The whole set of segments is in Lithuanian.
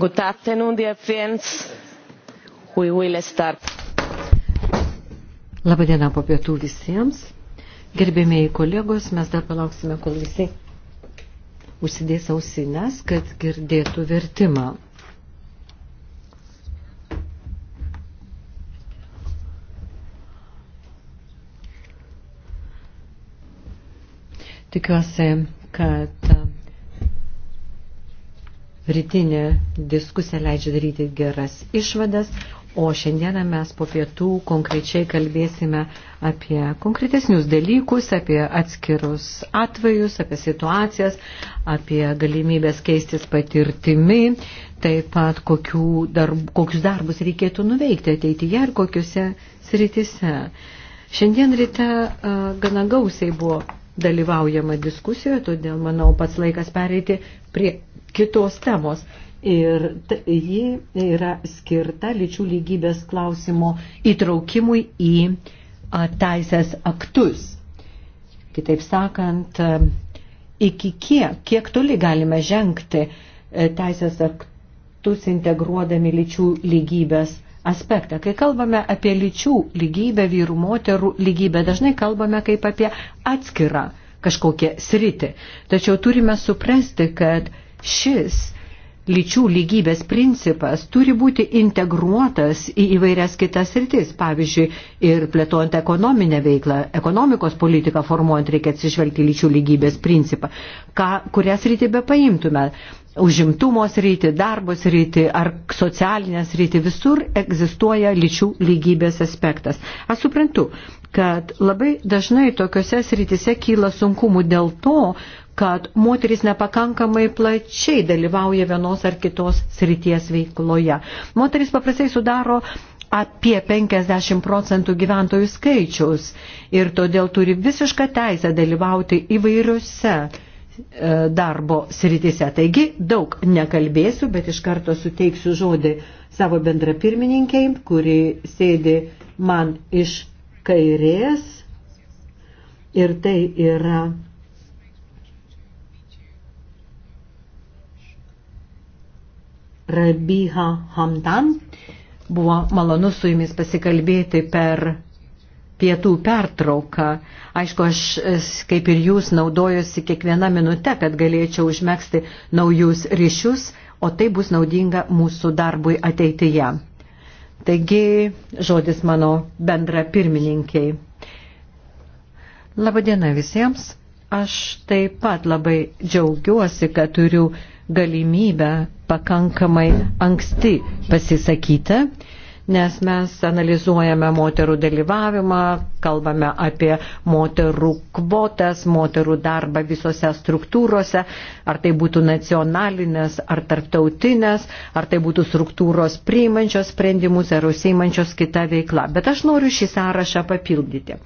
Good afternoon, dear friends. We will start. Labadiena po pietų visiems. Gerbėmėjai kolegos, mes dar palauksime, kol visi užsidės ausines, kad girdėtų vertimą. Tikiuosi, kad rytinė diskusija leidžia daryti geras išvadas, o šiandieną mes po pietų konkrečiai kalbėsime apie konkretesnius dalykus, apie atskirus atvejus, apie situacijas, apie galimybės keistis patirtimi, taip pat darb, kokius darbus reikėtų nuveikti ateityje ir kokiuose sritise. Šiandien ryte uh, gana gausiai buvo dalyvaujama diskusijoje, todėl manau pats laikas pereiti prie kitos temos. Ir ji yra skirta lyčių lygybės klausimo įtraukimui į a, teisės aktus. Kitaip sakant, iki kiek, kiek toli galime žengti e, teisės aktus integruodami lyčių lygybės klausimus aspektą. Kai kalbame apie lyčių lygybę, vyrų, moterų lygybę, dažnai kalbame kaip apie atskirą kažkokią sritį. Tačiau turime suprasti, kad šis lyčių lygybės principas turi būti integruotas į įvairias kitas rytis. Pavyzdžiui, ir plėtojant ekonominę veiklą, ekonomikos politiką formuojant reikia atsižvelgti lyčių lygybės principą, ką, kurias rytį be paimtume užimtumo sritį, darbo sritį ar socialinę sritį, visur egzistuoja lyčių lygybės aspektas. Aš suprantu, kad labai dažnai tokiuose srityse kyla sunkumų dėl to, kad moteris nepakankamai plačiai dalyvauja vienos ar kitos srities veikloje. Moteris paprastai sudaro apie 50 procentų gyventojų skaičius ir todėl turi visišką teisę dalyvauti įvairiose E, darbo sritise. Taigi daug nekalbėsiu, bet iš karto suteiksiu žodį savo bendra pirmininkiai, kuri sėdi man iš kairės. Ir tai yra Rabiha Hamdan. Buvo malonu su jumis pasikalbėti per pietų pertrauką. Aišku, aš e, kaip ir jūs naudojusi kiekvieną minutę, kad galėčiau užmėgsti naujus ryšius, o tai bus naudinga mūsų darbui ateityje. Taigi, žodis mano bendra pirmininkiai. Labadiena visiems. Aš taip pat labai džiaugiuosi, kad turiu galimybę pakankamai anksti pasisakyti nes mes analizuojame moterų dalyvavimą, kalbame apie moterų kvotas, moterų darbą visose struktūrose, ar tai būtų nacionalinės, ar tarptautinės, ar tai būtų struktūros priimančios sprendimus, ar užsiimančios kita veikla. Bet aš noriu šį sąrašą papildyti,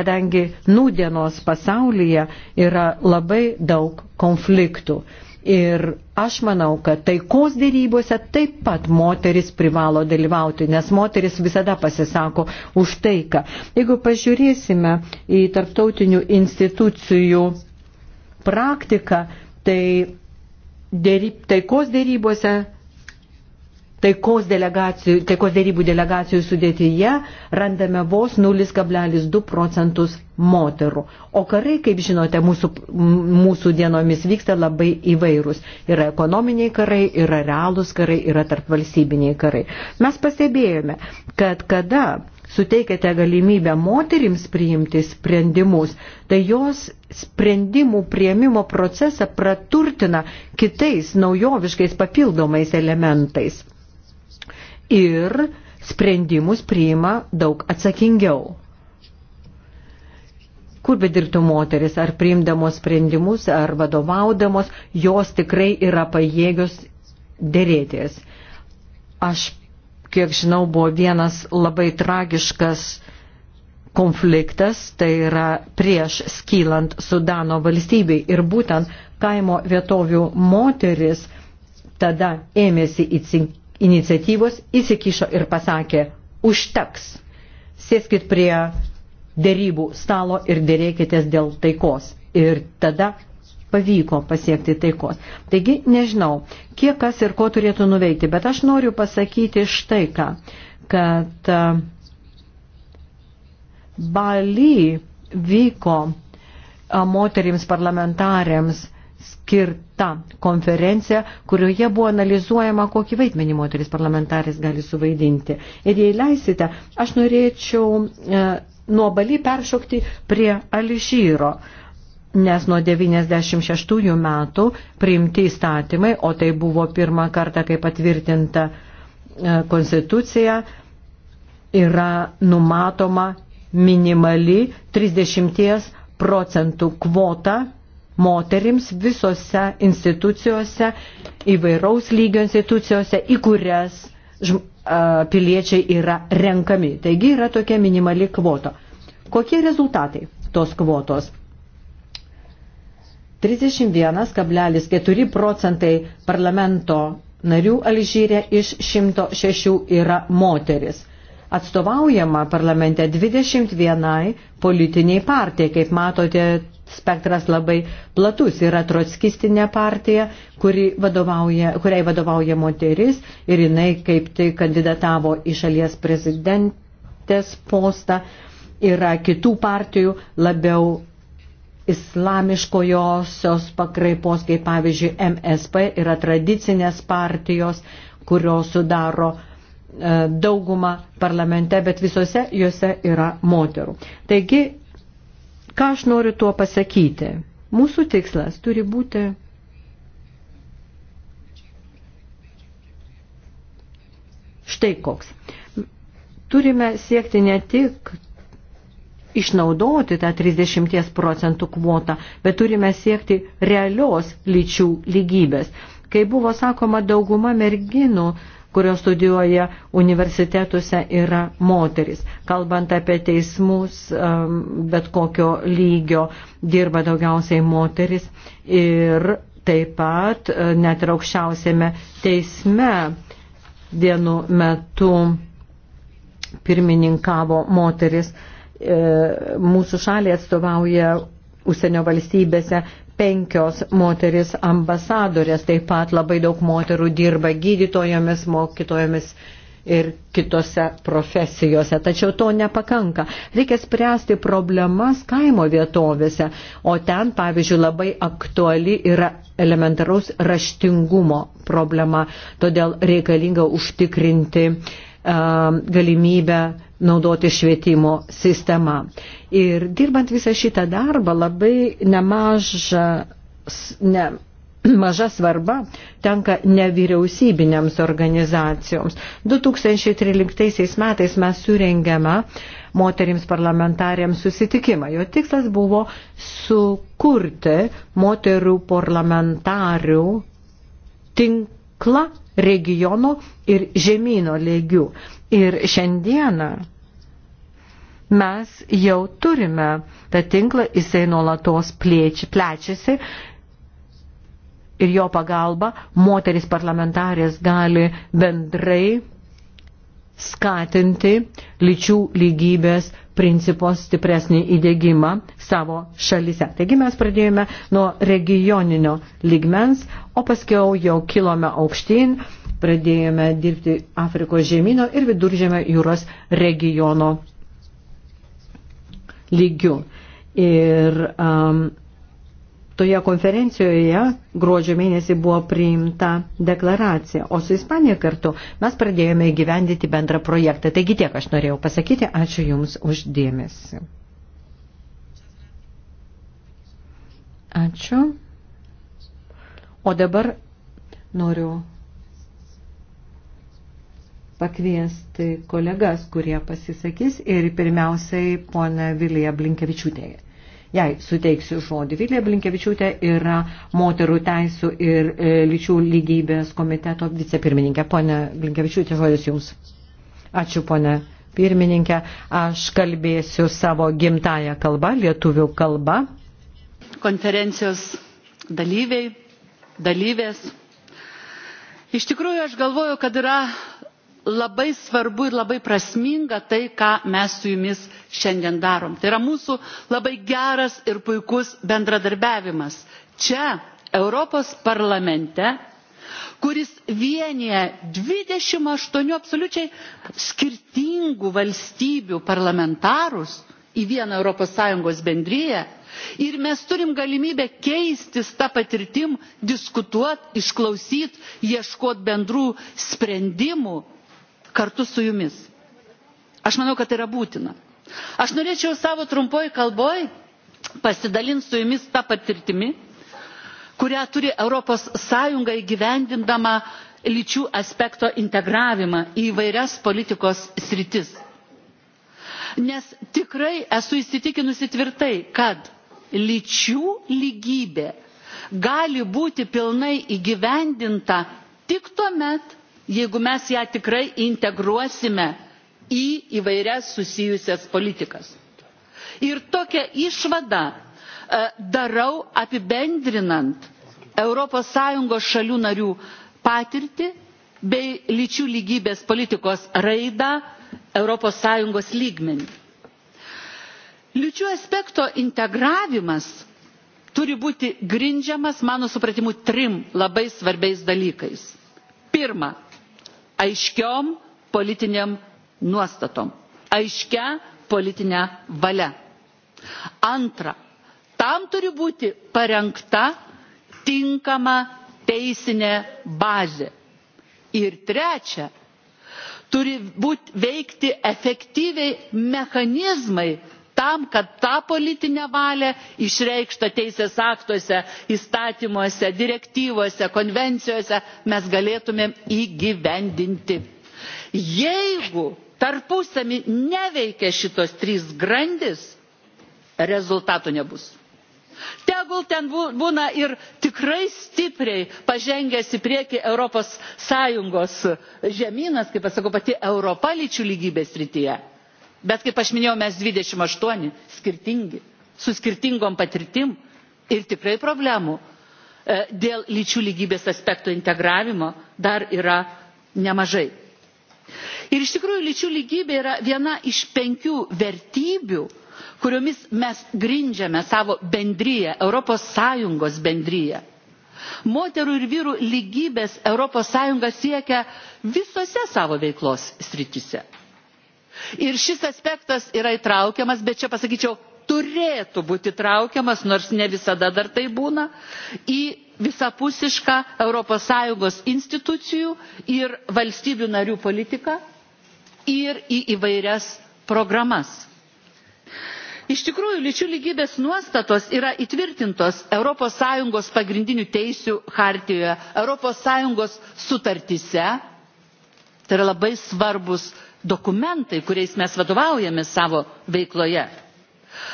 kadangi nūdienos pasaulyje yra labai daug konfliktų. Ir aš manau, kad taikos dėrybose taip pat moteris privalo dalyvauti, nes moteris visada pasisako už taiką. Jeigu pažiūrėsime į tarptautinių institucijų praktiką, tai dėry, taikos dėrybose taikos, delegacijų, taikos dėrybų delegacijų sudėtyje randame vos 0,2 procentus moterų. O karai, kaip žinote, mūsų, mūsų dienomis vyksta labai įvairūs. Yra ekonominiai karai, yra realūs karai, yra tarpvalstybiniai karai. Mes pastebėjome, kad kada suteikiate galimybę moterims priimti sprendimus, tai jos sprendimų prieimimo procesą praturtina kitais naujoviškais papildomais elementais ir sprendimus priima daug atsakingiau. Kur bedirbtų moteris, ar priimdamos sprendimus, ar vadovaudamos, jos tikrai yra pajėgios dėrėtis. Aš, kiek žinau, buvo vienas labai tragiškas konfliktas, tai yra prieš skylant Sudano valstybei. Ir būtent kaimo vietovių moteris tada ėmėsi iniciatyvos įsikišo ir pasakė, užteks, sėskit prie dėrybų stalo ir dėrėkitės dėl taikos. Ir tada pavyko pasiekti taikos. Taigi nežinau, kiek kas ir ko turėtų nuveikti, bet aš noriu pasakyti štai ką, kad e, Bali vyko e, moterims parlamentarėms skirta konferencija, kurioje buvo analizuojama, kokį vaidmenį moteris parlamentarės gali suvaidinti. Ir jei leisite, aš norėčiau e, nuo Bali peršokti prie Alžyro. Nes nuo 96 metų priimti įstatymai, o tai buvo pirmą kartą, kai patvirtinta e, konstitucija, yra numatoma minimali 30 procentų kvota moterims visose institucijose, įvairaus lygio institucijose, į kurias piliečiai yra renkami. Taigi yra tokia minimali kvota. Kokie rezultatai tos kvotos? 31,4 procentai parlamento narių Alžyre iš 106 yra moteris. Atstovaujama parlamente 21 politiniai partijai, kaip matote, spektras labai platus. Yra trotskistinė partija, kuri vadovauja, kuriai vadovauja moteris ir jinai kaip tai kandidatavo į šalies prezidentės postą. Yra kitų partijų labiau islamiškojosios pakraipos, kaip pavyzdžiui MSP, yra tradicinės partijos, kurios sudaro e, daugumą parlamente, bet visose juose yra moterų. Taigi Ką aš noriu tuo pasakyti? Mūsų tikslas turi būti štai koks. Turime siekti ne tik išnaudoti tą 30 procentų kvotą, bet turime siekti realios lyčių lygybės. Kai buvo sakoma, dauguma merginų uh, kurios studijuoja universitetuose, yra moteris. Kalbant apie teismus, um, bet kokio lygio dirba daugiausiai moteris ir taip pat uh, net ir aukščiausiame teisme dienų metu pirmininkavo moteris. E, mūsų šaliai atstovauja užsienio valstybėse penkios moteris ambasadorės, taip pat labai daug moterų dirba gydytojomis, mokytojomis ir kitose profesijose. Tačiau to nepakanka. Reikia spręsti problemas kaimo vietovėse, o ten, pavyzdžiui, labai aktuali yra elementaraus raštingumo problema. Todėl reikalinga užtikrinti uh, galimybę naudoti švietimo sistema. Ir dirbant visą šitą darbą labai nemaža, ne, maža svarba tenka nevyriausybinėms organizacijoms. 2013 metais mes surengėme moterims parlamentariams susitikimą. Jo tikslas buvo sukurti moterų parlamentarių tinklą regiono ir žemynų lygių. Ir šiandieną mes jau turime tą tinklą, jisai nuolatos plėči, plečiasi ir jo pagalba moteris parlamentarės gali bendrai skatinti lyčių lygybės principos stipresnį įdėgymą savo šalyse. Taigi mes pradėjome nuo regioninio ligmens, o paskiau jau kilome aukštyn pradėjome dirbti Afrikos žemino ir viduržėmio jūros regiono lygių. Ir um, toje konferencijoje gruodžio mėnesį buvo priimta deklaracija, o su Ispanija kartu mes pradėjome įgyvendyti bendrą projektą. Taigi tiek aš norėjau pasakyti, ačiū Jums uždėmesi. Ačiū. O dabar noriu pakviesti kolegas, kurie pasisakys ir pirmiausiai poną Viliją Blinkevičiūtę. Jei suteiksiu žodį, Vilija Blinkevičiūtė yra moterų teisų ir e, lyčių lygybės komiteto vicepirmininkė. Pone Blinkevičiūtė, žodis jums. Ačiū, pone pirmininkė. Aš kalbėsiu savo gimtają kalbą, lietuvių kalbą. Konferencijos dalyviai, dalyvės. Iš tikrųjų, aš galvoju, kad yra labai svarbu ir labai prasminga tai, ką mes su jumis šiandien darom. Tai yra mūsų labai geras ir puikus bendradarbiavimas. Čia, Europos parlamente, kuris vienyje 28 absoliučiai skirtingų valstybių parlamentarus į vieną Europos Sąjungos bendryje, ir mes turim galimybę keistis tą patirtim diskutuot išklausyt ieškot bendrų sprendimų kartu su jumis. Aš manau, kad tai yra būtina. Aš norėčiau savo trumpoj kalboj pasidalinti su jumis tą patirtimi, kurią turi Europos Sąjunga įgyvendindama lyčių aspekto integravimą į vairias politikos sritis. Nes tikrai esu įsitikinusi tvirtai, kad lyčių lygybė gali būti pilnai įgyvendinta tik tuo met, jeigu mes ją tikrai integruosime į įvairias susijusias politikas. Ir tokią išvadą e, darau apibendrinant ES šalių narių patirtį bei lyčių lygybės politikos raidą ES lygmenį. Lyčių aspekto integravimas turi būti grindžiamas, mano supratimu, trim labai svarbiais dalykais. Pirma, aiškiom politiniam nuostatom aiškia politinė valia. Antra, tam turi būti parengta tinkama teisinė bazė. Ir trečia, turi būti veikti efektyviai mechanizmai tam kad tą politinę valią išreikštą teisės aktuose įstatymuose direktyvose konvencijose mes galėtumėm įgyvendinti. jeigu tarpusavy neveikia šitos trys grandys rezultatų nebus. Tegul ten būna ir tikrai stipriai pažengęs į priekį Europos Sąjungos žemynas, kaip aš sakau, pati Europa lyčių lygybės rytyje bet kaip aš minėjau mes dvidešimt aštuoni skirtingi su skirtingom patirtim ir tikrai problemų e, dėl lyčių lygybės aspekto integravimo dar yra nemažai. Ir iš tikrųjų lyčių lygybė yra viena iš penkių vertybių, kuriomis mes grindžiame savo bendryje, Europos Sąjungos bendryje. Moterų ir vyrų lygybės Europos Sąjunga siekia visose savo veiklos srityse ir šis aspektas yra įtraukiamas bet čia pasakyčiau turėtų būti įtraukiamas nors ne visada dar tai būna į visapusišką europos sąjungos institucijų ir valstybių narių politiką ir į įvairias programas. iš tikrųjų lyčių lygybės nuostatos yra įtvirtintos europos sąjungos pagrindinių teisių hartijoje europos sąjungos sutartyse tai yra labai svarbus dokumentai kuriais mes vadovaujamės savo veikloje.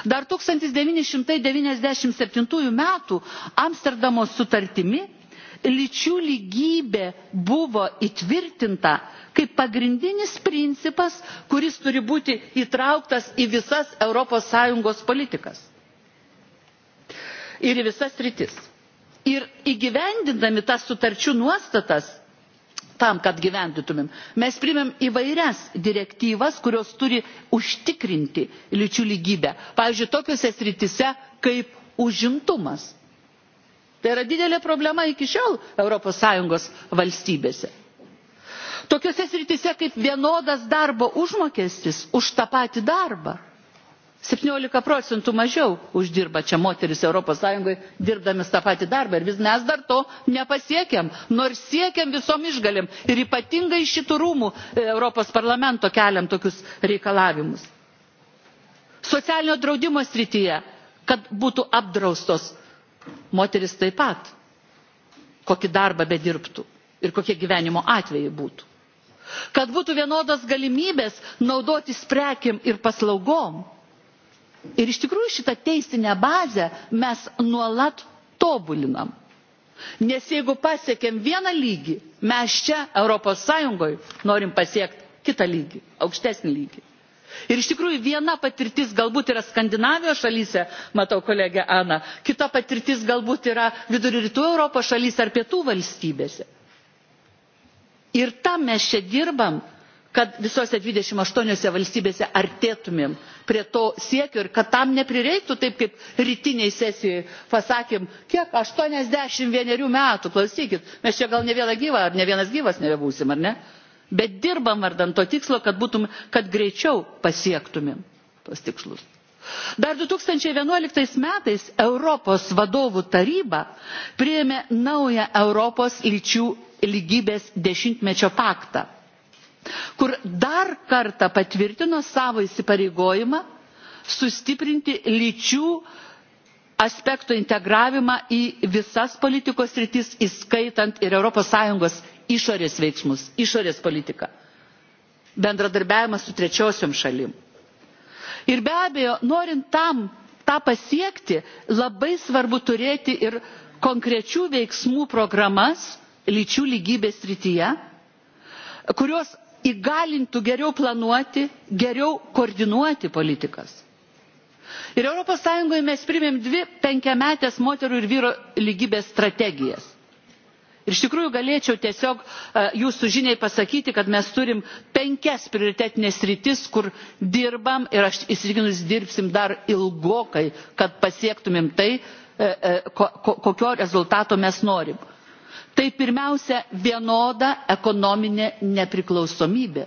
Dar 1997 metų Amsterdamo sutartimi lyčių lygybė buvo įtvirtinta kaip pagrindinis principas, kuris turi būti įtrauktas į visas ES politikas ir į visas rytis. Ir įgyvendindami tas sutarčių nuostatas tam, kad gyvendytumėm. Mes primėm įvairias direktyvas, kurios turi užtikrinti lyčių lygybę. Pavyzdžiui, tokiuose sritise kaip užimtumas. Tai yra didelė problema iki šiol ES valstybėse. Tokiuose sritise kaip vienodas darbo užmokestis už tą patį darbą. 17 procentų mažiau uždirba čia moteris Europos Sąjungoje, dirbdamis tą patį darbą. Ir vis mes dar to nepasiekėm, nors siekiam visom išgalim. Ir ypatingai šitų rūmų e, Europos parlamento keliam tokius reikalavimus. Socialinio draudimo srityje, kad būtų apdraustos moteris taip pat, kokį darbą bedirbtų ir kokie gyvenimo atvejai būtų. Kad būtų vienodos galimybės naudotis prekiam ir paslaugom Ir iš tikrųjų šitą teisinę bazę mes nuolat tobulinam. Nes jeigu pasiekėm vieną lygį, mes čia Europos Sąjungoje norim pasiekti kitą lygį, aukštesnį lygį. Ir iš tikrųjų viena patirtis galbūt yra Skandinavijos šalyse, matau kolegę Aną, kita patirtis galbūt yra vidurių rytų Europos šalyse ar pietų valstybėse. Ir tam mes čia dirbam kad visose 28 valstybėse artėtumėm prie to siekio ir kad tam neprireiktų taip, kaip rytiniai sesijoje pasakėm, kiek 81 metų, klausykit, mes čia gal ne vieną gyvą, ar ne vienas gyvas nebebūsim, ar ne? Bet dirbam vardant to tikslo, kad, būtum, kad greičiau pasiektumėm tos tikslus. Dar 2011 metais Europos vadovų taryba priėmė naują Europos lyčių lygybės dešimtmečio paktą kur dar kartą patvirtino savo įsipareigojimą sustiprinti lyčių aspekto integravimą į visas politikos sritis, įskaitant ir ES išorės veiksmus, išorės politiką, bendradarbiavimą su trečiosiom šalim. Ir be abejo, norint tam tą pasiekti, labai svarbu turėti ir konkrečių veiksmų programas lyčių lygybės srityje, kurios įgalintų geriau planuoti, geriau koordinuoti politikas. Ir Europos Sąjungoje mes primėm dvi penkiametės moterų ir vyro lygybės strategijas. Ir iš tikrųjų galėčiau tiesiog e, jūsų žiniai pasakyti, kad mes turim penkias prioritetinės rytis, kur dirbam ir aš įsitikinus dirbsim dar ilgokai, kad pasiektumėm tai, e, e, kokio rezultato mes norim tai pirmiausia vienoda ekonominė nepriklausomybė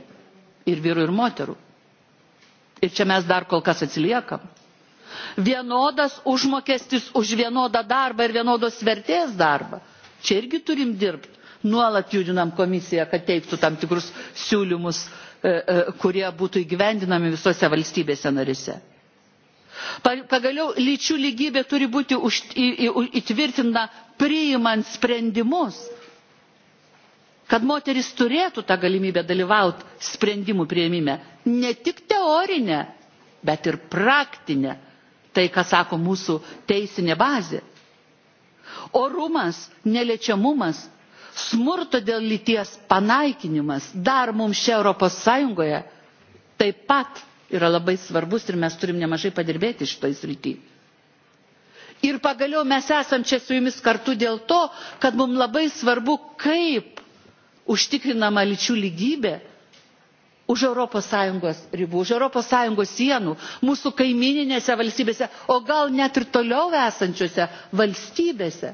ir vyrų ir moterų. Ir čia mes dar kol kas atsiliekam. Vienodas užmokestis už vienodą darbą ir vienodos vertės darbą. Čia irgi turim dirbti. Nuolat judinam komisiją, kad teiktų tam tikrus siūlymus, e, e, kurie būtų įgyvendinami visose valstybėse narise. Pagaliau lyčių lygybė turi būti įtvirtinta priimant sprendimus, kad moteris turėtų tą galimybę dalyvauti sprendimų prieimime. Ne tik teorinė, bet ir praktinė, tai, ką sako mūsų teisinė bazė. Orumas, neliečiamumas, smurto dėl lyties panaikinimas dar mums čia Europos Sąjungoje taip pat yra labai svarbus ir mes turim nemažai padirbėti šitoj srity. Ir pagaliau mes esam čia su jumis kartu dėl to, kad mums labai svarbu, kaip užtikrinama lyčių lygybė už ES ribų, už ES sienų, mūsų kaimininėse valstybėse, o gal net ir toliau esančiose valstybėse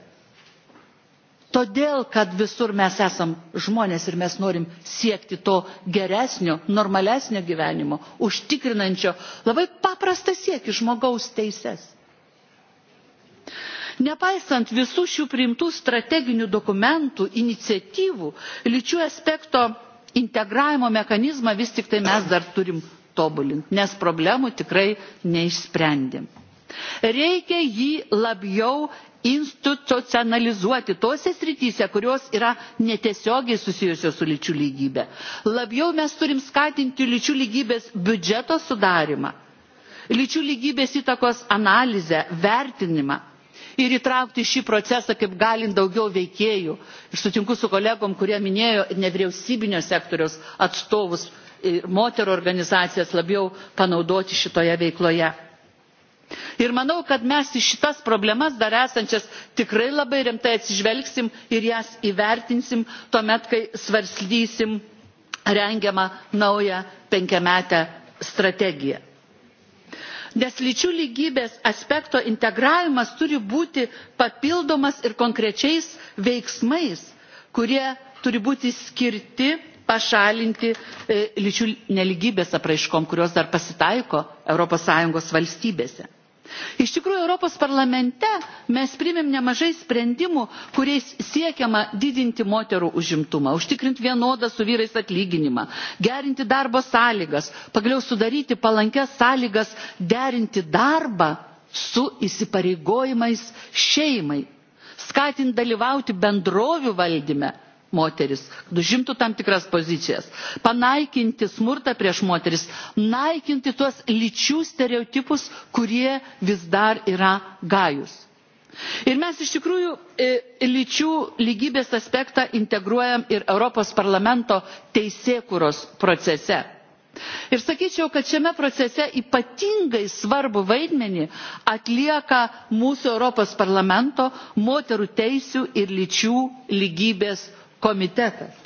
todėl kad visur mes esam žmonės ir mes norim siekti to geresnio normalesnio gyvenimo užtikrinančio labai paprastą siekį žmogaus teises. Nepaisant visų šių priimtų strateginių dokumentų, iniciatyvų, lyčių aspekto integravimo mechanizmą vis tik tai mes dar turim tobulinti, nes problemų tikrai neišsprendėm. Reikia jį labiau institucionalizuoti tose srityse, kurios yra netiesiogiai susijusios su lyčių lygybė. Labiau mes turim skatinti lyčių lygybės biudžeto sudarimą, lyčių lygybės įtakos analizę, vertinimą ir įtraukti šį procesą kaip galint daugiau veikėjų. Ir sutinku su kolegom, kurie minėjo nevyriausybinio sektoriaus atstovus ir moterų organizacijas labiau panaudoti šitoje veikloje. Ir manau, kad mes į šitas problemas dar esančias tikrai labai rimtai atsižvelgsim ir jas įvertinsim tuomet, kai svarslysim rengiamą naują penkiametę strategiją. Nes lyčių lygybės aspekto integravimas turi būti papildomas ir konkrečiais veiksmais, kurie turi būti skirti pašalinti e, lyčių neligybės apraiškom, kurios dar pasitaiko ES valstybėse. Iš tikrųjų, Europos parlamente mes primėm nemažai sprendimų, kuriais siekiama didinti moterų užimtumą, užtikrinti vienodą su vyrais atlyginimą, gerinti darbo sąlygas, pagaliau sudaryti palankias sąlygas derinti darbą su įsipareigojimais šeimai, skatinti dalyvauti bendrovių valdyme, moteris, užimtų tam tikras pozicijas, panaikinti smurtą prieš moteris, naikinti tuos lyčių stereotipus, kurie vis dar yra gajus. Ir mes iš tikrųjų e, lyčių lygybės aspektą integruojam ir Europos parlamento teisėkuros procese. Ir sakyčiau, kad šiame procese ypatingai svarbu vaidmenį atlieka mūsų Europos parlamento moterų teisių ir lyčių lygybės komitetas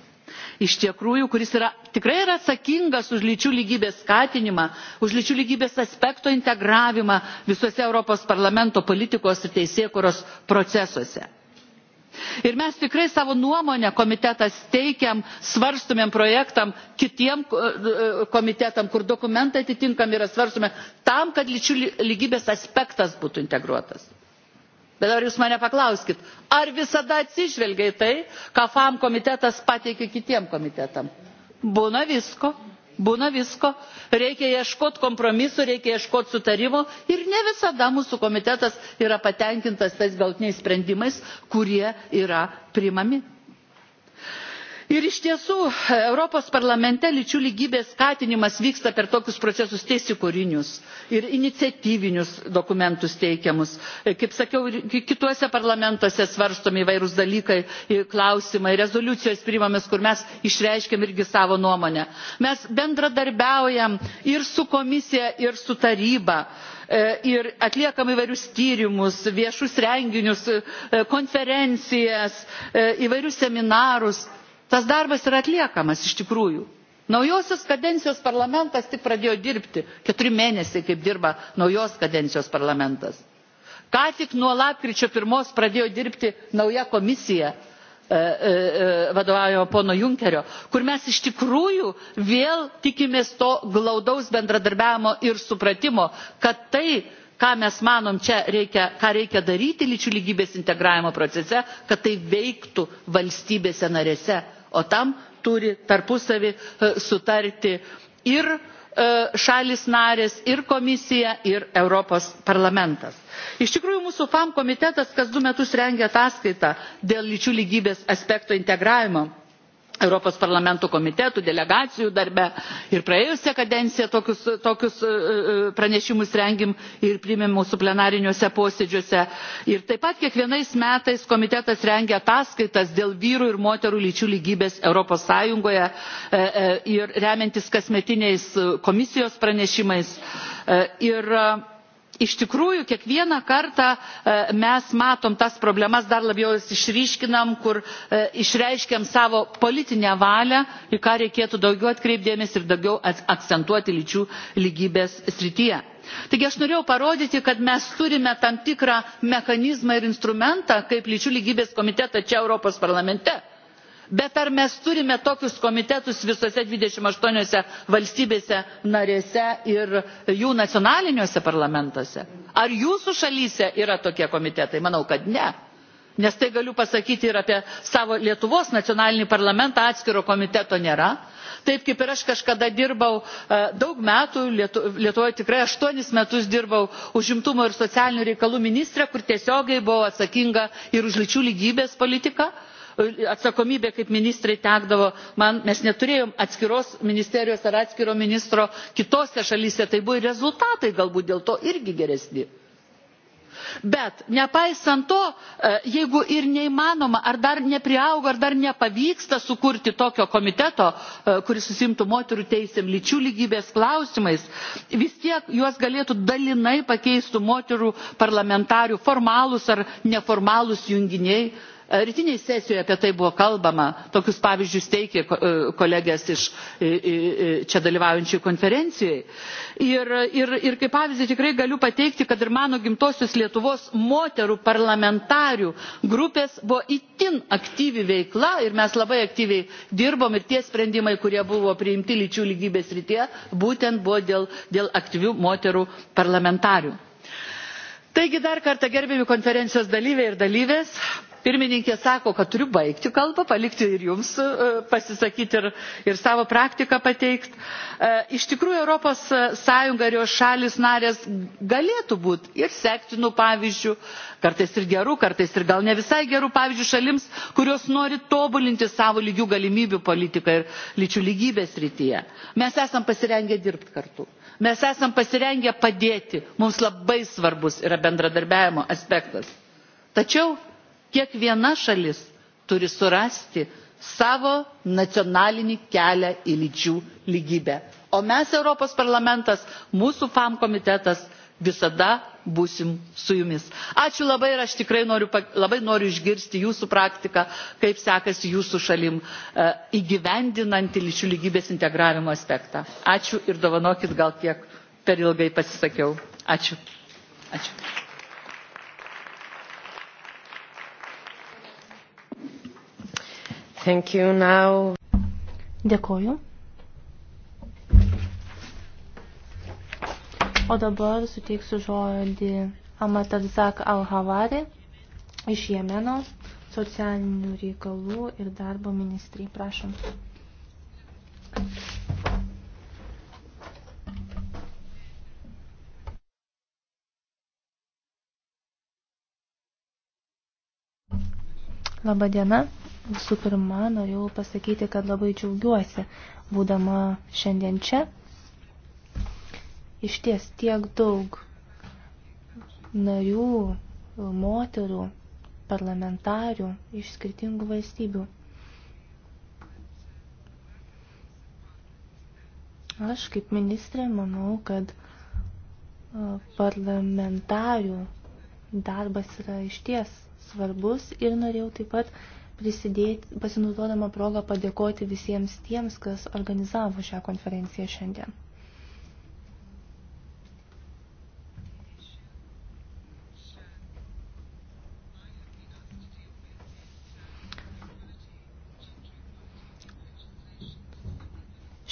iš tikrųjų, kuris yra, tikrai yra atsakingas už lyčių lygybės skatinimą, už lyčių lygybės aspekto integravimą visuose Europos parlamento politikos ir teisėkuros procesuose. Ir mes tikrai savo nuomonę komitetas teikiam, svarstumėm projektam kitiem e, komitetam, kur dokumentai atitinkami yra svarstumėm, tam, kad lyčių lygybės aspektas būtų integruotas bet dabar jūs mane paklauskit ar visada atsižvelgia į tai ką fam komitetas pateikia kitiem komitetam būna visko būna visko reikia ieškoti kompromisų reikia ieškoti sutarimo ir ne visada mūsų komitetas yra patenkintas tais galutiniais sprendimais kurie yra priimami ir iš tiesų europos parlamente lyčių lygybės skatinimas vyksta per tokius procesus teisėkūrinius ir iniciatyvinius dokumentus teikiamus kaip sakiau ir kituose parlamentuose svarstomi įvairūs dalykai klausimai rezoliucijos priimamos kur mes išreiškiam irgi savo nuomonę mes bendradarbiaujam ir su komisija ir su taryba e, ir atliekam įvairius tyrimus viešus renginius e, konferencijas e, įvairius seminarus tas darbas yra atliekamas iš tikrųjų. Naujosios kadencijos parlamentas tik pradėjo dirbti, keturi mėnesiai kaip dirba naujos kadencijos parlamentas. Ką tik nuo lapkričio pirmos pradėjo dirbti nauja komisija e, e, e, vadovaujama pono Junkerio, kur mes iš tikrųjų vėl tikimės to glaudaus bendradarbiavimo ir supratimo, kad tai, ką mes manom čia reikia, ką reikia daryti lyčių lygybės integravimo procese, kad tai veiktų valstybėse narėse o tam turi tarpusavį e, sutarti ir e, šalis narės ir komisija ir europos parlamentas. iš tikrųjų mūsų femm komitetas kas du metus rengia ataskaitą dėl lyčių lygybės aspekto integravimo europos parlamento komitetų delegacijų darbe ir praėjusią kadenciją tokius, tokius e, e, pranešimus rengėm ir priėmėm mūsų plenariniuose posėdžiuose ir taip pat kiekvienais metais komitetas rengia ataskaitas dėl vyrų ir moterų lyčių lygybės europos sąjungoje e, ir remiantis kasmetiniais komisijos pranešimais ir iš tikrųjų kiekvieną kartą e, mes matom tas problemas dar labiau jas išryškinam kur e, išreiškiam savo politinę valią į ką reikėtų daugiau atkreipti dėmesį ir daugiau akcentuoti lyčių lygybės srityje. Taigi aš norėjau parodyti, kad mes turime tam tikrą mechanizmą ir instrumentą kaip lyčių lygybės komitetą čia Europos parlamente bet ar mes turime tokius komitetus visose dvidešimt aštuoni valstybėse narėse ir jų nacionaliniuose parlamentuose? ar jūsų šalyse yra tokie komitetai? manau kad ne nes tai galiu pasakyti ir apie savo lietuvos nacionalinį parlamentą atskiro komiteto nėra taip kaip ir aš kažkada dirbau e, daug metų lietuvoje tikrai aštuonis metus dirbau užimtumo ir socialinių reikalų ministre kur tiesiogiai buvau atsakinga ir už lyčių lygybės politiką atsakomybė kaip ministrei tekdavo man mes neturėjom atskiros ministerijos ar atskiro ministro kitose šalyse tai buvo ir rezultatai galbūt dėl to irgi geresni. Bet nepaisant to, e, jeigu ir neįmanoma, ar dar nepriaugo, ar dar nepavyksta sukurti tokio komiteto, e, kuris susimtų moterų teisėm lyčių lygybės klausimais, vis tiek juos galėtų dalinai pakeistų moterų parlamentarių formalūs ar neformalūs junginiai E, rytinėje sesijoje apie tai buvo kalbama tokius pavyzdžius teikė e, kolegės iš e, čia dalyvaujančių konferencijoj ir, ir, ir kaip pavyzdį tikrai galiu pateikti kad ir mano gimtosios lietuvos moterų parlamentarių grupės buvo itin aktyvi veikla ir mes labai aktyviai dirbom ir tie sprendimai kurie buvo priimti lyčių lygybės srityje būtent buvo dėl, dėl aktyvių moterų parlamentarių. Taigi dar kartą gerbiami konferencijos dalyviai ir dalyvės, pirmininkė sako, kad turiu baigti kalbą, palikti ir jums e, pasisakyti ir, ir savo praktiką pateikti. E, iš tikrųjų, Europos Sąjunga ir jos šalis narės galėtų būti ir sektinų pavyzdžių, kartais ir gerų, kartais ir gal ne visai gerų pavyzdžių šalims, kurios nori tobulinti savo lygių galimybių politiką ir lyčių lygybės rytyje. Mes esam pasirengę dirbti kartu. Mes esam pasirengę padėti. Mums labai svarbus yra bendradarbiavimo aspektas. Tačiau kiekviena šalis turi surasti savo nacionalinį kelią į lyčių lygybę o mes europos parlamentas mūsų femm komitetas visada būsim su jumis. Ačiū labai ir aš tikrai noriu, labai noriu išgirsti jūsų praktiką, kaip sekasi jūsų šalim e, įgyvendinant lyčių lygybės integravimo aspektą. Ačiū ir dovanokit gal kiek per ilgai pasisakiau. Ačiū. Ačiū. Thank you now. Dėkoju. O dabar suteiksiu žodį Amatadzak Al-Havari iš Jemeno, socialinių reikalų ir darbo ministrai. Prašom. Labą dieną. Visų pirma, norėjau pasakyti, kad labai džiaugiuosi, būdama šiandien čia. Iš ties tiek daug narių, moterų, parlamentarių iš skirtingų valstybių. Aš kaip ministrė manau, kad parlamentarių darbas yra išties svarbus ir norėjau taip pat prisidėti, pasinaudodama progą padėkoti visiems tiems, kas organizavo šią konferenciją šiandien.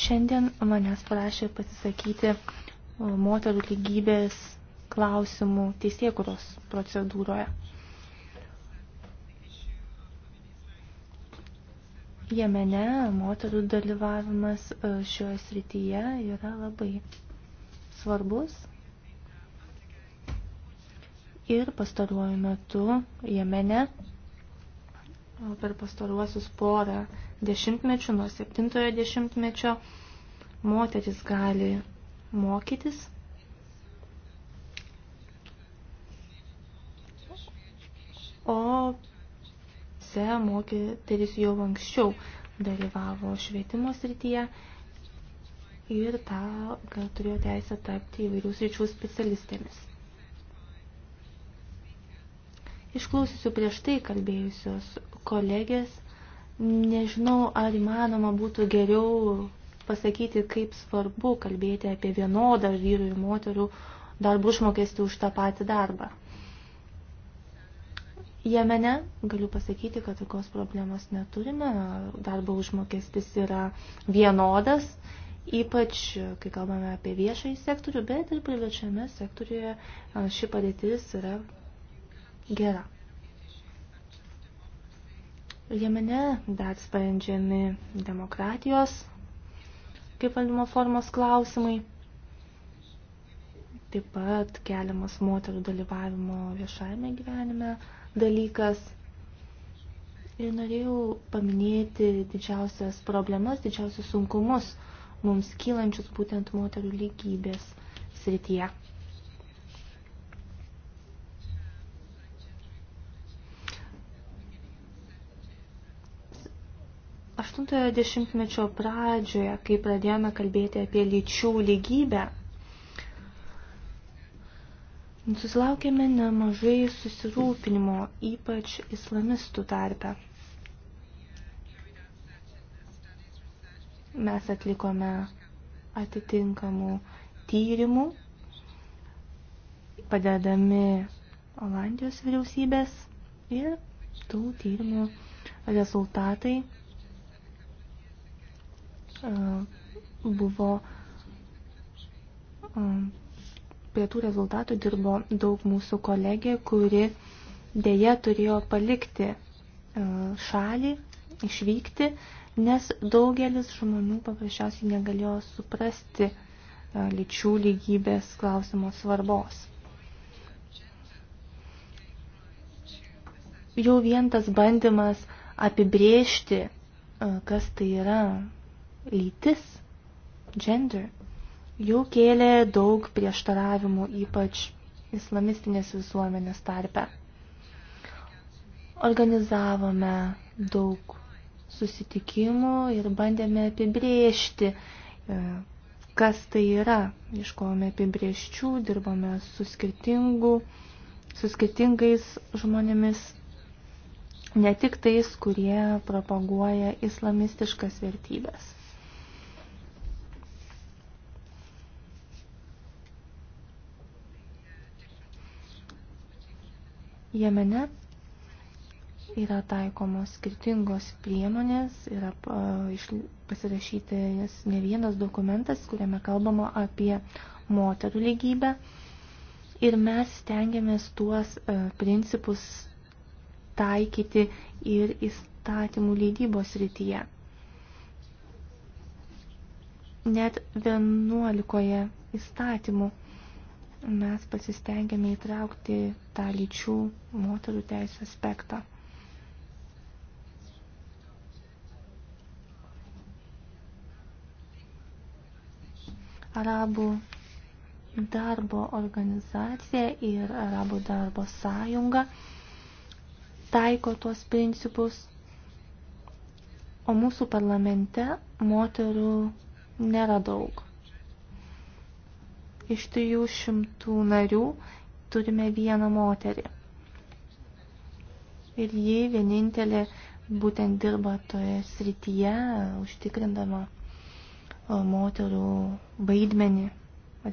Šiandien manęs prašė pasisakyti e, moterų lygybės klausimų teisėkuros procedūroje. Jemene moterų dalyvavimas e, šioje srityje yra labai svarbus. Ir pastaruoju metu Jemene per pastaruosius porą dešimtmečių, nuo septintojo dešimtmečio, moteris gali mokytis. O kuriuose moteris jau anksčiau dalyvavo švietimo srityje ir tą, kad turėjo teisę tapti įvairių sričių specialistėmis. Išklausysiu prieš tai kalbėjusios kolegės, nežinau, ar įmanoma būtų geriau pasakyti, kaip svarbu kalbėti apie vienodą vyrų ir moterų darbų užmokestį už tą patį darbą. Jemene galiu pasakyti, kad tokios problemos neturime. Darbo užmokestis yra vienodas, ypač kai kalbame apie viešąjį sektorių, bet ir privačiame sektoriuje ši padėtis yra gera. Jemene dar sprendžiami demokratijos kaip valdymo formos klausimai. Taip pat keliamas moterų dalyvavimo viešajame gyvenime dalykas. Ir norėjau paminėti didžiausias problemas, didžiausius sunkumus mums kylančius būtent moterų lygybės srityje. Aštuntojo dešimtmečio pradžioje, kai pradėjome kalbėti apie lyčių lygybę, Susilaukėme nemažai susirūpinimo, ypač islamistų tarpe. Mes atlikome atitinkamų tyrimų, padedami Olandijos vyriausybės ir tų tyrimų rezultatai uh, buvo um, prie tų rezultatų dirbo daug mūsų kolegė, kuri dėja turėjo palikti e, šalį, išvykti, nes daugelis žmonių paprasčiausiai negalėjo suprasti e, lyčių lygybės klausimo svarbos. Jau vien tas bandymas apibriežti, e, kas tai yra lytis, gender, jau kėlė daug prieštaravimų, ypač islamistinės visuomenės tarpe. Organizavome daug susitikimų ir bandėme apibriežti, e, kas tai yra. Iškovome apibriežčių, dirbome su, skirtingų, su skirtingais žmonėmis, ne tik tais, kurie propaguoja islamistiškas vertybės. Jemene yra taikomos skirtingos priemonės, yra pasirašyti ne vienas dokumentas, kuriame kalbama apie moterų lygybę. Ir mes stengiamės tuos principus taikyti ir įstatymų leidybos rytyje. Net 11 įstatymų mes pasistengėme įtraukti tą lyčių moterų teisų aspektą. Arabų darbo organizacija ir Arabų darbo sąjunga taiko tuos principus, o mūsų parlamente moterų nėra daug. Iš 300 narių turime vieną moterį. Ir ji vienintelė būtent dirba toje srityje, užtikrindama e, moterų vaidmenį,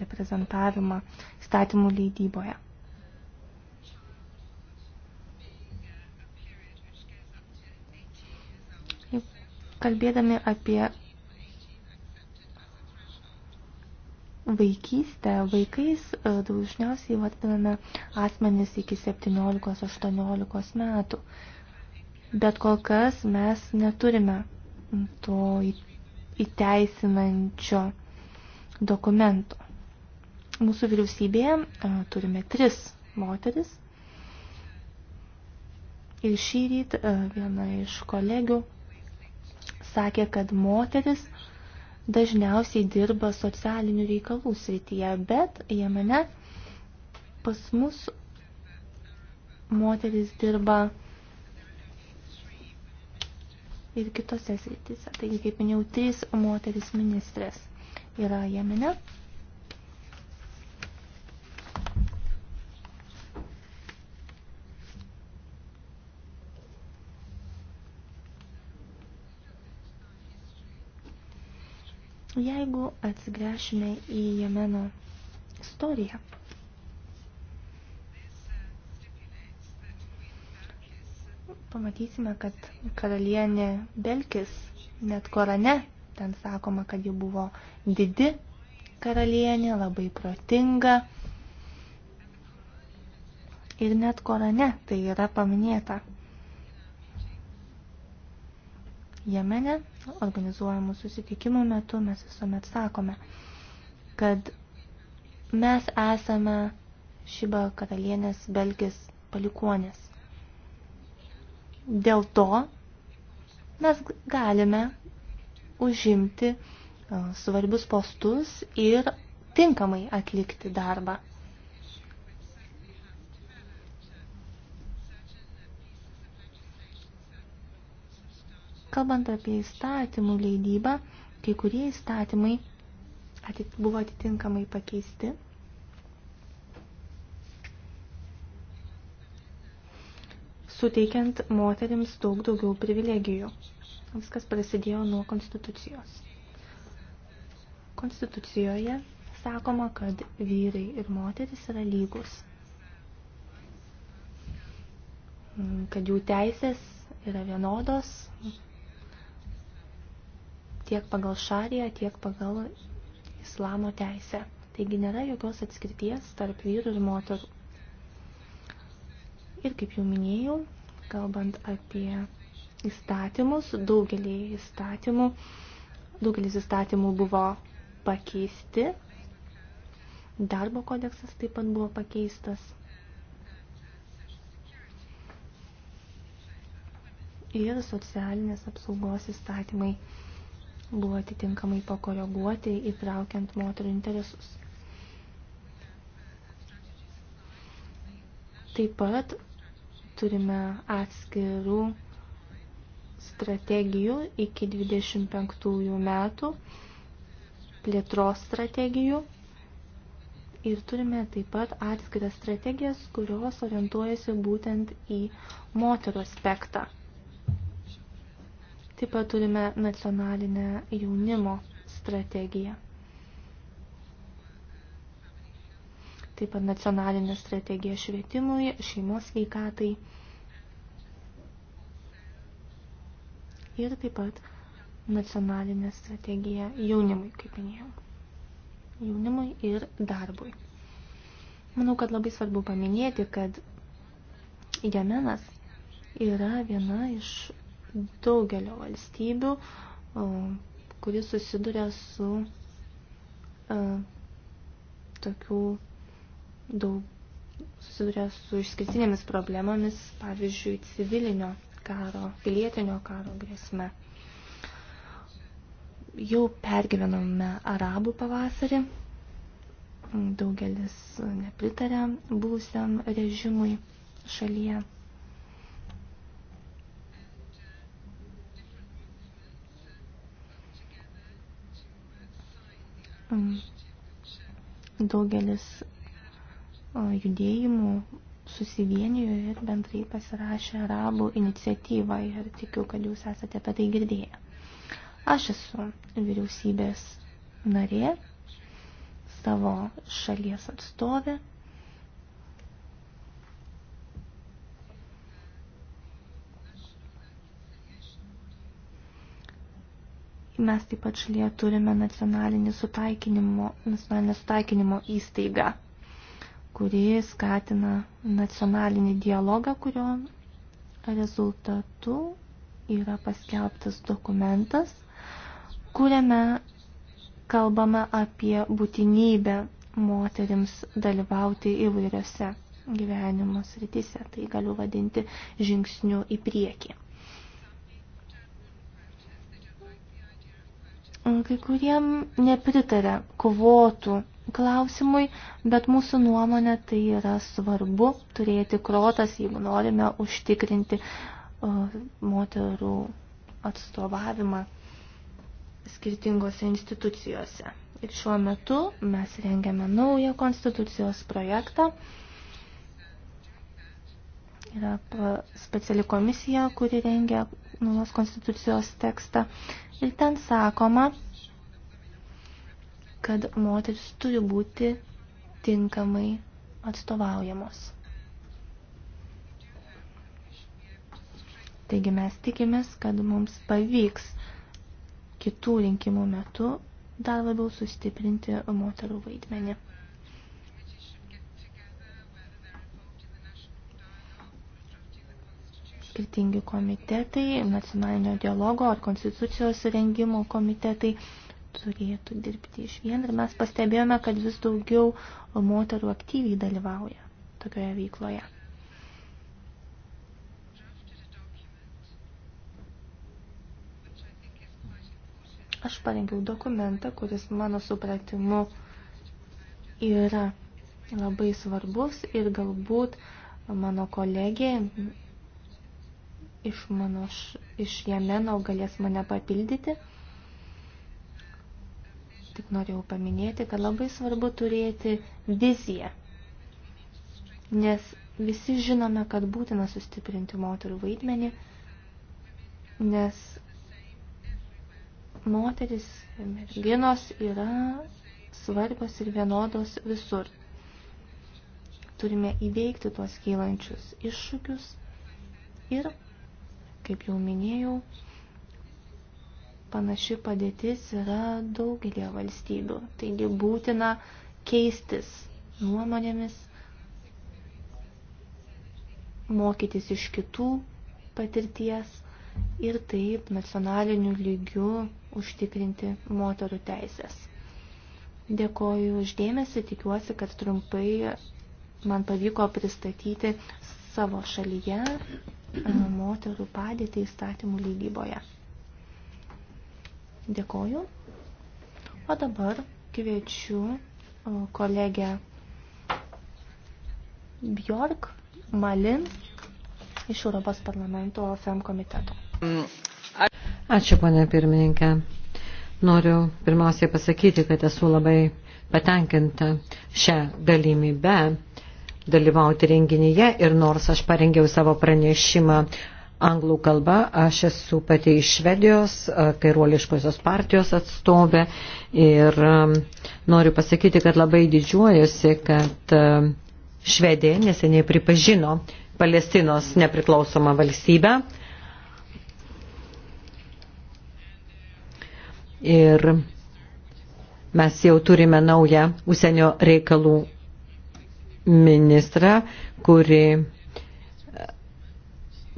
reprezentavimą statymų leidyboje. Kalbėdami apie vaikystę, vaikais e, dažniausiai vadiname asmenis iki 17-18 metų. Bet kol kas mes neturime to įteisinančio dokumento. Mūsų vyriausybėje e, turime tris moteris. Ir šį rytą e, viena iš kolegių sakė, kad moteris uh, dažniausiai dirba socialinių reikalų srityje, bet Jemene pas mus moteris dirba ir kitose srityse. Taigi, kaip minėjau, trys moteris ministrės yra Jemene. Jeigu atsigręšime į Jemeno istoriją, pamatysime, kad karalienė Belkis net Korane, ten sakoma, kad ji buvo didi karalienė, labai protinga. Ir net Korane tai yra paminėta. Jemene organizuojamų susitikimų metu mes visuomet sakome, kad mes esame Šiba karalienės Belgis palikuonės. Dėl to mes galime užimti svarbius postus ir tinkamai atlikti darbą. Kalbant apie įstatymų leidybą, kai kurie įstatymai atit, buvo atitinkamai pakeisti. suteikiant moterims daug daugiau privilegijų. Viskas prasidėjo nuo konstitucijos. Konstitucijoje sakoma, kad vyrai ir moteris yra lygus. Kad jų teisės yra vienodos, tiek pagal šariją, tiek pagal islamo teisę. Taigi nėra jokios atskirties tarp vyrų ir moterų. Ir kaip jau minėjau, kalbant apie įstatymus, daugelį įstatymų, daugelis įstatymų buvo pakeisti, darbo kodeksas taip pat buvo pakeistas. Ir socialinės apsaugos įstatymai buvo atitinkamai pakoreguoti, įtraukiant moterų interesus. Taip pat turime atskirų strategijų iki 25 metų, plėtros strategijų ir turime taip pat atskiras strategijas, kurios orientuojasi būtent į moterų aspektą. Taip pat turime nacionalinę jaunimo strategiją. Taip pat nacionalinė strategija švietimui, šeimos veikatai. Ir taip pat nacionalinė strategija jaunimui, kaip minėjau. Jaunimui ir darbui. Manau, kad labai svarbu paminėti, kad Jemenas yra viena iš daugelio valstybių, kuris susiduria su e, tokių daug susiduria su išskirtinėmis problemomis, pavyzdžiui, civilinio karo, pilietinio karo grėsme. Jau pergyvenome arabų pavasarį, daugelis nepritarė būsiam režimui šalyje. Daugelis judėjimų susivienijo ir bendrai pasirašė arabų iniciatyvą ir tikiu, kad jūs esate apie tai girdėję. Aš esu vyriausybės narė, savo šalies atstovė Mes taip pat šalyje turime nacionalinį sutaikinimo, nacionalinę sutaikinimo įstaigą, kuri skatina nacionalinį dialogą, kurio rezultatu yra paskelbtas dokumentas, kuriame kalbame apie būtinybę moterims dalyvauti įvairiose gyvenimo srityse. Tai galiu vadinti žingsniu į priekį. Mm, kai kuriem nepritarė kvotų klausimui, bet mūsų nuomonė tai yra svarbu turėti kvotas, jeigu norime užtikrinti uh, moterų atstovavimą skirtingose institucijose. Ir šiuo metu mes rengiame naują konstitucijos projektą. Yra speciali komisija, kuri rengia naujos konstitucijos tekstą. Ir ten sakoma, kad moteris turi būti tinkamai atstovaujamos. Taigi mes tikimės, kad mums pavyks kitų rinkimų metu dar labiau sustiprinti moterų vaidmenį. skirtingi komitetai, nacionalinio dialogo ar konstitucijos rengimo komitetai turėtų dirbti iš vien. Ir mes pastebėjome, kad vis daugiau moterų aktyviai dalyvauja tokioje veikloje. Aš parengiau dokumentą, kuris mano supratimu yra labai svarbus ir galbūt mano kolegė iš, mano, iš Jemeno galės mane papildyti. Tik norėjau paminėti, kad labai svarbu turėti viziją, nes visi žinome, kad būtina sustiprinti moterų vaidmenį, nes moteris ir merginos yra svarbios ir vienodos visur. Turime įveikti tuos kylančius iššūkius ir Kaip jau minėjau, panaši padėtis yra daugelie valstybių. Taigi būtina keistis nuomonėmis, mokytis iš kitų patirties ir taip nacionaliniu lygiu užtikrinti moterų teisės. Dėkoju uždėmesi, tikiuosi, kad trumpai man pavyko pristatyti savo šalyje moterų padėtį įstatymų lygyboje. Dėkoju. O dabar kviečiu kolegę Bjork Malin iš Europos parlamento FEM komiteto. Ačiū, ponė pirmininkė. Noriu pirmiausiai pasakyti, kad esu labai patenkinta šią galimybę dalyvauti renginyje ir nors aš parengiau savo pranešimą anglų kalba, aš esu pati iš Švedijos, kairuoliškosios partijos atstovė ir noriu pasakyti, kad labai didžiuojuosi, kad Švedija neseniai pripažino Palestinos nepriklausomą valstybę. Ir mes jau turime naują užsienio reikalų ministrą, kuri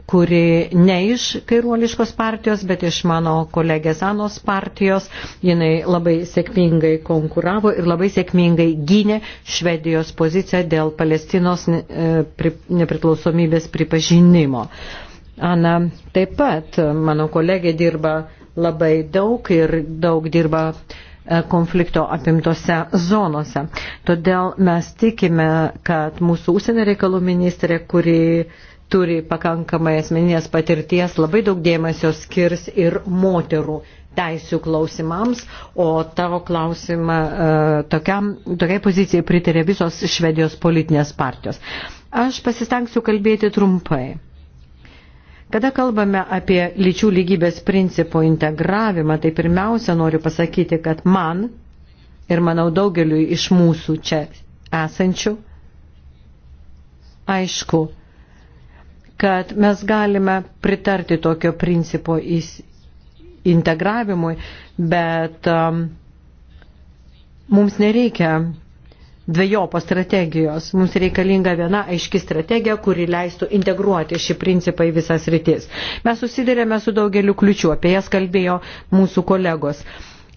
kuri ne iš kairuoliškos partijos, bet iš mano kolegės Anos partijos. Jinai labai sėkmingai konkuravo ir labai sėkmingai gynė Švedijos poziciją dėl Palestinos e, nepriklausomybės pripažinimo. Ana taip pat, mano kolegė dirba labai daug ir daug dirba uh, E, konflikto apimtose zonose. Todėl mes tikime, kad mūsų užsienio reikalų ministrė, kuri turi pakankamai asmeninės patirties, labai daug dėmesio skirs ir moterų teisių klausimams, o tavo klausimą e, tokiam, tokiai pozicijai pritarė visos Švedijos politinės partijos. Aš pasistengsiu kalbėti trumpai. Kada kalbame apie lyčių lygybės principų integravimą, tai pirmiausia noriu pasakyti, kad man ir manau daugeliu iš mūsų čia esančių, aišku, kad mes galime pritarti tokio principo integravimui, bet um, mums nereikia dviejopos strategijos. Mums reikalinga viena aiški strategija, kuri leistų integruoti šį principą į visas rytis. Mes susidurėme su daugeliu kliučių, apie jas kalbėjo mūsų kolegos.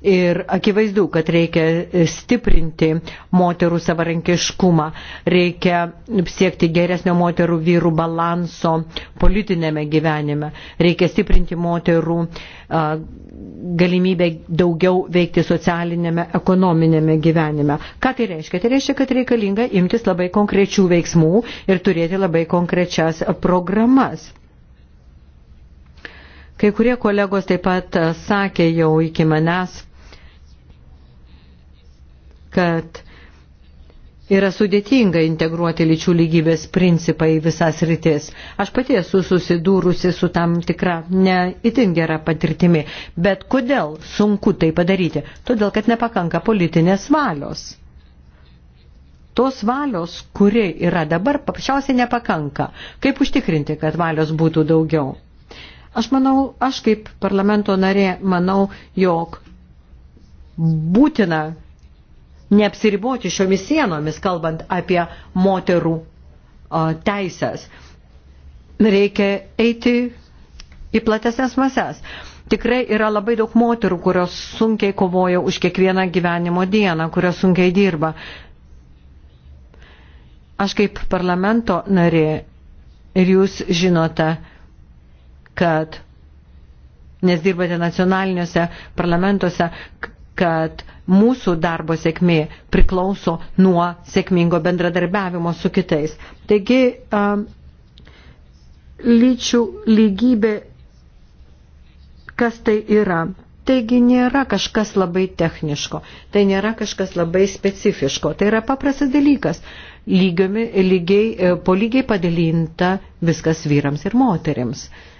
Ir akivaizdu, kad reikia stiprinti moterų savarankiškumą, reikia siekti geresnio moterų vyrų balanso politinėme gyvenime, reikia stiprinti moterų a, galimybę daugiau veikti socialinėme, ekonominėme gyvenime. Ką tai reiškia? Tai reiškia, kad reikalinga imtis labai konkrečių veiksmų ir turėti labai konkrečias programas. Kai kurie kolegos taip pat e, sakė jau iki manęs, kad yra sudėtinga integruoti lyčių lygybės principą į visas rytis. Aš pati esu susidūrusi su tam tikra neitin gera patirtimi, bet kodėl sunku tai padaryti? Todėl, kad nepakanka politinės valios. Tos valios, kuri yra dabar, paprasčiausiai nepakanka. Kaip užtikrinti, kad valios būtų daugiau? Aš manau, aš kaip parlamento narė manau, jog būtina neapsiriboti šiomis sienomis, kalbant apie moterų teisės. Reikia eiti į platesnės masės. Tikrai yra labai daug moterų, kurios sunkiai kovoja už kiekvieną gyvenimo dieną, kurios sunkiai dirba. Aš kaip parlamento narė ir jūs žinote, kad, nes dirbate nacionaliniuose parlamentuose, kad mūsų darbo sėkmė priklauso nuo sėkmingo bendradarbiavimo su kitais. Taigi, um, lyčių lygybė, kas tai yra? Taigi nėra kažkas labai techniško, tai nėra kažkas labai specifiško, tai yra paprastas dalykas. Lygiomi, lygiai, e, po lygiai padalinta viskas vyrams ir moteriams. Uh,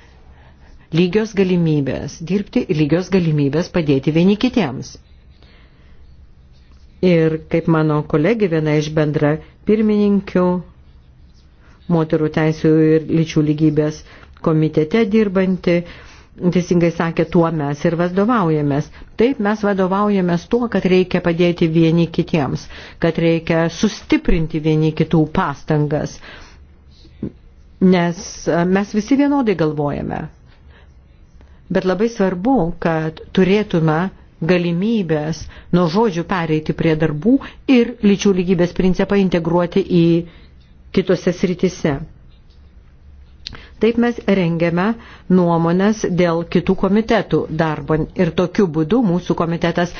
lygios galimybės dirbti, lygios galimybės padėti vieni kitiems. Ir kaip mano kolegė viena iš bendra pirmininkių moterų teisų ir lyčių lygybės komitete dirbanti, teisingai sakė, tuo mes ir vadovaujamės. Taip mes vadovaujamės tuo, kad reikia padėti vieni kitiems, kad reikia sustiprinti vieni kitų pastangas, nes e, mes visi vienodai galvojame. Bet labai svarbu, kad turėtume galimybės nuo žodžių pereiti prie darbų ir lyčių lygybės principą integruoti į kitose sritise. Taip mes rengiame nuomonės dėl kitų komitetų darbo ir tokiu būdu mūsų komitetas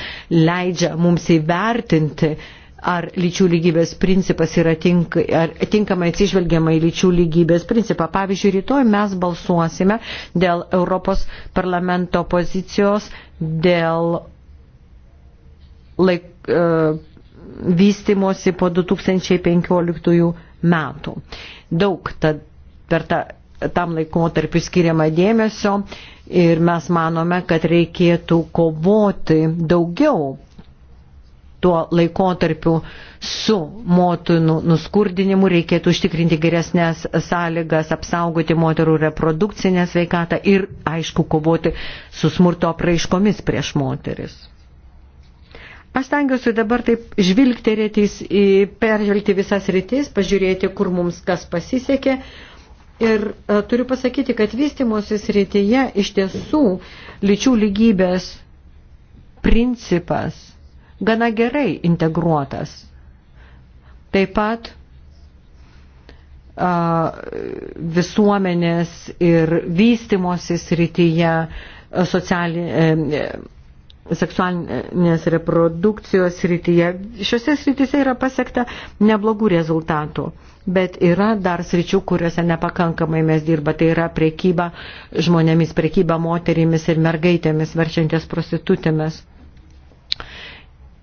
leidžia mums įvertinti uh, ar lyčių lygybės principas yra tink, ar tinkamai atsižvelgiama į lyčių lygybės principą. Pavyzdžiui, rytoj mes balsuosime dėl Europos parlamento pozicijos dėl laik, e, vystimosi po 2015 metų. Daug tad per tą tam laikotarpiu skiriama dėmesio ir mes manome, kad reikėtų kovoti daugiau tuo laikotarpiu su motinų nuskurdinimu reikėtų užtikrinti geresnės sąlygas, apsaugoti moterų reprodukcinę sveikatą ir, aišku, kovoti su smurto apraiškomis prieš moteris. Aš stengiuosi dabar taip žvilgterėtis, peržvelgti visas rytis, pažiūrėti, kur mums kas pasisekė. Ir a, e, turiu pasakyti, kad vystimosi srityje iš tiesų lyčių lygybės principas gana gerai integruotas. Taip pat visuomenės ir vystimosi srityje socialinė e, seksualinės reprodukcijos srityje. Šiuose srityse yra pasiekta neblogų rezultatų, bet yra dar sričių, kuriuose nepakankamai mes dirba. Tai yra priekyba žmonėmis, priekyba moterimis ir mergaitėmis, verčiantis prostitutėmis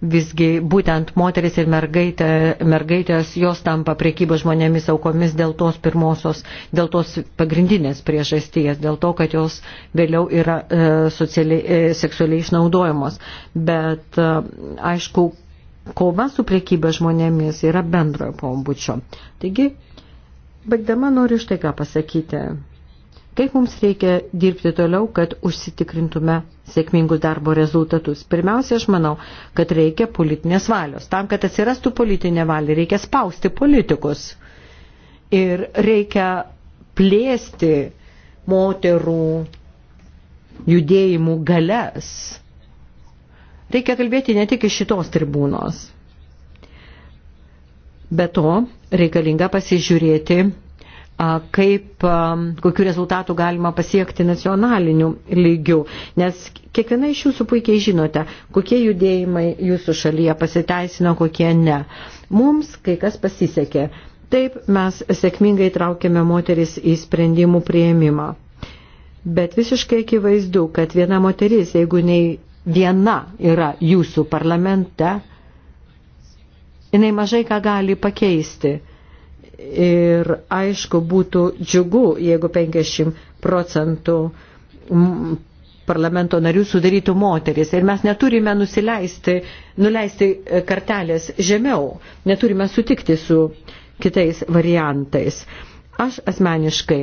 visgi būtent moteris ir mergaitė, mergaitės jos tampa priekybos žmonėmis aukomis dėl tos pirmosios, dėl tos pagrindinės priežasties, dėl to, kad jos vėliau yra e, socialiai, e, seksualiai išnaudojamos. Bet e, aišku, kova su priekyba žmonėmis yra bendrojo pombučio. Taigi, baigdama noriu štai ką pasakyti. Kaip mums reikia dirbti toliau, kad užsitikrintume sėkmingus darbo rezultatus? Pirmiausia, aš manau, kad reikia politinės valios. Tam, kad atsirastų politinė valia, reikia spausti politikus. Ir reikia plėsti moterų judėjimų galias. Reikia kalbėti ne tik iš šitos tribūnos. Be to, reikalinga pasižiūrėti kaip, kokiu rezultatu galima pasiekti nacionaliniu lygiu. Nes kiekviena iš jūsų puikiai žinote, kokie judėjimai jūsų šalyje pasiteisino, kokie ne. Mums kai kas pasisekė. Taip mes sėkmingai traukėme moteris į sprendimų prieimimą. Bet visiškai akivaizdu, kad viena moteris, jeigu nei viena yra jūsų parlamente, jinai mažai ką gali pakeisti Ir aišku, būtų džiugu, jeigu 50 procentų parlamento narių sudarytų moteris. Ir mes neturime nusileisti, nuleisti e, kartelės žemiau, neturime sutikti su kitais variantais. Aš asmeniškai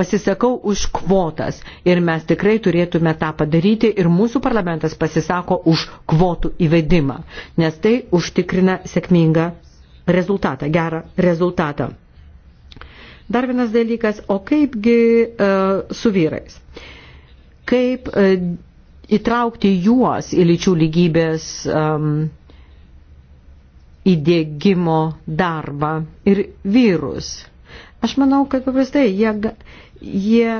pasisakau už kvotas ir mes tikrai turėtume tą padaryti ir mūsų parlamentas pasisako už kvotų įvedimą, nes tai užtikrina sėkmingą rezultatą, gerą rezultatą. Dar vienas dalykas, o kaipgi uh, su vyrais? Kaip uh, įtraukti juos į lyčių lygybės um, įdėgymo darbą ir vyrus? Aš manau, kad paprastai jie, jie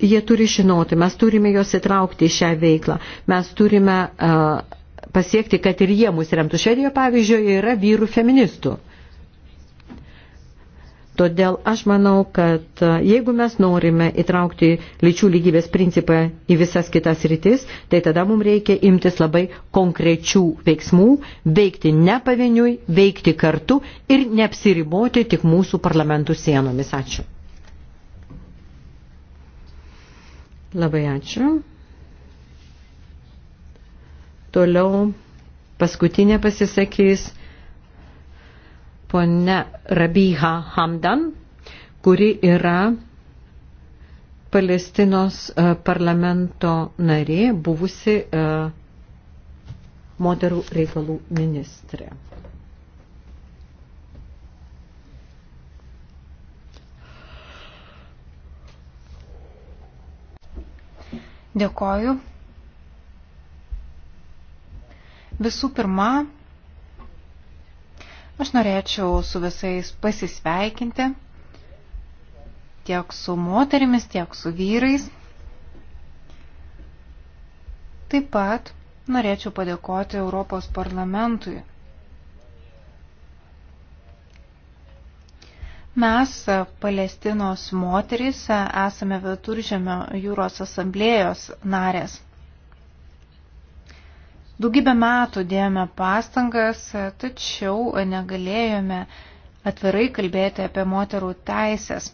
jie turi žinoti, mes turime juos įtraukti į šią veiklą, mes turime uh, pasiekti, kad ir jie mus remtų. Švedijoje, pavyzdžiui, yra vyrų feministų. Todėl aš manau, kad e, jeigu mes norime įtraukti lyčių lygybės principą į visas kitas rytis, tai tada mums reikia imtis labai konkrečių veiksmų, veikti ne pavieniui, veikti kartu ir neapsiriboti tik mūsų parlamentų sienomis. Ačiū. Labai ačiū. Toliau paskutinė pasisakys ponia Rabiha Hamdan, kuri yra Palestinos e, parlamento narė, buvusi e, moterų reikalų ministrė. Dėkoju. Visų pirma, aš norėčiau su visais pasisveikinti, tiek su moterimis, tiek su vyrais. Taip pat norėčiau padėkoti Europos parlamentui. Mes, Palestinos moterys, esame Viduržemio jūros asamblėjos narės. Daugybę metų dėjome pastangas, tačiau negalėjome atvirai kalbėti apie moterų teisės.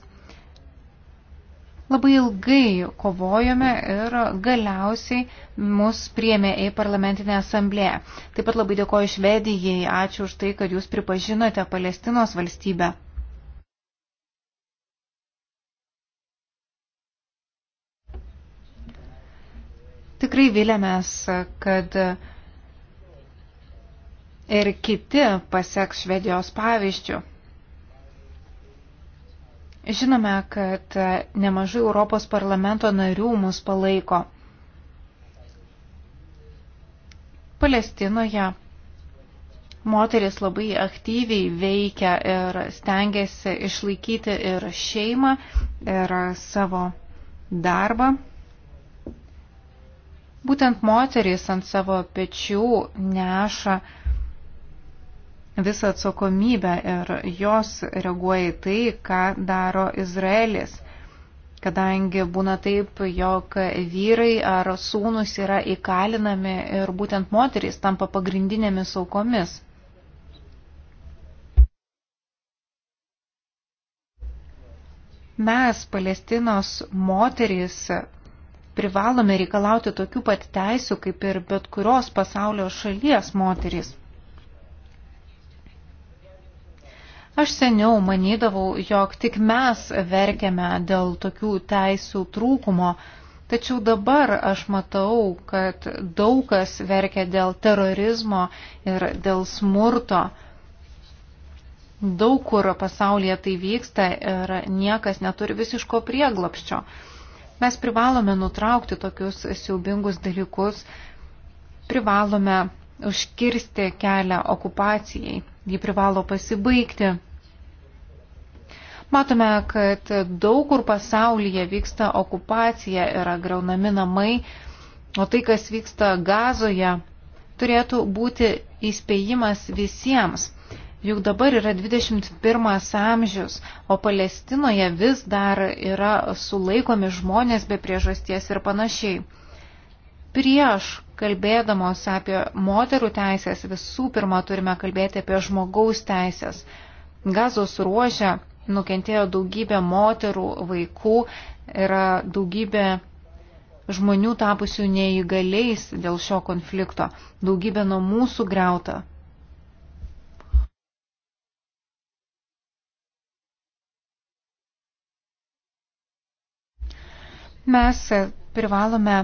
Labai ilgai kovojome ir galiausiai mus priemė į parlamentinę asamblėją. Taip pat labai dėkoju Švedijai, ačiū už tai, kad jūs pripažinote Palestinos valstybę. Tikrai vilėmės, kad ir kiti paseks Švedijos pavyzdžių. Žinome, kad nemažai Europos parlamento narių mus palaiko. Palestinoje moteris labai aktyviai veikia ir stengiasi išlaikyti ir šeimą, ir savo darbą. Būtent moterys ant savo pečių neša uh, visą atsakomybę ir jos reaguoja į tai, ką daro Izraelis. Kadangi būna taip, jog vyrai ar sūnus yra įkalinami ir būtent moterys tampa pagrindinėmis aukomis. Mes, Palestinos moterys, privalome reikalauti tokių pat teisių kaip ir bet kurios pasaulio šalies moterys. Aš seniau manydavau, jog tik mes verkiame dėl tokių teisų trūkumo, tačiau dabar aš matau, kad daug kas verkia dėl terorizmo ir dėl smurto. Daug kur pasaulyje tai vyksta ir niekas neturi visiško prieglapščio. Mes privalome nutraukti tokius siaubingus dalykus, privalome užkirsti kelią okupacijai, ji privalo pasibaigti. Matome, kad daug kur pasaulyje vyksta okupacija, yra greunami namai, o tai, kas vyksta gazoje, turėtų būti įspėjimas visiems. Juk dabar yra 21 amžius, o Palestinoje vis dar yra sulaikomi žmonės be priežasties ir panašiai. Prieš kalbėdamos apie moterų teisės visų pirma turime kalbėti apie žmogaus teisės. Gazos ruožė nukentėjo daugybė moterų, vaikų, yra daugybė žmonių tapusių neįgaliais dėl šio konflikto, daugybė namų sugriauta. Mes privalome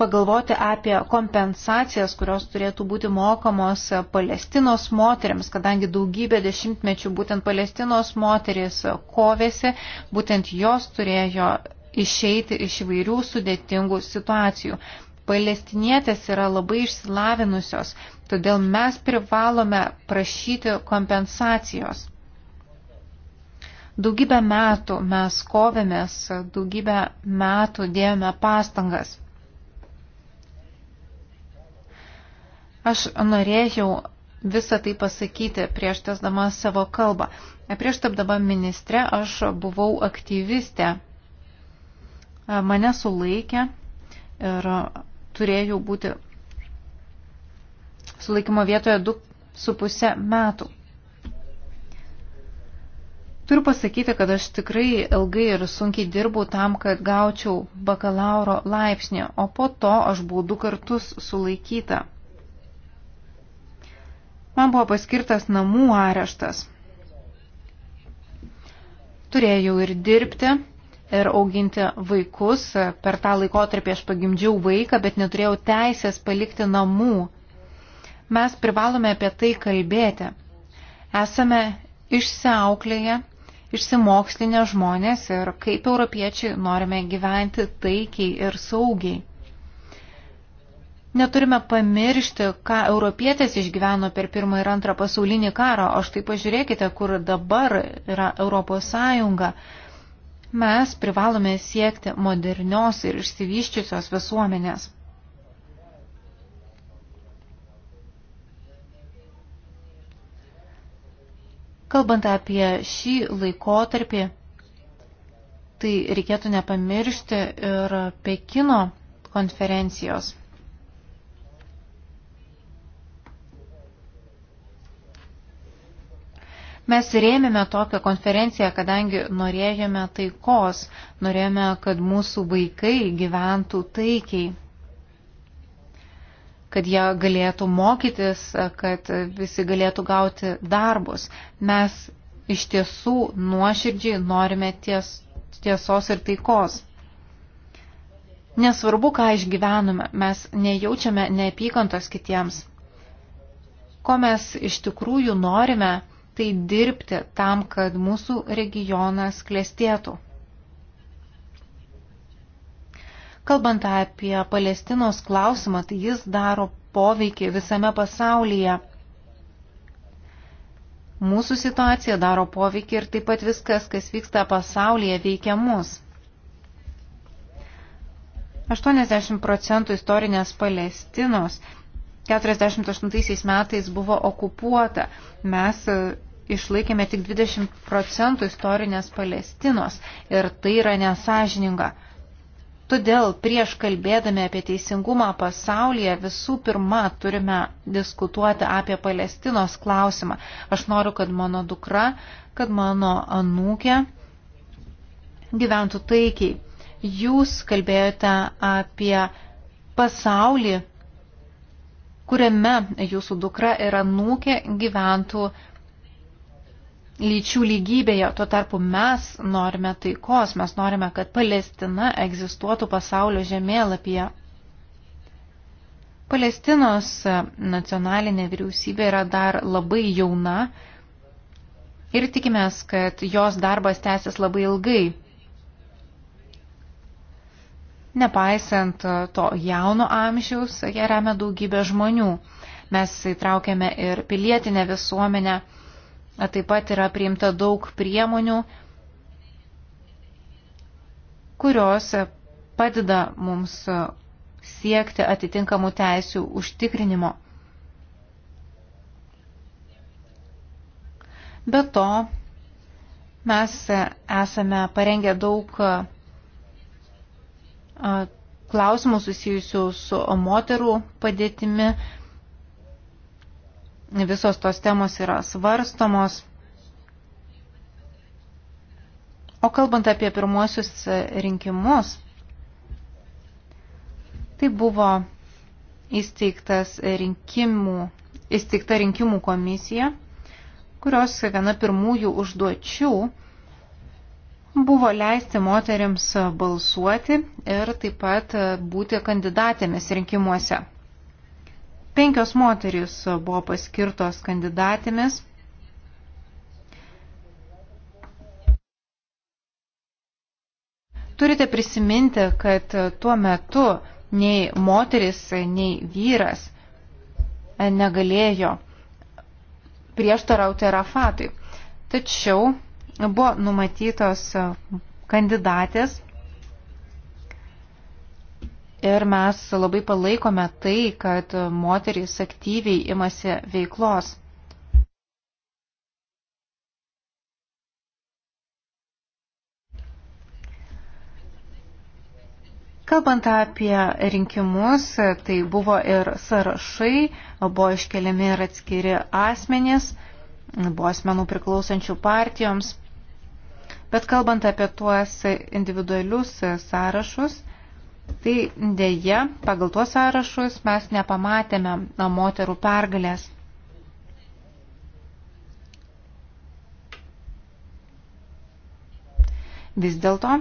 pagalvoti apie kompensacijas, kurios turėtų būti mokamos Palestinos moteriams, kadangi daugybė dešimtmečių būtent Palestinos moteris kovėsi, būtent jos turėjo išeiti iš įvairių sudėtingų situacijų. Palestinietės yra labai išsilavinusios, todėl mes privalome prašyti kompensacijos. Daugybę metų mes kovėmės, daugybę metų dėjome pastangas. Aš norėjau visą tai pasakyti prieš tesdama savo kalbą. Prieš tapdama ministre aš buvau aktyvistė. Mane sulaikė ir turėjau būti sulaikymo vietoje 2,5 metų. Turiu pasakyti, kad aš tikrai ilgai ir sunkiai dirbau tam, kad gaučiau bakalauro laipsnį, o po to aš buvau du kartus sulaikyta man buvo paskirtas namų areštas. Turėjau ir dirbti, ir auginti vaikus. Per tą laikotarpį aš pagimdžiau vaiką, bet neturėjau teisės palikti namų. Mes privalome apie tai kalbėti. Esame išsiauklėję, išsimokslinę žmonės ir kaip europiečiai norime gyventi taikiai ir saugiai. Neturime pamiršti, ką europietės išgyveno per pirmą ir antrą pasaulinį karą, o štai pažiūrėkite, kur dabar yra Europos Sąjunga. Mes privalome siekti modernios ir išsivyščiusios visuomenės. Kalbant apie šį laikotarpį, tai reikėtų nepamiršti ir Pekino konferencijos. Mes rėmėme tokią konferenciją, kadangi norėjome taikos, norėjome, kad mūsų vaikai gyventų taikiai, kad jie galėtų mokytis, kad visi galėtų gauti darbus. Mes iš tiesų nuoširdžiai norime ties, tiesos ir taikos. Nesvarbu, ką išgyvenome, mes nejaučiame neapykantos kitiems. Ko mes iš tikrųjų norime, tai dirbti tam, kad mūsų regionas klestėtų. Kalbant apie Palestinos klausimą, tai jis daro poveikį visame pasaulyje. Mūsų situacija daro poveikį ir taip pat viskas, kas vyksta pasaulyje, veikia mus. 80 procentų istorinės Palestinos 48 metais buvo okupuota. Mes e, išlaikėme tik 20 procentų istorinės Palestinos ir tai yra nesažininga. Todėl prieš kalbėdami apie teisingumą pasaulyje visų pirma turime diskutuoti apie Palestinos klausimą. Aš noriu, kad mano dukra, kad mano anūkė gyventų taikiai. Jūs kalbėjote apie pasaulį, kuriame jūsų dukra ir anūkė gyventų lyčių lygybėje. Tuo tarpu mes norime taikos, mes norime, kad Palestina egzistuotų pasaulio žemėlapyje. Palestinos nacionalinė vyriausybė yra dar labai jauna ir tikimės, kad jos darbas tęsis labai ilgai. Nepaisant e, to jauno amžiaus, ją remia daugybė žmonių. Mes įtraukėme ir pilietinę visuomenę, taip pat yra priimta daug priemonių, kurios padeda mums e, siekti atitinkamų teisių užtikrinimo. Be to, mes e, esame parengę daug klausimų susijusių su moterų padėtimi. Visos tos temos yra svarstomos. O kalbant apie pirmuosius rinkimus, tai buvo įsteigtas rinkimų, įsteigta rinkimų komisija, kurios viena pirmųjų užduočių buvo leisti moteriams balsuoti ir taip pat būti kandidatėmis rinkimuose. Penkios moterys buvo paskirtos kandidatėmis. Turite prisiminti, kad tuo metu nei moteris, nei vyras negalėjo prieštarauti Rafatui. Tačiau Buvo numatytos e, kandidatės ir mes labai palaikome tai, kad moterys aktyviai imasi veiklos. Kalbant apie rinkimus, tai buvo ir sąrašai, buvo iškeliami ir atskiri asmenys, buvo asmenų priklausančių partijoms. Bet kalbant apie tuos individualius sąrašus, tai dėje pagal tuos sąrašus mes nepamatėme moterų pergalės. Vis dėlto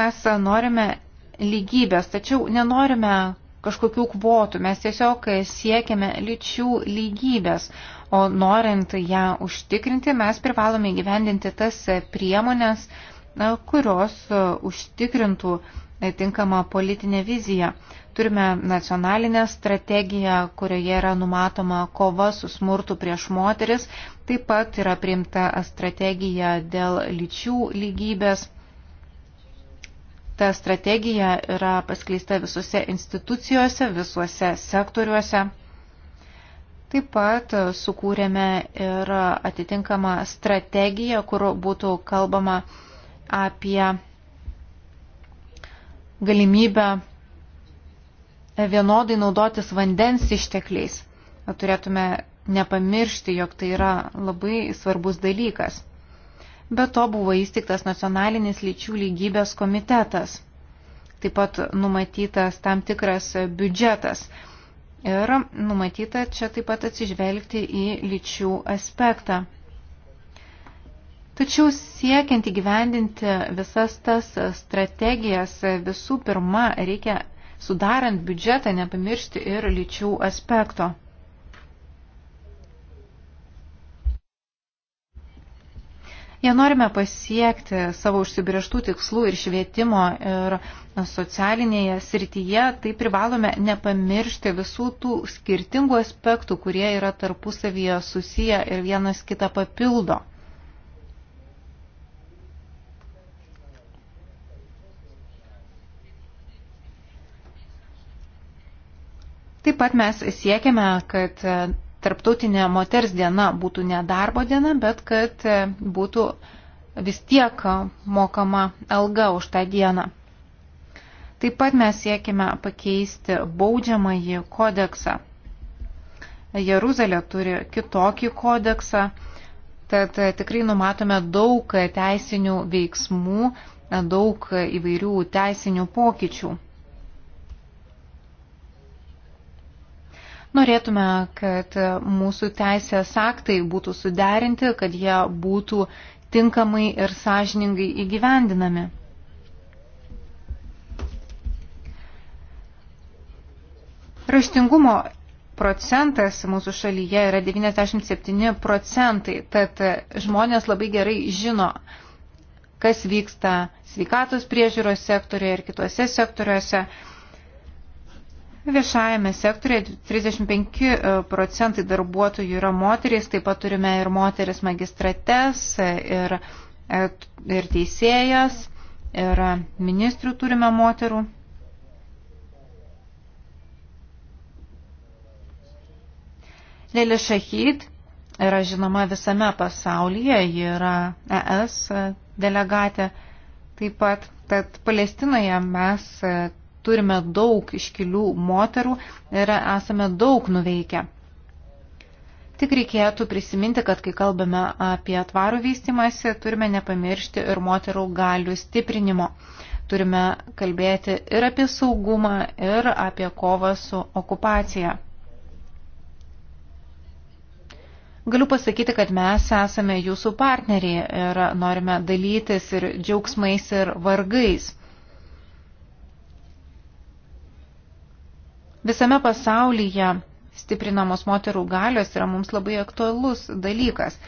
mes norime lygybės, tačiau nenorime kažkokių kvotų, mes tiesiog siekiame lyčių lygybės o norint ją užtikrinti, mes privalome įgyvendinti tas priemonės, e, kurios e, užtikrintų e, tinkamą politinę viziją. Turime nacionalinę strategiją, kurioje yra numatoma kova su smurtu prieš moteris, taip pat yra priimta strategija dėl lyčių lygybės. Ta strategija yra paskleista visose institucijose, visuose sektoriuose. Taip pat e, sukūrėme ir atitinkamą strategiją, kur būtų kalbama apie galimybę vienodai naudotis vandens ištekliais. Turėtume nepamiršti, jog tai yra labai svarbus dalykas. Be to buvo įstiktas nacionalinis lyčių lygybės komitetas. Taip pat numatytas tam tikras biudžetas Ir numatyta čia taip pat atsižvelgti į lyčių aspektą. Tačiau siekiant įgyvendinti visas tas strategijas, visų pirma, reikia sudarant biudžetą nepamiršti ir lyčių aspekto. Jei norime pasiekti savo užsibrieštų tikslų ir švietimo ir socialinėje srityje, tai privalome nepamiršti visų tų skirtingų aspektų, kurie yra tarpusavyje susiję ir vienas kitą papildo. Taip pat mes siekiame, kad tarptautinė moters diena būtų ne darbo diena, bet kad e, būtų vis tiek mokama alga už tą dieną. Taip pat mes siekime pakeisti baudžiamąjį kodeksą. Jeruzalė turi kitokį kodeksą, tad e, tikrai numatome daug teisinių veiksmų, daug įvairių teisinių pokyčių. Norėtume, kad mūsų teisės aktai būtų suderinti, kad jie būtų tinkamai ir sąžiningai įgyvendinami. Raštingumo procentas mūsų šalyje yra 97 procentai, tad žmonės labai gerai žino, kas vyksta sveikatos priežiūros sektorioje ir kitose sektoriuose. Viešajame sektorėje 35 e, procentai darbuotojų yra moterys, taip pat turime ir moteris magistrates, e, ir, e, ir teisėjas, ir ministrių turime moterų. Lėlė Šahid yra žinoma visame pasaulyje, ji yra ES delegatė taip pat, tad Palestinoje mes turime daug iškilių moterų ir esame daug nuveikę. Tik reikėtų prisiminti, kad kai kalbame apie tvarų vystimąsi, turime nepamiršti ir moterų galių stiprinimo. Turime kalbėti ir apie saugumą, ir apie kovą su okupacija. Galiu pasakyti, kad mes esame jūsų partneriai ir norime dalytis ir džiaugsmais ir vargais. Visame pasaulyje stiprinamos moterų galios yra mums labai aktualus dalykas.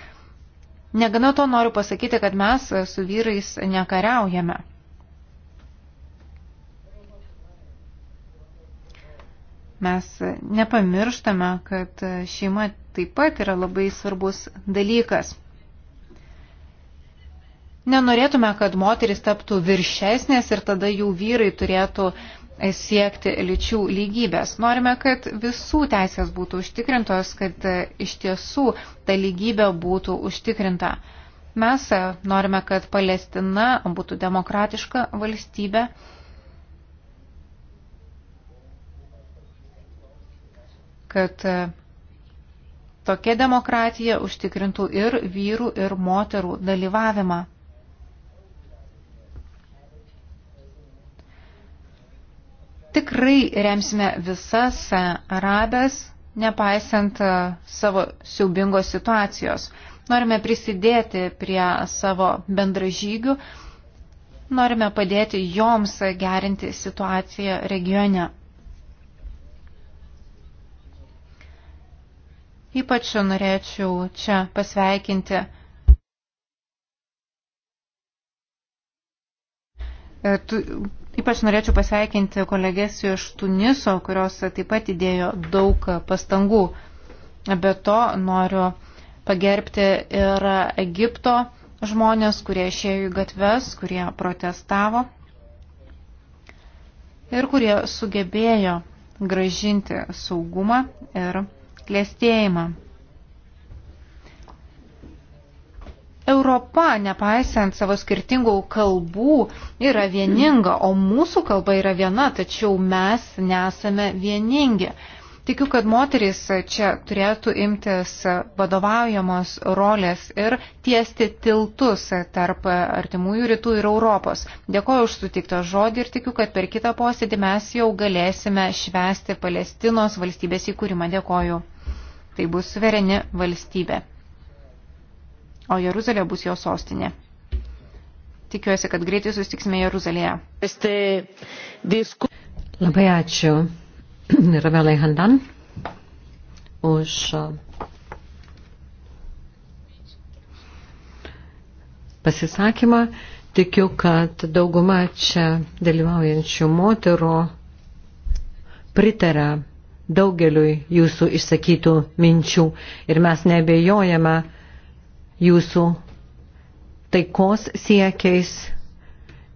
Negana to noriu pasakyti, kad mes su vyrais nekariaujame. Mes nepamirštame, kad šeima taip pat yra labai svarbus dalykas. Nenorėtume, kad moteris taptų viršesnės ir tada jų vyrai turėtų uh, siekti lyčių lygybės. Norime, kad visų teisės būtų užtikrintos, kad e, iš tiesų ta lygybė būtų užtikrinta. Mes e, norime, kad Palestina būtų demokratiška valstybė. kad e, tokia demokratija užtikrintų ir vyrų, ir moterų dalyvavimą. Tikrai remsime visas arabes, e, nepaisant e, savo siaubingos situacijos. Norime prisidėti prie savo bendražygių, norime padėti joms gerinti situaciją regione. Ypač norėčiau čia pasveikinti E, tu, ypač norėčiau pasveikinti kolegės iš Tuniso, kurios taip pat įdėjo daug pastangų. Be to noriu pagerbti ir Egipto žmonės, kurie išėjo į gatves, kurie protestavo ir kurie sugebėjo gražinti saugumą ir klėstėjimą. Europa, nepaisant savo skirtingų kalbų, yra vieninga, o mūsų kalba yra viena, tačiau mes nesame vieningi. Tikiu, kad moteris čia turėtų imtis vadovaujamos rolės ir tiesti tiltus tarp artimųjų rytų ir Europos. Dėkoju už sutiktą žodį ir tikiu, kad per kitą posėdį mes jau galėsime švesti Palestinos valstybės įkūrimą. Dėkoju. Tai bus suvereni valstybė o Jeruzalė bus jo sostinė. Tikiuosi, kad greitai susitiksime Jeruzalėje. Labai ačiū Ravelai Handan už uh, pasisakymą. Tikiu, kad dauguma čia dalyvaujančių moterų pritarė daugeliui jūsų išsakytų minčių ir mes nebejojame, jūsų taikos siekiais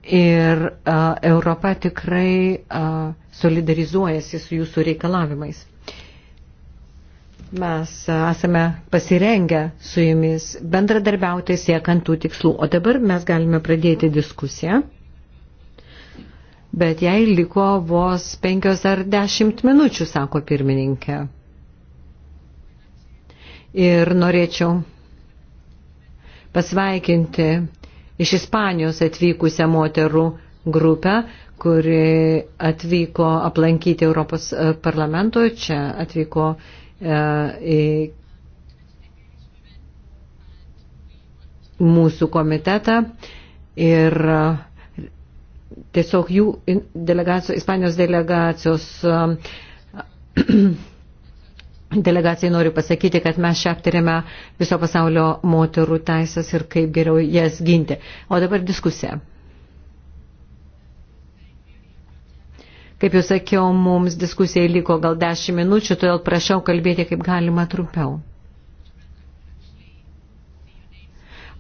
ir uh, Europa tikrai uh, solidarizuojasi su jūsų reikalavimais. Mes uh, esame pasirengę su jumis bendradarbiauti siekant tų tikslų, o dabar mes galime pradėti diskusiją. Bet jai liko vos penkios ar dešimt minučių, sako pirmininkė. Ir norėčiau pasveikinti iš Ispanijos atvykusią moterų grupę, kuri atvyko aplankyti Europos e, parlamento, čia atvyko e, į mūsų komitetą ir e, tiesiog jų delegacijos, Ispanijos delegacijos delegacijai noriu pasakyti, kad mes čia aptarėme viso pasaulio moterų teisės ir kaip geriau jas ginti. O dabar diskusija. Kaip jau sakiau, mums diskusijai liko gal 10 minučių, todėl prašau kalbėti kaip galima trumpiau.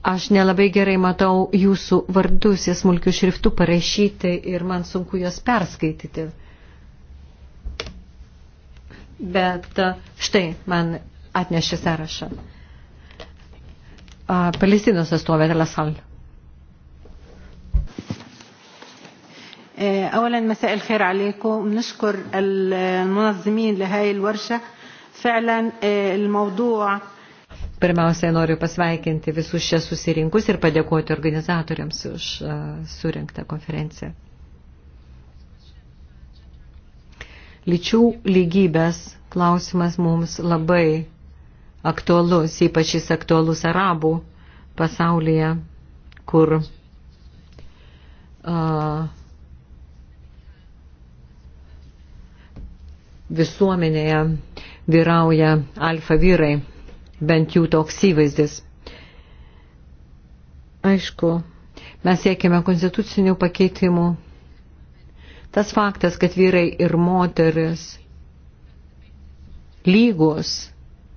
Aš nelabai gerai matau jūsų vardus, jie smulkių šriftų parašyti ir man sunku juos perskaityti bet e, štai man atnešė sąrašą. Palestinos atstovė Telasal. E, أولا مساء الخير عليكم نشكر المنظمين لهاي الورشة فعلا الموضوع Pirmiausiai noriu pasveikinti visus čia susirinkus ir padėkoti organizatoriams už surinktą konferenciją. Lyčių lygybės klausimas mums labai aktualus, ypač jis aktualus arabų pasaulyje, kur uh, visuomenėje vyrauja alfa vyrai, bent jų toks įvaizdis. Aišku, mes siekime konstitucinių pakeitimų Tas faktas, kad vyrai ir moteris lygus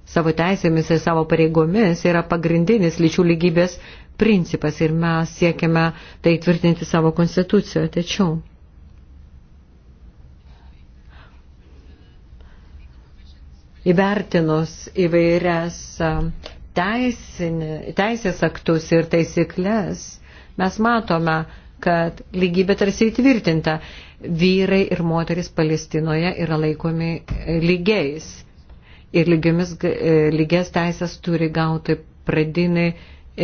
savo teisėmis ir savo pareigomis yra pagrindinis lyčių lygybės principas ir mes siekiame tai tvirtinti savo konstitucijoje. Tačiau įvertinus įvairias teisinė, teisės aktus ir taisyklės, mes matome, kad lygybė tarsi įtvirtinta vyrai ir moteris Palestinoje yra laikomi e, lygiais. Ir lygiomis, e, lygias teisės turi gauti pradinį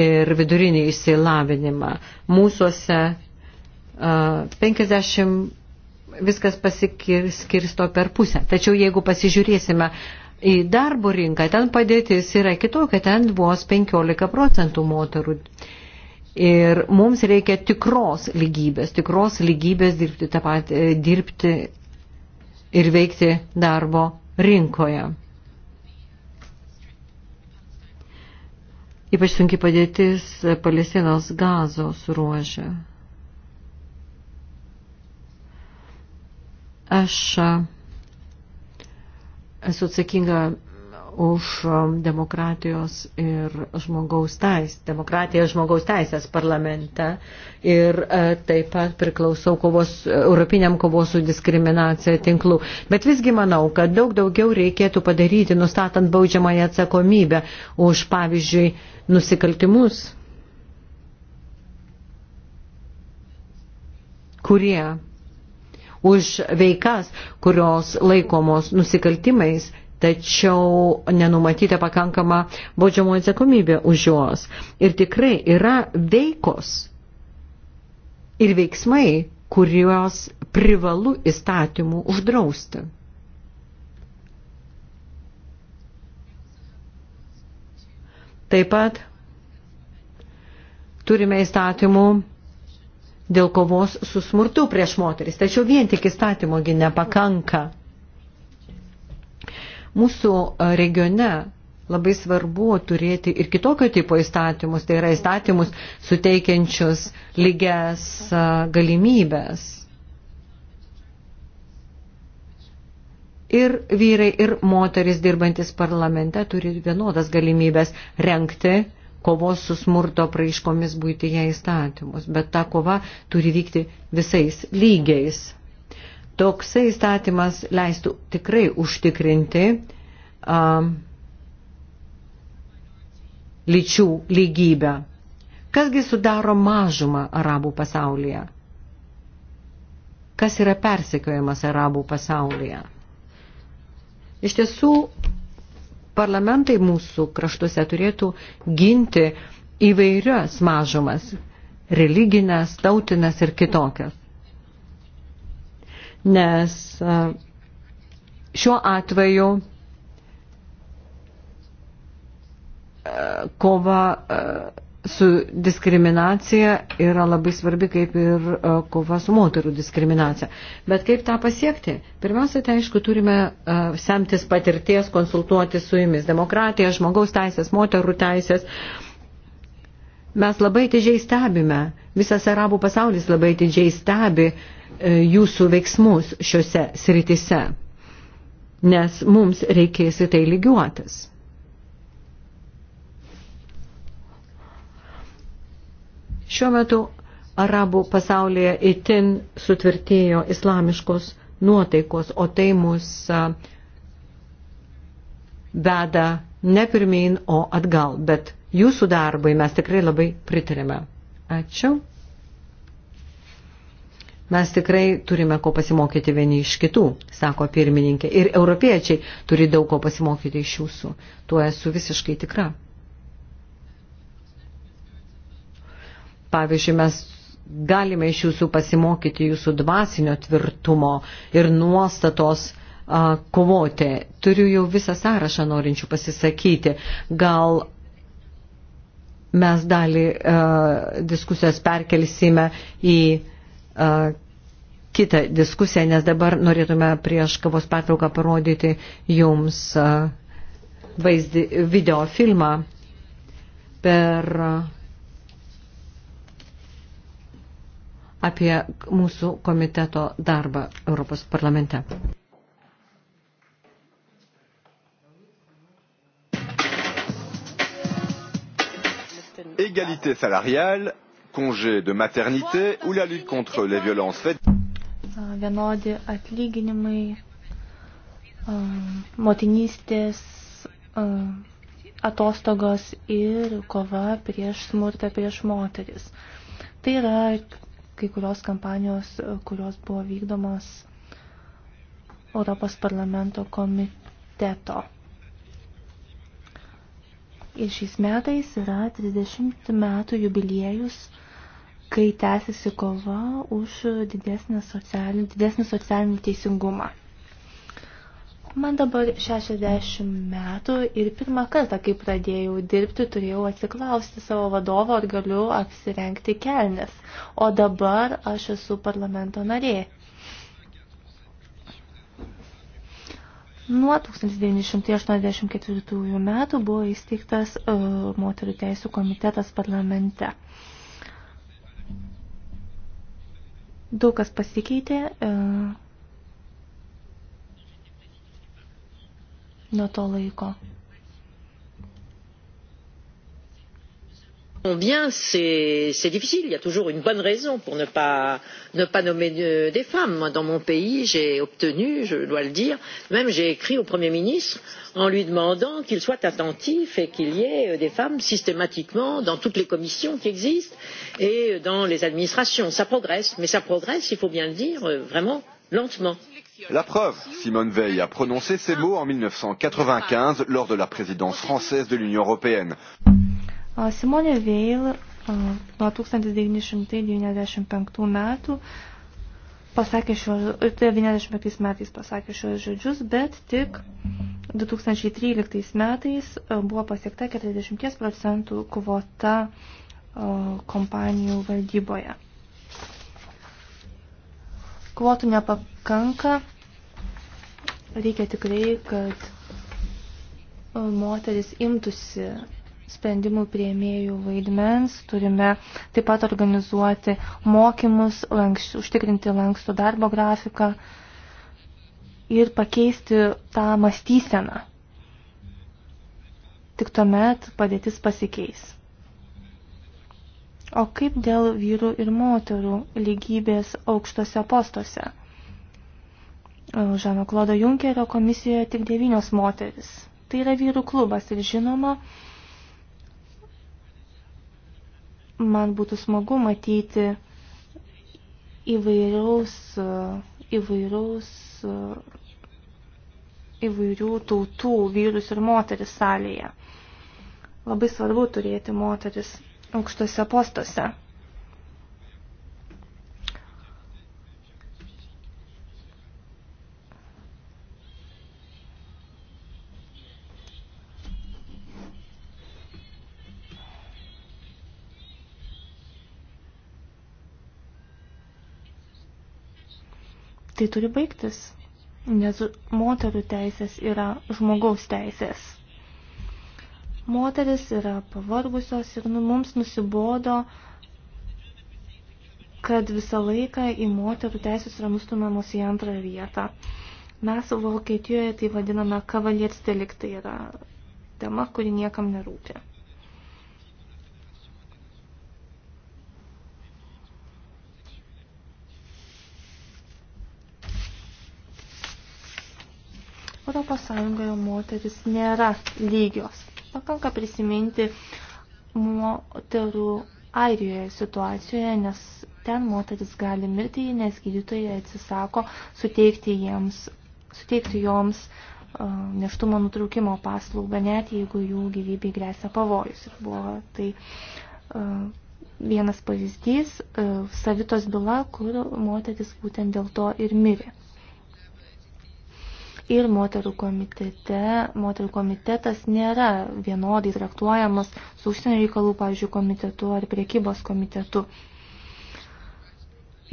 ir vidurinį išsilavinimą. Mūsuose uh, e, 50 viskas pasiskirsto per pusę. Tačiau jeigu pasižiūrėsime į darbo rinką, ten padėtis yra kitokia, ten vos 15 procentų moterų uh, Ir mums reikia tikros lygybės, tikros lygybės dirbti, tą patį, e, dirbti ir veikti darbo rinkoje. Ypač sunki padėtis Palestinos gazos ruožė. Aš e, esu atsakinga už um, demokratijos ir žmogaus teisės, demokratiją žmogaus teisės parlamente ir e, taip pat priklausau kovos, Europiniam kovos su diskriminacija tinklų. Bet visgi manau, kad daug daugiau reikėtų padaryti, nustatant baudžiamąją atsakomybę už, pavyzdžiui, nusikaltimus, kurie už veikas, kurios laikomos nusikaltimais tačiau nenumatyta pakankama baudžiamo atsakomybė už juos. Ir tikrai yra veikos ir veiksmai, kuriuos privalu įstatymų uždrausti. Taip pat turime įstatymų dėl kovos su smurtu prieš moteris. Tačiau vien tik įstatymogi nepakanka. Mūsų e, regione labai svarbu turėti ir kitokio tipo įstatymus, tai yra įstatymus suteikiančius lygias e, galimybės. Ir vyrai, ir moteris dirbantis parlamente turi vienodas galimybės renkti kovos su smurto praiškomis būtyje įstatymus, bet ta kova turi vykti visais lygiais. Toksai įstatymas leistų tikrai užtikrinti um, lyčių lygybę. Kasgi sudaro mažumą arabų pasaulyje? Kas yra persekiojamas arabų pasaulyje? Iš tiesų, parlamentai mūsų kraštuose turėtų ginti įvairias mažumas - religinės, tautinės ir kitokias nes šiuo atveju kova su diskriminacija yra labai svarbi kaip ir kova su moterų diskriminacija. Bet kaip tą pasiekti? Pirmiausia, tai aišku, turime semtis patirties, konsultuoti su jumis. Demokratija, žmogaus teisės, moterų teisės. Mes labai didžiai stebime, visas arabų pasaulis labai didžiai stebi uh, E, jūsų veiksmus šiuose sritise, nes mums reikės į tai lygiuotis. Šiuo metu arabų pasaulyje itin sutvirtėjo islamiškos nuotaikos, o tai mus e, veda ne pirmyn, o atgal. Bet jūsų darbai mes tikrai labai pritarėme. Ačiū. Mes tikrai turime ko pasimokyti vieni iš kitų, sako pirmininkė. Ir europiečiai turi daug ko pasimokyti iš jūsų. Tuo esu visiškai tikra. Pavyzdžiui, mes galime iš jūsų pasimokyti jūsų dvasinio tvirtumo ir nuostatos a, kovoti. Turiu jau visą sąrašą norinčių pasisakyti. Gal mes dalį a, diskusijos perkelsime į a, kitą diskusiją, nes dabar norėtume prieš kavos patrauką parodyti jums vaizdį, videofilmą per apie mūsų komiteto darbą Europos parlamente. Égalité salariale, congé de maternité ou la lutte contre les violences faites vienodi atlyginimai, motinystės, atostogos ir kova prieš smurtą prieš moteris. Tai yra kai kurios kampanijos, kurios buvo vykdomos Europos parlamento komiteto. Ir šiais metais yra 30 metų jubiliejus kai tęsiasi kova už didesnį socialinį, didesnį socialinį teisingumą. Man dabar 60 metų ir pirmą kartą, kai pradėjau dirbti, turėjau atsiklausti savo vadovo, ar galiu apsirengti kelnes. O dabar aš esu parlamento narė. Nuo 1984 metų buvo įsteigtas uh, moterų teisų komitetas parlamente. Uh, Daug kas pasikeitė e, nuo to laiko. Combien c'est difficile, il y a toujours une bonne raison pour ne pas, ne pas nommer de, euh, des femmes. Moi, dans mon pays, j'ai obtenu, je dois le dire, même j'ai écrit au Premier ministre en lui demandant qu'il soit attentif et qu'il y ait euh, des femmes systématiquement dans toutes les commissions qui existent et euh, dans les administrations. Ça progresse, mais ça progresse, il faut bien le dire, vraiment lentement. La preuve, Simone Veil a prononcé ces mots en 1995 lors de la présidence française de l'Union européenne. Simonė Veil nuo 1995 metų pasakė šios, e, tai 95 metais pasakė šios žodžius, bet tik 2013 metais e, buvo pasiekta 40 procentų kvota e, kompanijų valdyboje. Kvotų nepakanka, reikia tikrai, kad moteris imtųsi sprendimų prieimėjų vaidmens, turime taip pat organizuoti mokymus, lankš, užtikrinti lankstų darbo grafiką ir pakeisti tą mąstyseną. Tik tuomet padėtis pasikeis. O kaip dėl vyrų ir moterų lygybės aukštose postuose? Žano Klodo Junkerio komisijoje tik devynios moteris. Tai yra vyrų klubas ir žinoma, Man būtų smagu matyti įvairiaus, įvairiaus, įvairių tautų vyrus ir moteris salėje. Labai svarbu turėti moteris aukštose postuose. tai turi baigtis, nes moterų teisės yra žmogaus teisės. Moteris yra pavargusios ir nu, mums nusibodo, kad visą laiką į moterų teisės yra nustumamos į antrą vietą. Mes Vokietijoje tai vadiname kavalietis deliktai yra tema, kuri niekam nerūpia. Europos Sąjungoje moteris nėra lygios. Pakanka prisiminti moterų Airijoje situacijoje, nes ten moteris gali mirti, nes gydytojai atsisako suteikti, jiems, suteikti joms neštumo nutraukimo paslaugą, net jeigu jų gyvybei grėsia pavojus. Ir buvo tai vienas pavyzdys, savitos byla, kur moteris būtent dėl to ir mirė ir moterų komitete. Moterų komitetas nėra vienodai traktuojamas su užsienio reikalų, pavyzdžiui, komitetu ar priekybos komitetu.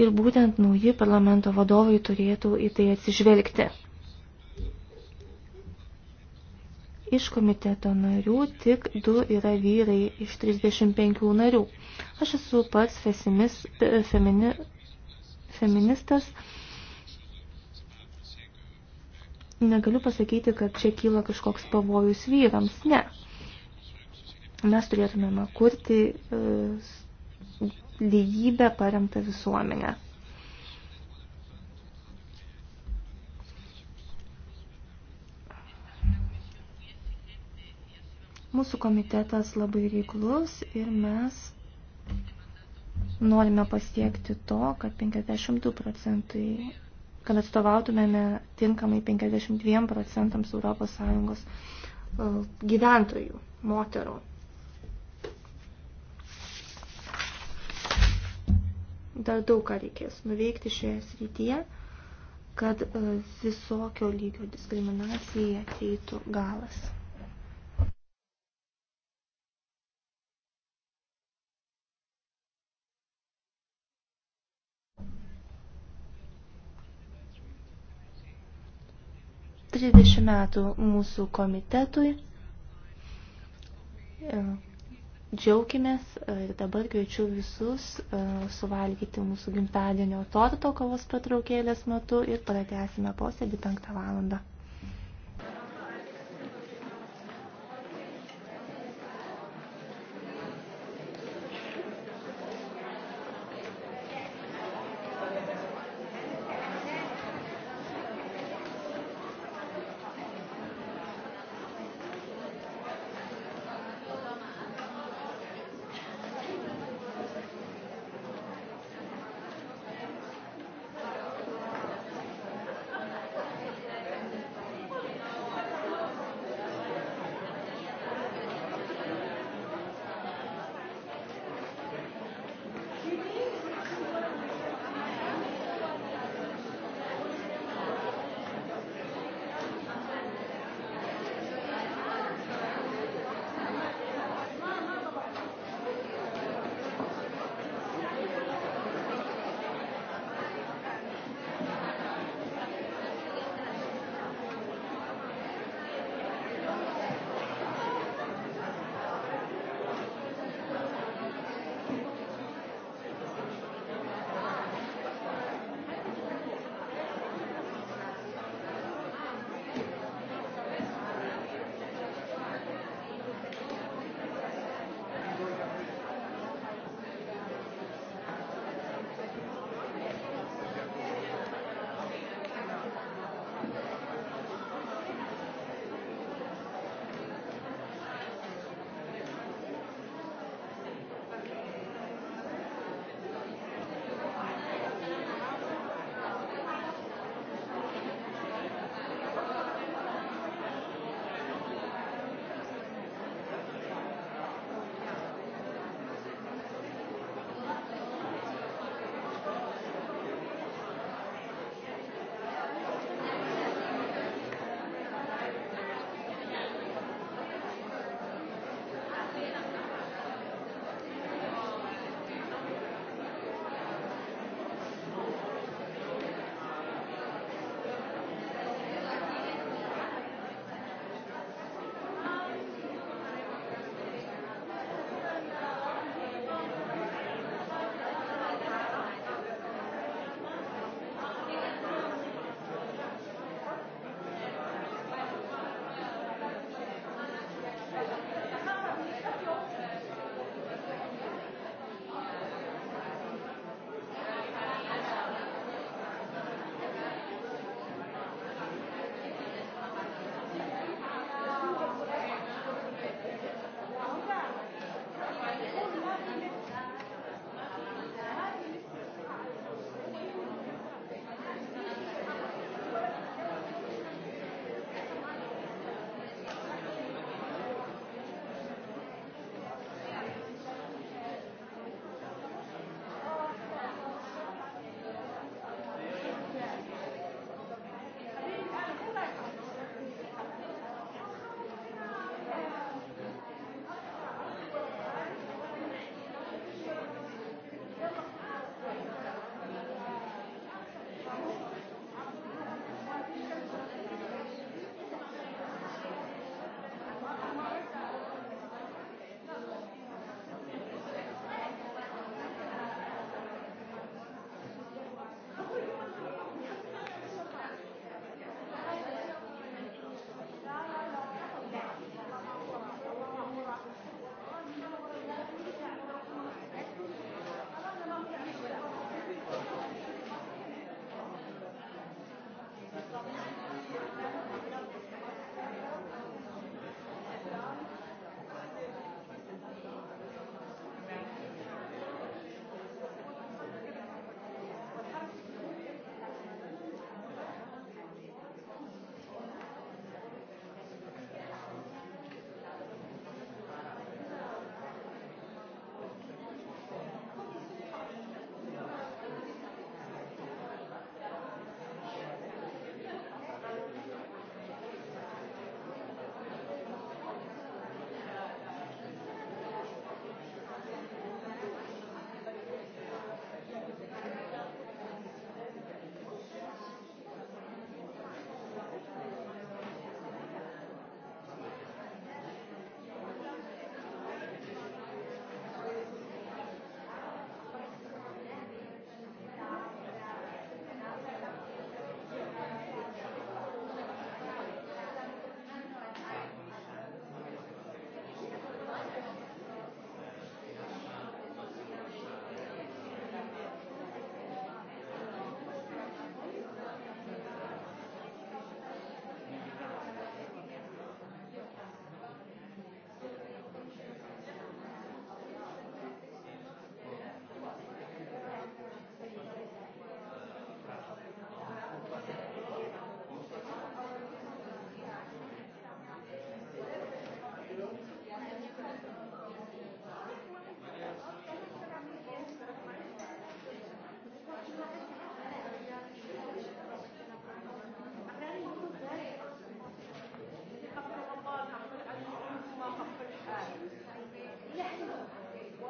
Ir būtent nauji parlamento vadovai turėtų į tai atsižvelgti. Iš komiteto narių tik du yra vyrai iš 35 narių. Aš esu pats fesimis, femini, feministas negaliu pasakyti, kad čia kyla kažkoks pavojus vyrams. Ne. Mes turėtumėme kurti e, lygybę paremtą visuomenę. Mūsų komitetas labai reiklus ir mes norime pasiekti to, kad 52 procentai kad atstovautumėme tinkamai 52 procentams ES e, gyventojų, moterų. Dar daug ką reikės nuveikti šioje srityje, kad e, visokio lygio diskriminacijai ateitų galas. 30 metų mūsų komitetui. E, džiaukimės e, ir dabar kviečiu visus e, suvalgyti mūsų gimtadienio torto kovos patraukėlės metu ir pratęsime posėdį 5 valandą.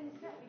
And certainly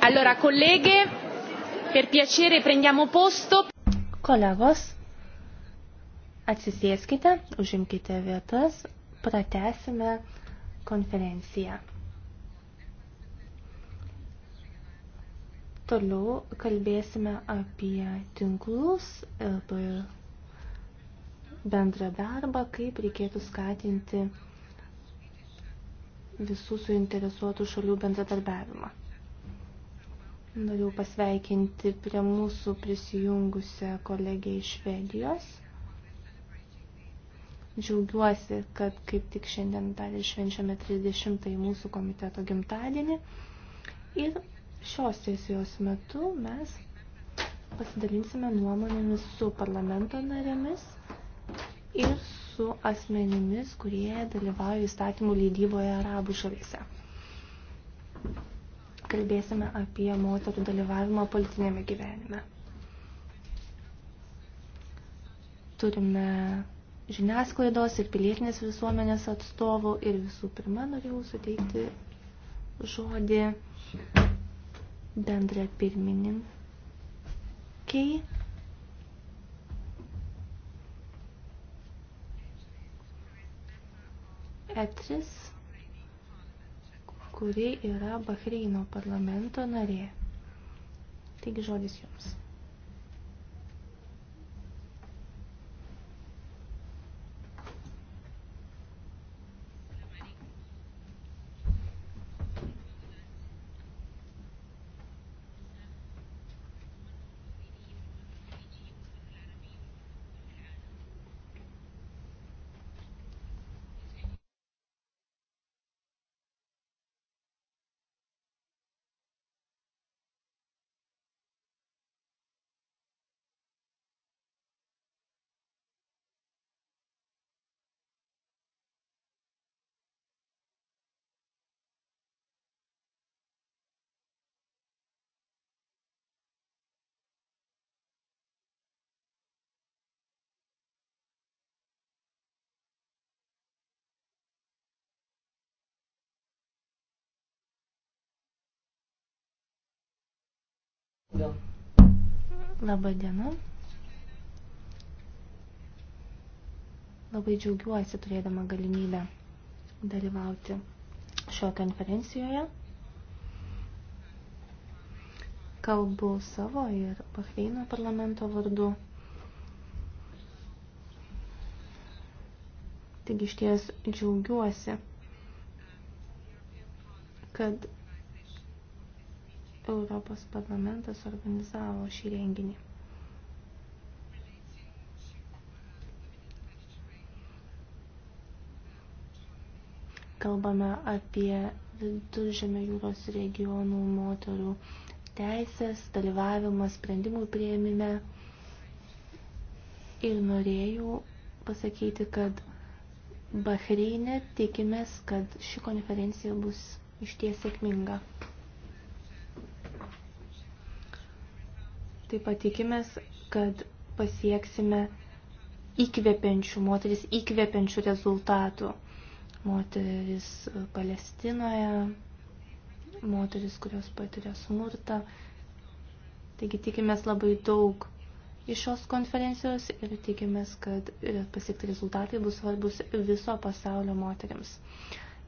Allora, colleghe, per piacere prendiamo posto. Kolegos, atsisėskite, užimkite vietas, pratesime konferenciją. Toliau kalbėsime apie tinklus, bendrą darbą, kaip reikėtų skatinti visų suinteresuotų šalių bendradarbiavimą. Noriu pasveikinti prie mūsų prisijungusią kolegę iš Švedijos. Džiaugiuosi, kad kaip tik šiandien dar švenčiame 30-ąjį mūsų komiteto gimtadienį. Ir šios sesijos metu mes pasidalinsime nuomonėmis su parlamento narėmis ir su asmenimis, kurie dalyvauja įstatymų leidyboje arabų šalyse kalbėsime apie moterų dalyvavimą politinėme gyvenime. Turime žiniasklaidos ir pilietinės visuomenės atstovų ir visų pirma norėjau suteikti žodį bendra pirmininkiai. Etris kuri yra Bahreino parlamento narė. Taigi žodis jums. Labą dieną. Labai džiaugiuosi turėdama galimybę dalyvauti šio konferencijoje. Kalbu savo ir Bahreino parlamento vardu. Taigi iš ties džiaugiuosi, kad Europos parlamentas organizavo šį renginį. Kalbame apie viduržėmio jūros regionų moterų teisės, dalyvavimą sprendimų prieimime. Ir norėjau pasakyti, kad Bahreinė tikimės, kad ši konferencija bus išties sėkminga. Taip pat tikimės, kad pasieksime įkvepiančių, moteris įkvepiančių rezultatų. Moteris Palestinoje, moteris, kurios patiria smurtą. Taigi tikimės labai daug iš šios konferencijos ir tikimės, kad pasiekti rezultatai bus svarbus viso pasaulio moteriams.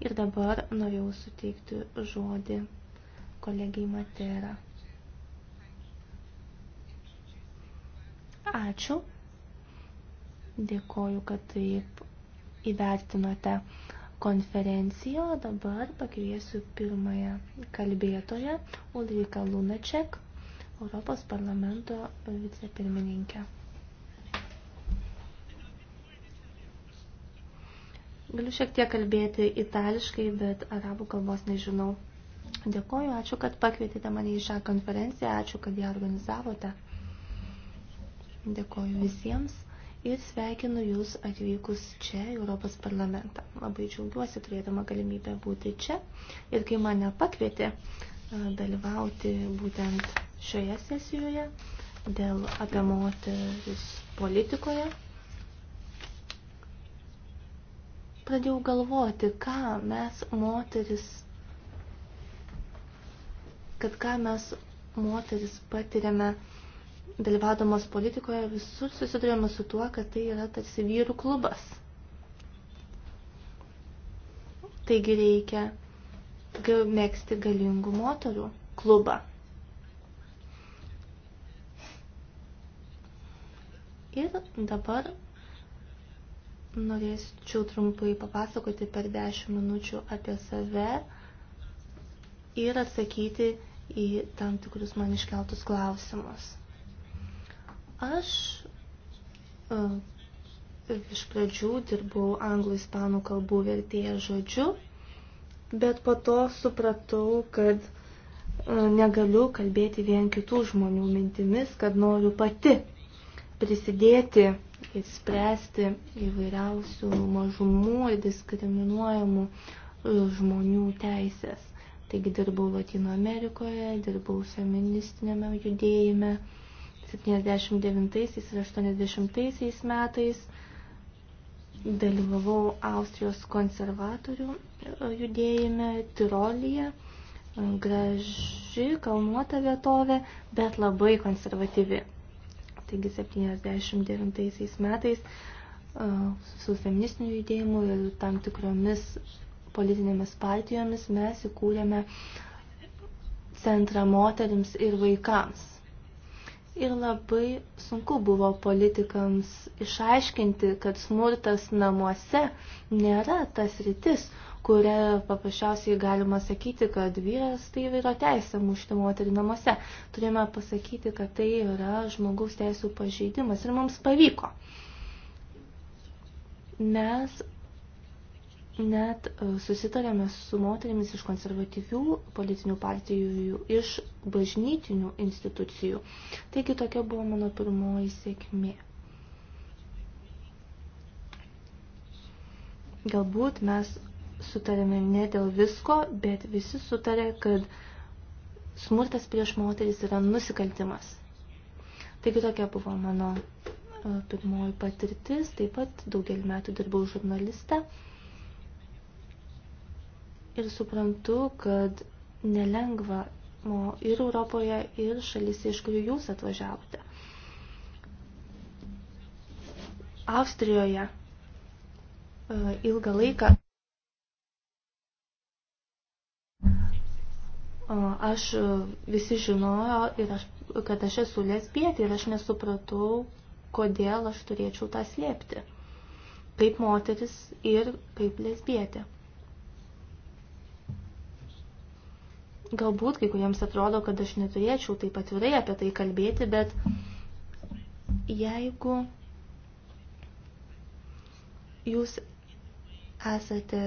Ir dabar norėjau suteikti žodį kolegijai Matera. Ačiū. Dėkoju, kad taip įvertinote konferenciją. Dabar pakviesiu pirmąją kalbėtoją Ulrika Lunaček, Europos parlamento vicepirmininkė. Galiu šiek tiek kalbėti itališkai, bet arabų kalbos nežinau. Dėkoju, ačiū, kad pakvietėte mane į šią konferenciją, ačiū, kad ją organizavote. Dėkoju visiems ir sveikinu Jūs atvykus čia, Europos parlamentą. Labai džiaugiuosi turėdama galimybę būti čia ir kai mane pakvietė dalyvauti būtent šioje sesijoje dėl apie moteris politikoje, pradėjau galvoti, ką mes moteris, kad ką mes moteris patiriame dalyvaudamos politikoje visur susidurėme su tuo, kad tai yra tarsi vyrų klubas. Taigi reikia mėgsti galingų moterų klubą. Ir dabar norėčiau trumpai papasakoti per 10 minučių apie save ir atsakyti į tam tikrus man iškeltus klausimus. Aš uh, iš pradžių dirbau anglų-ispanų kalbų vertėję žodžiu, bet po to supratau, kad uh, negaliu kalbėti vien kitų žmonių mintimis, kad noriu pati prisidėti ir spręsti įvairiausių mažumų ir diskriminuojamų e, žmonių teisės. Taigi dirbau Latino Amerikoje, dirbau feministinėme judėjime 79 ir 80 metais dalyvavau Austrijos konservatorių e, judėjime Tirolyje. Graži, kalnuota vietovė, bet labai konservatyvi. Taigi 79 metais e, su feministiniu judėjimu ir tam tikromis politinėmis partijomis mes įkūrėme centrą moterims ir vaikams. Ir labai sunku buvo politikams išaiškinti, kad smurtas namuose nėra tas rytis, kuria paprasčiausiai galima sakyti, kad vyras tai vyro teisė mušti moterį namuose. Turime pasakyti, kad tai yra žmogaus teisų pažeidimas ir mums pavyko. Mes net e, susitarėme su moterimis iš konservatyvių politinių partijų, iš bažnytinių institucijų. Taigi tokia buvo mano pirmoji sėkmė. Galbūt mes sutarėme ne dėl visko, bet visi sutarė, kad smurtas prieš moteris yra nusikaltimas. Taigi tokia buvo mano e, pirmoji patirtis, taip pat daugelį metų dirbau žurnalistą ir suprantu, kad nelengva ir Europoje, ir šalyse, iš kurių jūs atvažiavote. Austrijoje e, ilgą laiką e, aš e, visi žinojo, ir aš, kad aš esu lesbietė ir aš nesupratau, kodėl aš turėčiau tą slėpti. Kaip moteris ir kaip lesbietė. Galbūt kai kuriems atrodo, kad aš neturėčiau taip atvirai apie tai kalbėti, bet jeigu jūs esate,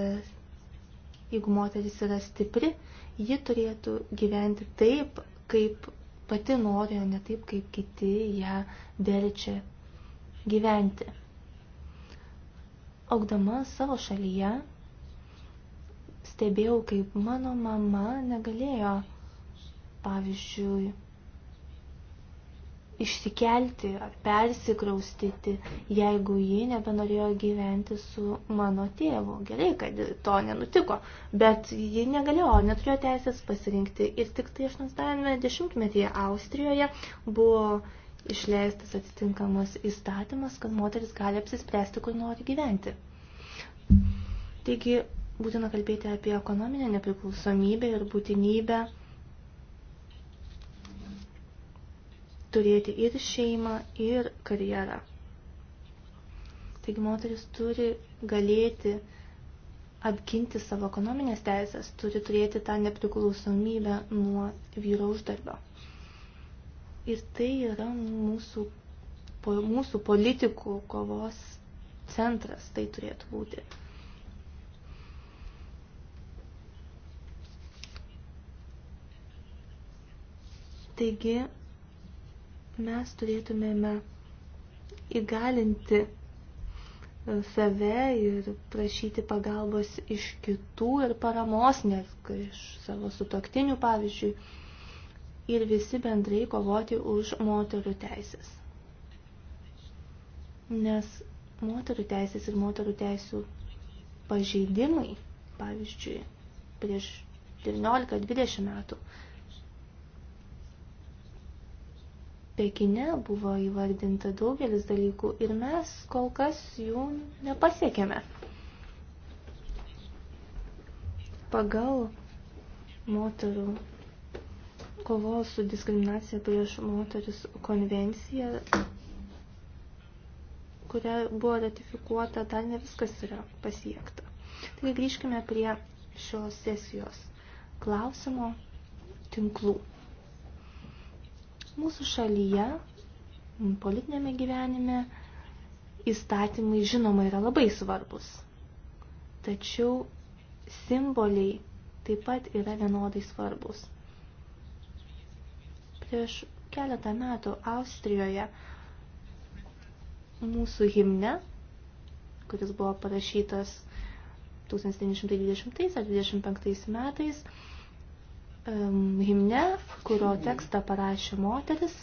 jeigu moteris yra stipri, ji turėtų gyventi taip, kaip pati nori, o ne taip, kaip kiti ją verčia gyventi. Augdama savo šalyje, stebėjau, kaip mano mama negalėjo, pavyzdžiui, išsikelti ar persikraustyti, jeigu ji nebenorėjo gyventi su mano tėvu. Gerai, kad to nenutiko, bet ji negalėjo, neturėjo teisės pasirinkti. Ir tik tai 80-metyje Austrijoje buvo išleistas atitinkamas įstatymas, kad moteris gali apsispręsti, kur nori gyventi. Taigi būtina kalbėti apie ekonominę nepriklausomybę ir būtinybę turėti ir šeimą, ir karjerą. Taigi moteris turi galėti apginti savo ekonominės teisės, turi turėti tą nepriklausomybę nuo vyro uždarbio. Ir tai yra mūsų, po, mūsų politikų kovos centras, tai turėtų būti. Taigi mes turėtumėme įgalinti save ir prašyti pagalbos iš kitų ir paramos, nes iš savo sutoktinių pavyzdžiui, ir visi bendrai kovoti už moterų teisės. Nes moterų teisės ir moterų teisų pažeidimai, pavyzdžiui, prieš 19-20 metų Pekine buvo įvardinta daugelis dalykų ir mes kol kas jų nepasiekėme. Pagal moterų kovos su diskriminacija prieš moteris konvencija, kuria buvo ratifikuota, dar ne viskas yra pasiekta. Taigi grįžkime prie šios sesijos klausimo tinklų. Mūsų šalyje, politinėme gyvenime, įstatymai žinoma yra labai svarbus. Tačiau simboliai taip pat yra vienodai svarbus. Prieš keletą metų Austrijoje mūsų himne, kuris buvo parašytas 1920 ar 1925 metais, um, himne, kurio tekstą parašė moteris,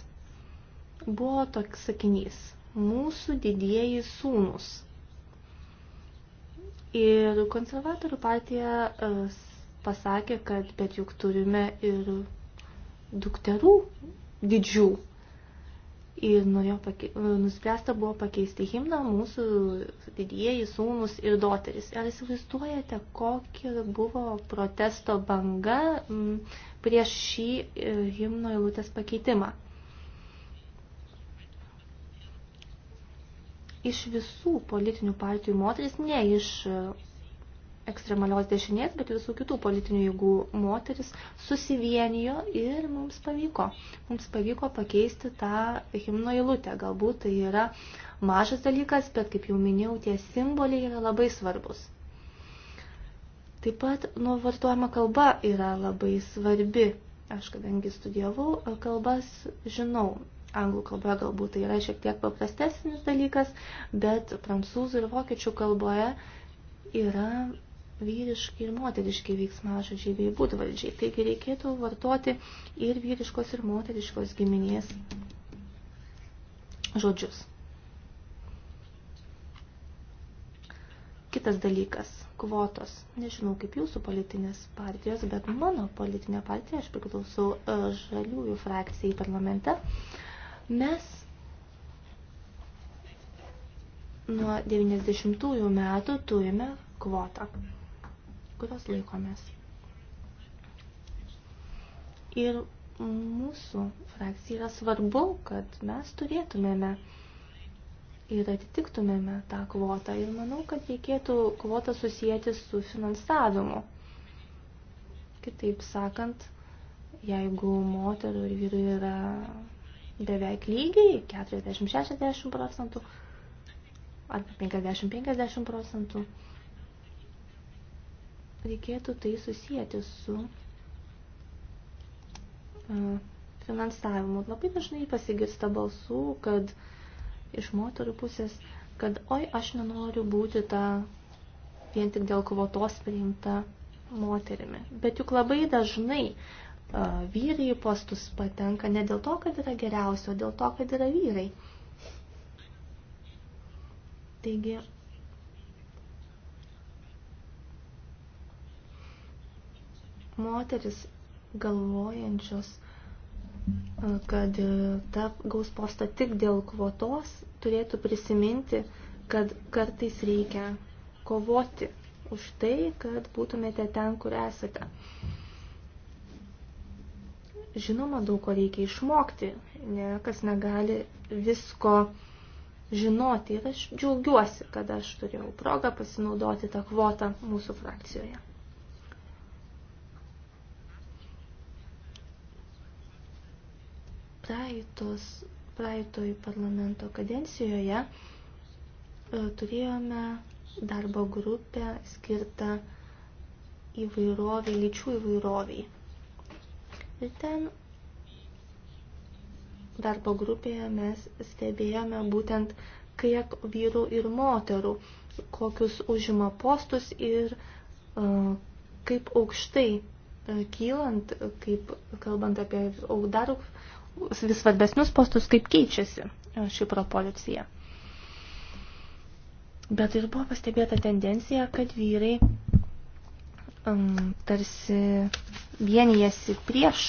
buvo toks sakinys - mūsų didieji sūnus. Ir konservatorių partija uh, pasakė, kad bet juk turime ir dukterų didžių. Ir nuo jo pake, e, nuspręsta buvo pakeisti himną mūsų didieji sūnus ir doteris. Ar įsivaizduojate, kokia buvo protesto banga m, prieš šį e, himno eilutės pakeitimą? Iš visų politinių partijų moteris, ne iš ekstremalios dešinės, bet visų kitų politinių jėgų moteris susivienijo ir mums pavyko. Mums pavyko pakeisti tą himno eilutę. Galbūt tai yra mažas dalykas, bet kaip jau minėjau, tie simboliai yra labai svarbus. Taip pat nu, vartojama kalba yra labai svarbi. Aš kadangi studijavau kalbas, žinau, anglų kalboje galbūt tai yra šiek tiek paprastesnis dalykas, bet prancūzų ir vokiečių kalboje yra vyriški ir moteriški veiksmažodžiai bei būdvaldžiai. Taigi reikėtų vartoti ir vyriškos ir moteriškos giminės žodžius. Kitas dalykas – kvotos. Nežinau, kaip jūsų politinės partijos, bet mano politinė partija, aš priklausau e, žaliųjų frakcijai parlamente, mes nuo 90 metų turime kvotą kurios laikomės. Ir mūsų frakcija yra svarbu, kad mes turėtumėme ir atitiktumėme tą kvotą. Ir manau, kad reikėtų kvotą susijęti su finansavimu. Kitaip sakant, jeigu moterų ir vyrų yra beveik lygiai, 40-60 procentų arba 50-50 procentų, reikėtų tai susijęti su e, finansavimu. Labai dažnai pasigirsta balsų, kad iš moterų pusės, kad oi, aš nenoriu būti ta vien tik dėl kvotos priimta moterimi. Bet juk labai dažnai uh, vyrai į postus patenka ne dėl to, kad yra geriausio, o dėl to, kad yra vyrai. Taigi, moteris galvojančios, e, kad e, ta gaus postą tik dėl kvotos, turėtų prisiminti, kad kartais reikia kovoti už tai, kad būtumėte ten, kur esate. Žinoma, daug ko reikia išmokti, niekas negali visko žinoti ir aš džiaugiuosi, kad aš turėjau progą pasinaudoti tą kvotą mūsų frakcijoje. praeitos, praeitoj parlamento kadencijoje e, turėjome darbo grupę skirtą įvairoviai, lyčių įvairoviai. Ir ten darbo grupėje mes stebėjome būtent, kiek vyrų ir moterų, kokius užima postus ir uh, kaip aukštai uh, kylant, kaip kalbant apie dar vis svarbesnius postus, kaip keičiasi ši proporcija. Bet ir buvo pastebėta tendencija, kad vyrai um, tarsi vienijasi prieš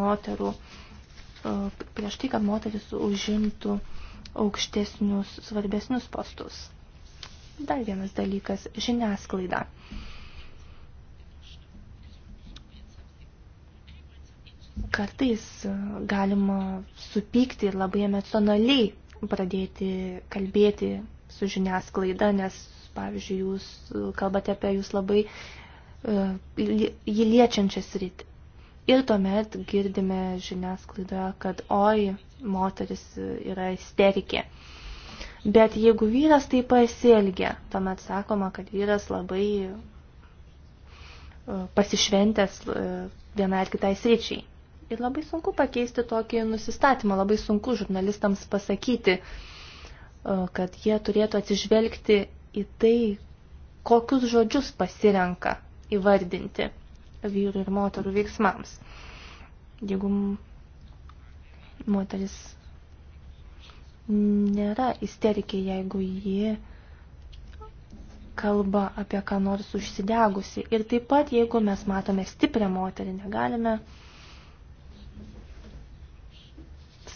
moterų, uh, prieš tai, kad moteris užimtų aukštesnius, svarbesnius postus. Dar vienas dalykas – žiniasklaida. Uh, Kartais e, galima supykti ir labai emocionaliai pradėti kalbėti su žiniasklaida, nes, pavyzdžiui, jūs kalbate apie jūs labai uh, jį liečiančią sritį. Ir tuomet girdime žiniasklaidoje, kad oi, moteris yra isterikė. Bet jeigu vyras tai pasielgia, tuomet sakoma, kad vyras labai e, pasišventęs vienai ar kitai sričiai. Ir labai sunku pakeisti tokį nusistatymą, labai sunku žurnalistams pasakyti, e, kad jie turėtų atsižvelgti į tai, kokius žodžius pasirenka įvardinti vyrų ir moterų veiksmams. Jeigu moteris nėra isterikė, jeigu ji kalba apie ką nors užsidegusi. Ir taip pat, jeigu mes matome stiprią moterį, negalime uh,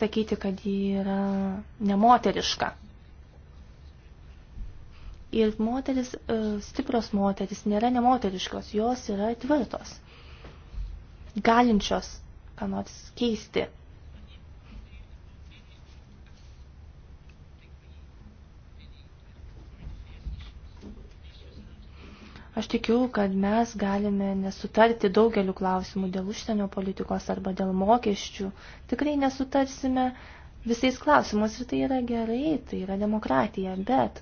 sakyti, kad ji yra nemoteriška. Ir moteris, e, stipros moteris nėra nemoteriškos, jos yra tvirtos, galinčios ką nors keisti Aš tikiu, kad mes galime nesutarti daugeliu klausimų dėl užsienio politikos arba dėl mokesčių. Tikrai nesutarsime visais klausimus ir tai yra gerai, tai yra demokratija, bet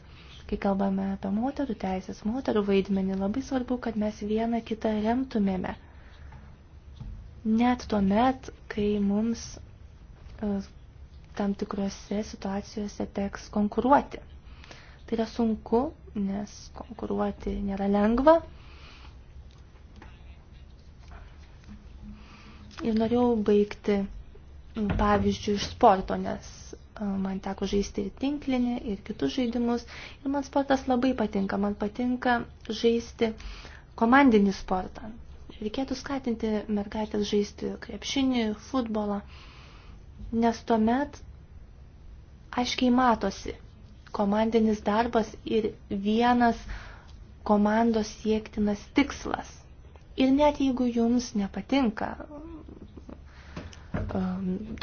kai kalbame apie moterų teisės, moterų vaidmenį, labai svarbu, kad mes vieną kitą remtumėme. Net tuo met, kai mums e, tam tikrose situacijose teks konkuruoti. Tai yra sunku, nes konkuruoti nėra lengva. Ir norėjau baigti nu, pavyzdžių iš sporto, nes e, man teko žaisti ir tinklinį, ir kitus žaidimus. Ir man sportas labai patinka. Man patinka žaisti komandinį sportą. Reikėtų skatinti mergaitės žaisti krepšinį, futbolą, nes tuomet aiškiai matosi, komandinis darbas ir vienas komandos siektinas tikslas. Ir net jeigu jums nepatinka um,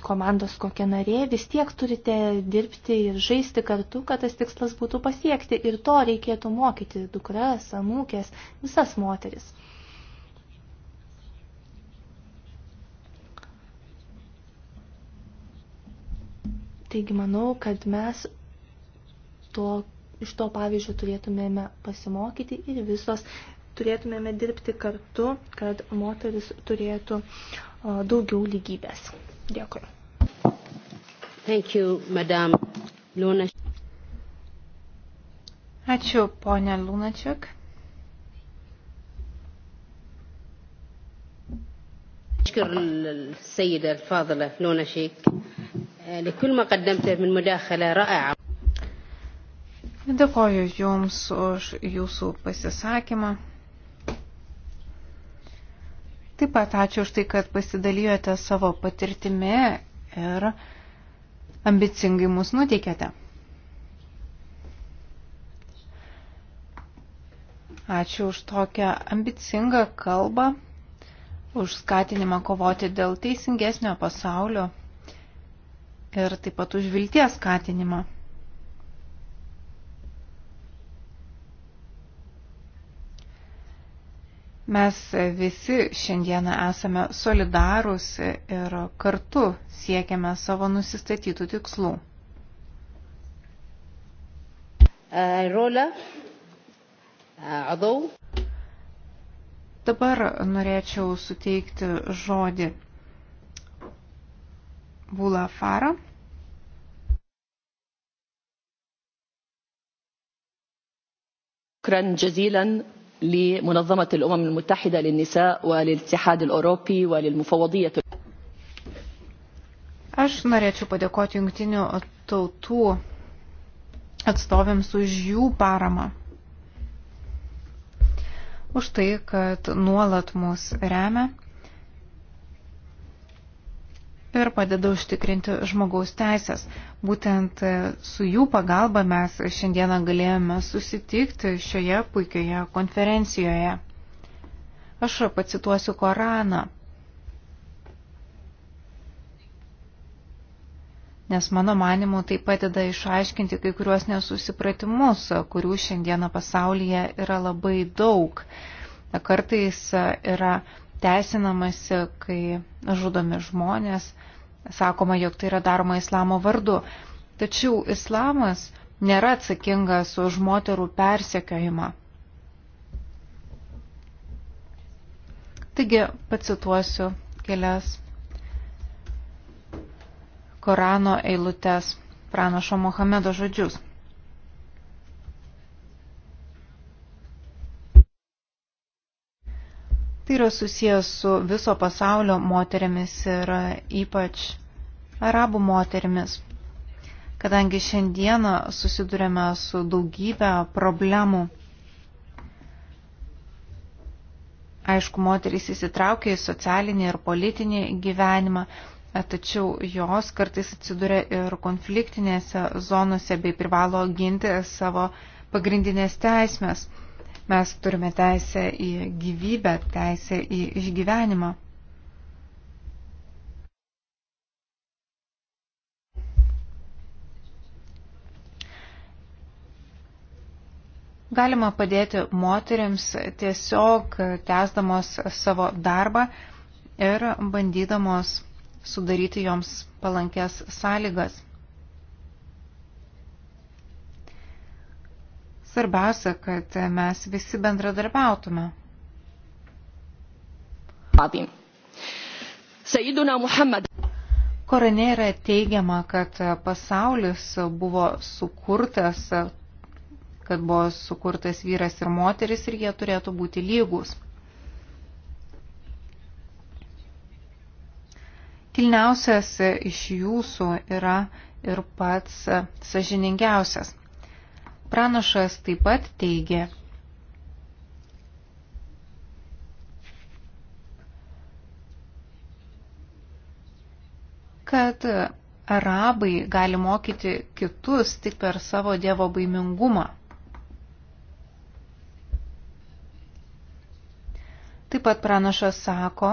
komandos kokia narė, vis tiek turite dirbti ir žaisti kartu, kad tas tikslas būtų pasiekti. Ir to reikėtų mokyti dukras, anūkės, visas moteris. Taigi manau, kad mes to, iš to pavyzdžio turėtumėme pasimokyti ir visos turėtumėme dirbti kartu, kad moteris turėtų daugiau lygybės. Dėkui. Thank you, Madam Luna. Ačiū, ponia Lunačiuk. أشكر السيدة الفاضلة لونا شيك لكل ما قدمته من مداخلة رائعة Dėkoju Jums už Jūsų pasisakymą. Taip pat ačiū už tai, kad pasidalijote savo patirtimi ir ambicingai mus nuteikėte. Ačiū už tokią ambicingą kalbą, už skatinimą kovoti dėl teisingesnio pasaulio ir taip pat už vilties skatinimą. Mes visi šiandieną esame solidarūs ir kartu siekiame savo nusistatytų tikslų. Rola, Adau. Dabar norėčiau suteikti žodį Bula Fara. شكرا جزيلا لمنظمة الأمم المتحدة للنساء وللاتحاد الأوروبي وللمفوضية Aš norėčiau padėkoti jungtinių tautų atstovėms už jų paramą. Už tai, kad nuolat mus remia ir padeda užtikrinti žmogaus teisės. Būtent e, su jų pagalba mes šiandieną galėjome susitikti šioje puikioje konferencijoje. Aš pacituosiu Koraną, nes mano manimu tai padeda išaiškinti kai kuriuos nesusipratimus, kurių šiandieną pasaulyje yra labai daug. Kartais e, yra teisinamasi, kai žudomi žmonės, sakoma, jog tai yra daroma islamo vardu. Tačiau islamas nėra atsakingas už moterų persekiojimą. Taigi pacituosiu kelias Korano eilutes pranašo Mohamedo žodžius. Tai yra susijęs su viso pasaulio moterimis ir ypač arabų moterimis, kadangi šiandieną susidurėme su daugybė problemų. Aišku, moterys įsitraukia į socialinį ir politinį gyvenimą, tačiau jos kartais atsiduria ir konfliktinėse zonose bei privalo ginti savo pagrindinės teismės Mes turime teisę į gyvybę, teisę į išgyvenimą. Galima padėti moteriams tiesiog tęsdamos savo darbą ir bandydamos sudaryti joms palankės sąlygas. Svarbiausia, kad mes visi bendradarbiautume. Korane yra teigiama, kad pasaulis buvo sukurtas, kad buvo sukurtas vyras ir moteris ir jie turėtų būti lygus. Kilniausias iš jūsų yra ir pats sažiningiausias. Pranašas taip pat teigia, kad arabai gali mokyti kitus tik per savo dievo baimingumą. Taip pat pranašas sako,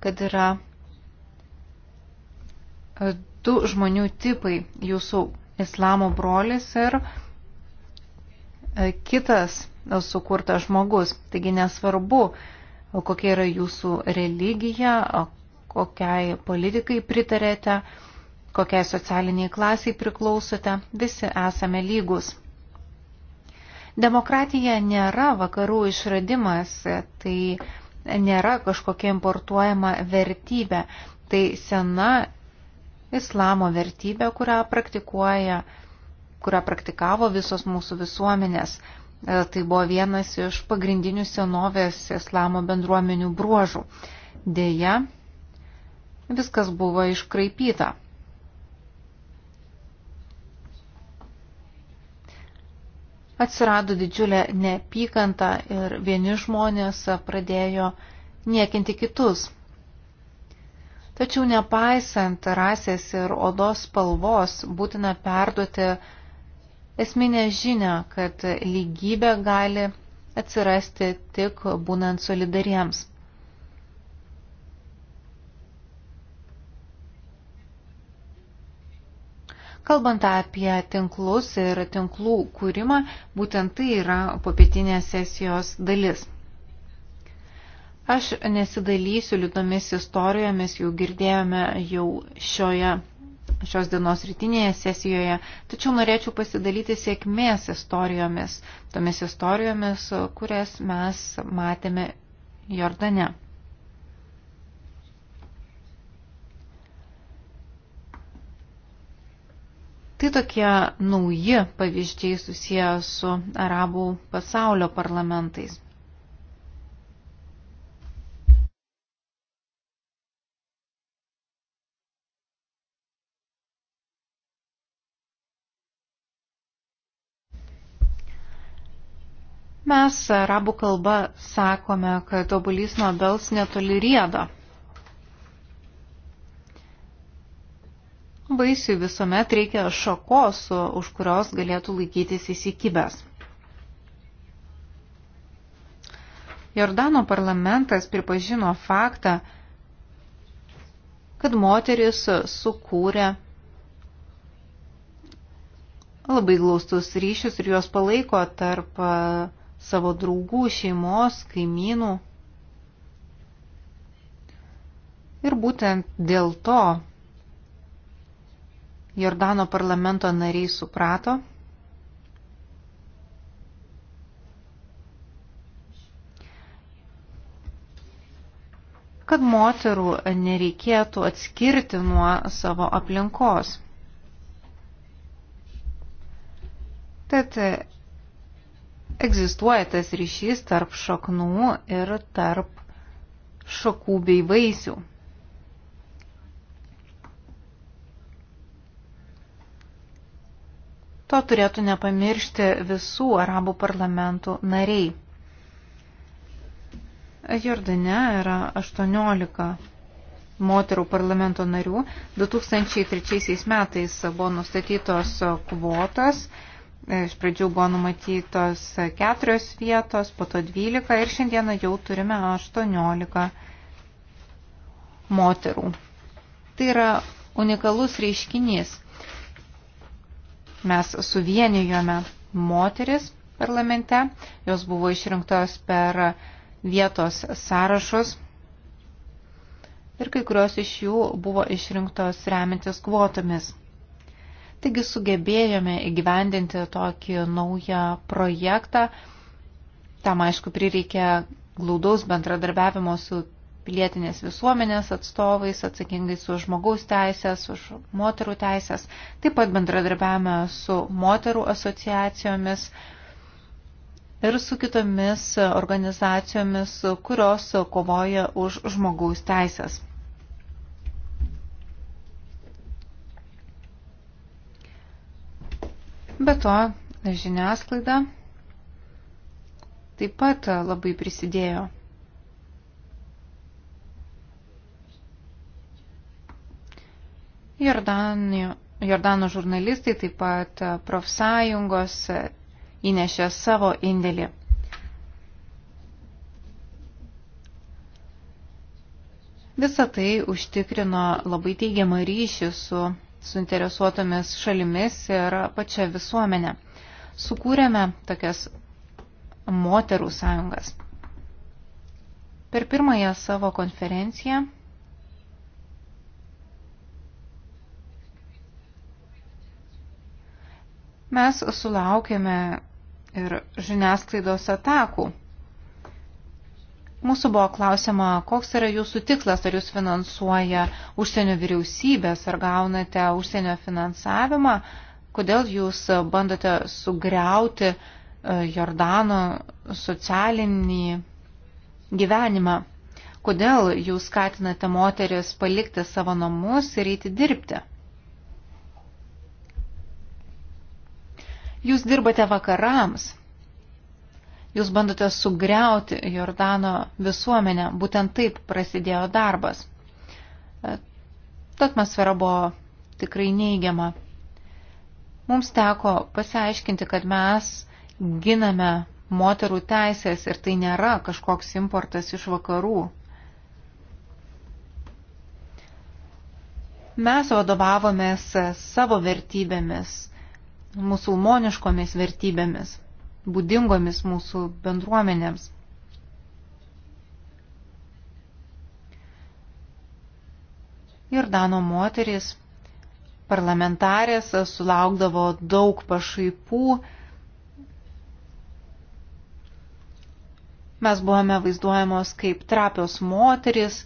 kad yra du žmonių tipai - jūsų islamo brolis ir E, kitas sukurtas žmogus. Taigi nesvarbu, kokia yra jūsų religija, kokiai politikai pritarėte, kokiai socialiniai klasiai priklausote, visi esame lygus. Demokratija nėra vakarų išradimas, tai nėra kažkokia importuojama vertybė, tai sena islamo vertybė, kurią praktikuoja kurią praktikavo visos mūsų visuomenės. E, tai buvo vienas iš pagrindinių senovės islamo bendruomenių bruožų. Deja, viskas buvo iškraipyta. Atsirado didžiulė neapykanta ir vieni žmonės pradėjo niekinti kitus. Tačiau nepaisant rasės ir odos spalvos būtina perduoti esminę žinę, kad lygybė gali atsirasti tik būnant solidariems. Kalbant apie tinklus ir tinklų kūrimą, būtent tai yra popietinės sesijos dalis. Aš nesidalysiu liūdnomis istorijomis, jų girdėjome jau šioje šios dienos rytinėje sesijoje, tačiau norėčiau pasidalyti sėkmės istorijomis, tomis istorijomis, kurias mes matėme Jordane. Tai tokie nauji pavyzdžiai susiję su arabų pasaulio parlamentais. Mes arabų kalba sakome, kad obolys nuo bels netoli rieda. Vaisiui visuomet reikia šakos, už kurios galėtų laikytis įsikibęs. Jordano parlamentas pripažino faktą, kad moteris sukūrė labai glaustus ryšius ir juos palaiko tarp savo draugų, šeimos, kaimynų. Ir būtent dėl to Jordano parlamento nariai suprato, kad moterų nereikėtų atskirti nuo savo aplinkos. Tad egzistuoja tas ryšys tarp šaknų ir tarp šakų bei vaisių. To turėtų nepamiršti visų arabų parlamentų nariai. Jordane yra 18 moterų parlamento narių. 2003 metais buvo nustatytos kvotas Iš pradžių buvo numatytos keturios vietos, po to dvylika ir šiandieną jau turime aštuoniolika moterų. Tai yra unikalus reiškinys. Mes suvienijome moteris parlamente, jos buvo išrinktos per vietos sąrašus ir kai kurios iš jų buvo išrinktos remintis kvotomis taigi sugebėjome įgyvendinti tokį naują projektą. Tam, aišku, prireikė glaudaus bendradarbiavimo su pilietinės visuomenės atstovais, atsakingais už žmogaus teisės, už moterų teisės. Taip pat bendradarbiavome su moterų asociacijomis ir su kitomis organizacijomis, kurios kovoja už žmogaus teisės. Be to, žiniasklaida taip pat labai prisidėjo. Jordanio, Jordano žurnalistai, taip pat profsąjungos įnešė savo indėlį. Visą tai užtikrino labai teigiamą ryšį su suinteresuotomis šalimis ir pačia visuomenė. Sukūrėme tokias moterų sąjungas. Per pirmąją savo konferenciją mes sulaukėme ir žiniasklaidos atakų Mūsų buvo klausima, koks yra jūsų tikslas, ar jūs finansuoja užsienio vyriausybės, ar gaunate užsienio finansavimą, kodėl jūs bandote sugriauti e, Jordano socialinį gyvenimą, kodėl jūs skatinate moteris palikti savo namus ir eiti dirbti. Jūs dirbate vakarams, Jūs bandote sugriauti Jordano visuomenę. Būtent taip prasidėjo darbas. E, ta atmosfera buvo tikrai neigiama. Mums teko pasiaiškinti, kad mes giname moterų teisės ir tai nėra kažkoks importas iš vakarų. Mes vadovavomės savo vertybėmis, musulmoniškomis vertybėmis būdingomis mūsų bendruomenėms. Ir Dano moteris, parlamentarės, sulaukdavo daug pašaipų. Mes buvome vaizduojamos kaip trapios moteris,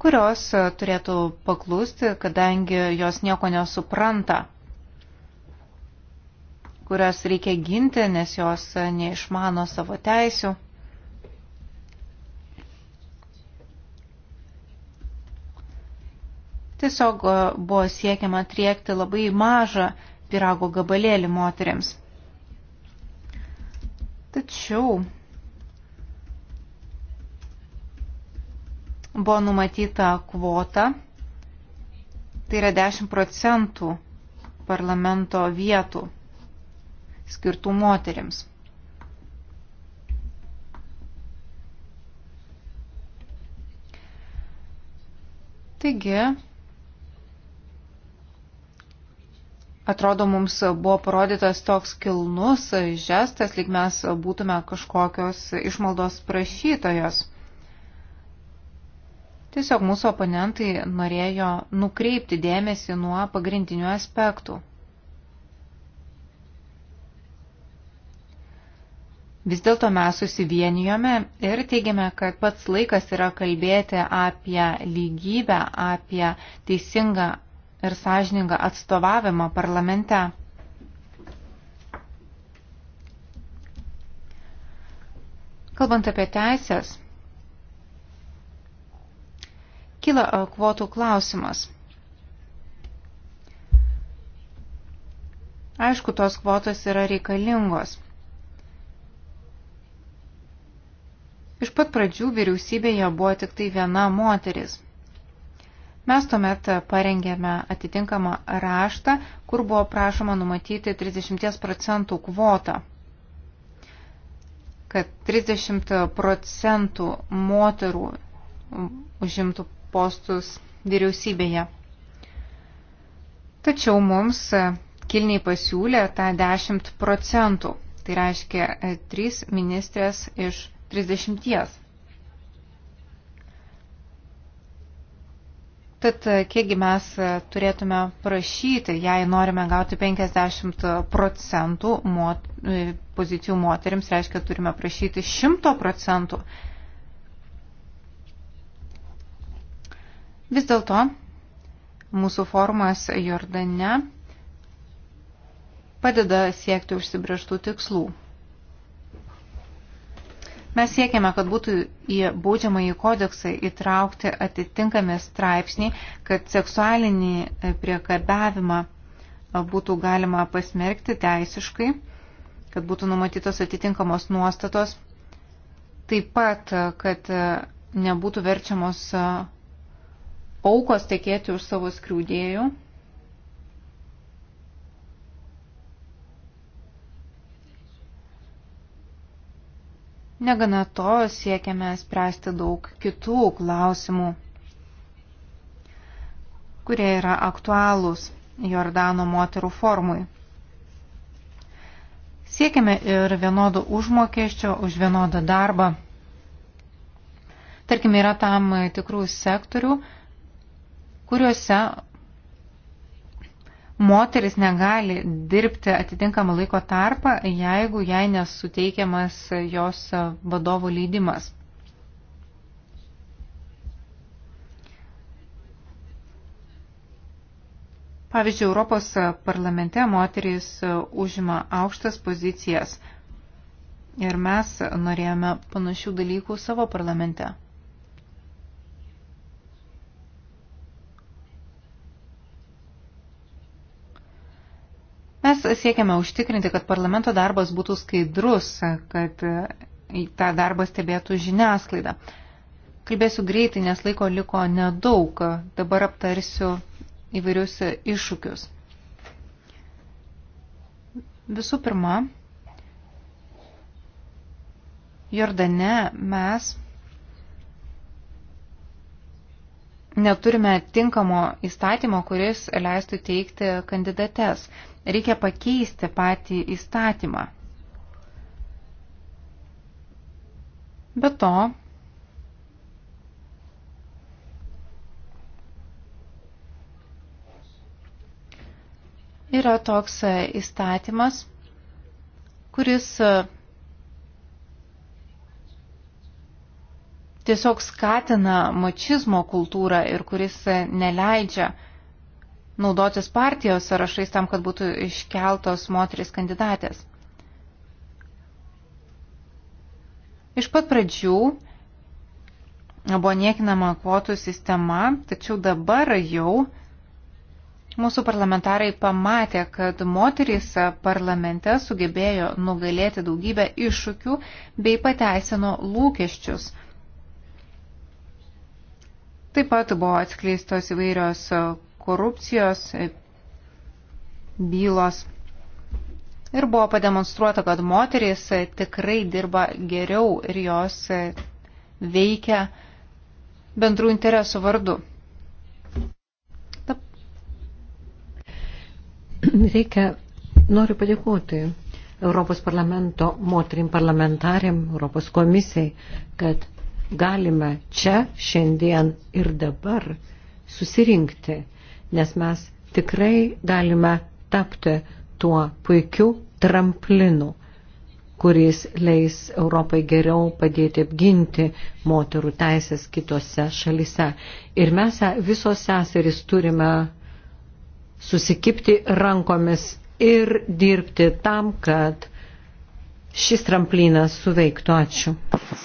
kurios e, turėtų paklusti, kadangi jos nieko nesupranta, kurias reikia ginti, nes jos e, neišmano savo teisių. Tiesiog e, buvo siekiama triekti labai mažą pirago gabalėlį moteriams. Tačiau buvo numatyta kvota, tai yra 10 procentų parlamento vietų skirtų moterims. Taigi, atrodo, mums buvo parodytas toks kilnus žestas, lyg mes būtume kažkokios išmaldos prašytojos. Tiesiog mūsų oponentai norėjo nukreipti dėmesį nuo pagrindinių aspektų. Vis dėlto mes susivienijome ir teigiame, kad pats laikas yra kalbėti apie lygybę, apie teisingą ir sąžiningą atstovavimą parlamente. Kalbant apie teisės, kyla kvotų klausimas. Aišku, tos kvotos yra reikalingos. Iš pat pradžių vyriausybėje buvo tik tai viena moteris. Mes tuomet parengėme atitinkamą raštą, kur buvo prašoma numatyti 30 procentų kvotą, kad 30 procentų moterų užimtų postus vyriausybėje. Tačiau mums e, kilniai pasiūlė tą 10 procentų. Tai reiškia 3 e, ministrės iš 30. Tad e, kiekgi mes turėtume prašyti, jei norime gauti 50 procentų mot, pozicijų moteriams, reiškia turime prašyti 100 procentų. Vis dėlto mūsų formas Jordane padeda siekti užsibrieštų tikslų. Mes siekiame, kad būtų į baudžiamąjį kodeksą įtraukti atitinkami straipsniai, kad seksualinį priekabiavimą būtų galima pasmerkti teisiškai, kad būtų numatytos atitinkamos nuostatos, taip pat, kad nebūtų verčiamos aukos tekėti už savo skriaudėjų. Negana to siekiame spręsti daug kitų klausimų, kurie yra aktualūs Jordano moterų formui. Siekime ir vienodo užmokesčio už vienodą darbą. Tarkime, yra tam tikrų sektorių, kuriuose moteris negali dirbti atitinkamą laiko tarpą, jeigu jai nesuteikiamas jos vadovų leidimas. Pavyzdžiui, Europos parlamente moterys užima aukštas pozicijas ir mes norėjome panašių dalykų savo parlamente. Mes siekiame užtikrinti, kad parlamento darbas būtų skaidrus, kad tą darbą stebėtų žiniasklaida. Kalbėsiu greitai, nes laiko liko nedaug. Dabar aptarsiu įvairius iššūkius. Visų pirma, Jordane mes neturime tinkamo įstatymo, kuris leistų teikti kandidates. Reikia pakeisti patį įstatymą. Be to, yra toks įstatymas, kuris e, tiesiog skatina mačizmo kultūrą ir kuris neleidžia naudotis partijos sąrašais tam, kad būtų iškeltos moteris kandidatės. Iš pat pradžių buvo niekinama kvotų sistema, tačiau dabar jau mūsų parlamentarai pamatė, kad moterys parlamente sugebėjo nugalėti daugybę iššūkių bei pateisino lūkesčius. Taip pat buvo atskleistos įvairios korupcijos bylos. Ir buvo pademonstruota, kad moterys tikrai dirba geriau ir jos veikia bendrų interesų vardu. Reikia, noriu padėkoti Europos parlamento moterim parlamentariam, Europos komisijai, kad galime čia šiandien ir dabar susirinkti nes mes tikrai galime tapti tuo puikiu tramplinu, kuris leis Europai geriau padėti apginti moterų teisės kitose šalise. Ir mes visos seserys turime susikipti rankomis ir dirbti tam, kad šis tramplinas suveiktų. Ačiū.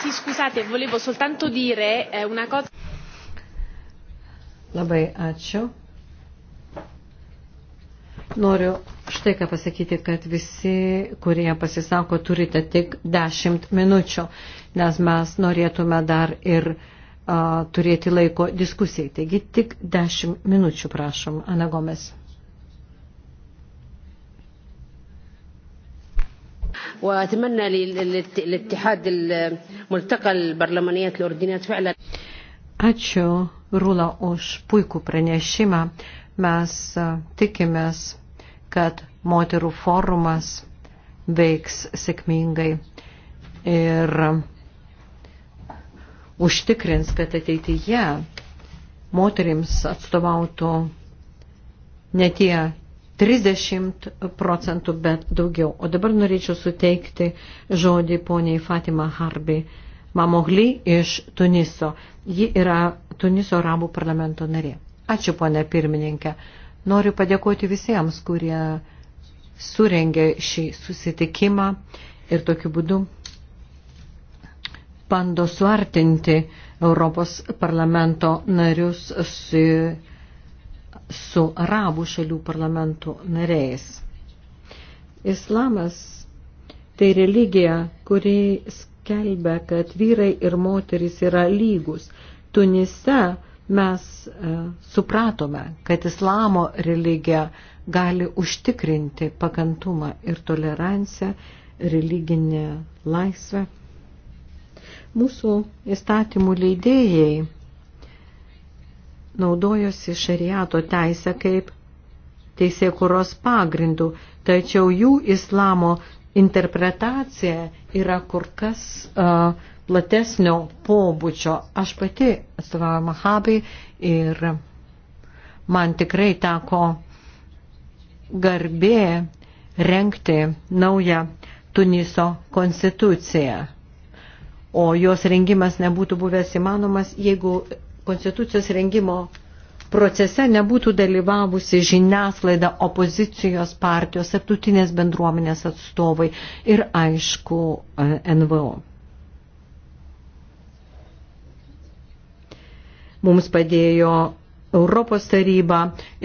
Si, scusate, volevo soltanto dire eh, una cosa. Labai ačiū. Noriu štai ką pasakyti, kad visi, kurie pasisako, turite tik 10 minučių, nes mes norėtume dar ir a, turėti laiko diskusijai. Taigi tik 10 minučių, prašom, Ana Gomes. وأتمنى للاتحاد الملتقى البرلمانيات الأردنيات فعلا Ačiū, Rūla, už puikų pranešimą, Mes tikimės, kad moterų forumas veiks sėkmingai ir užtikrins, kad ateityje moterims atstovautų ne tie 30 procentų, bet daugiau. O dabar norėčiau suteikti žodį poniai Fatima Harbi Mamogli iš Tuniso. Ji yra Tuniso arabų parlamento narė. Ačiū, ponė pirmininkė. Noriu padėkoti visiems, kurie surengė šį susitikimą ir tokiu būdu bando suartinti Europos parlamento narius su, su arabų šalių parlamentų nariais. Islamas tai religija, kuri skelbia, kad vyrai ir moteris yra lygus. Tunise mes e, supratome, kad islamo religija gali užtikrinti pakantumą ir toleranciją, religinę laisvę. Mūsų įstatymų leidėjai naudojosi šariato teisę kaip teisėkuros pagrindų, tačiau jų islamo interpretacija yra kur kas uh, platesnio pobūdžio. Aš pati atstovauju Mahabai ir man tikrai teko garbė renkti naują Tuniso konstituciją. O jos rengimas nebūtų buvęs įmanomas, jeigu konstitucijos rengimo procese nebūtų dalyvavusi žiniasklaida, opozicijos partijos, septutinės bendruomenės atstovai ir aišku NVO. mums padėjo Europos taryba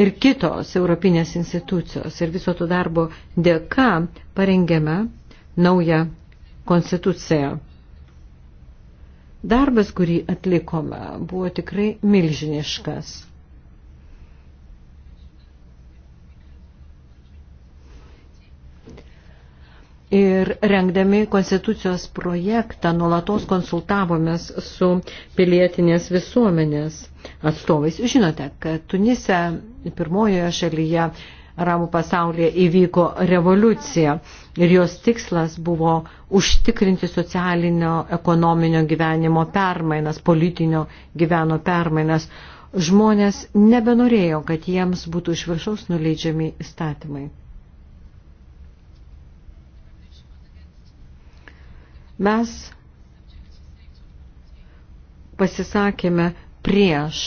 ir kitos europinės institucijos. Ir viso to darbo dėka parengėme naują konstituciją. Darbas, kurį atlikome, buvo tikrai milžiniškas. Ir rengdami konstitucijos projektą nuolatos konsultavomės su pilietinės visuomenės atstovais. Žinote, kad Tunise pirmojoje šalyje Arabų pasaulyje įvyko revoliucija ir jos tikslas buvo užtikrinti socialinio, ekonominio gyvenimo permainas, politinio gyveno permainas. Žmonės nebenorėjo, kad jiems būtų iš viršaus nuleidžiami įstatymai. Mes pasisakėme prieš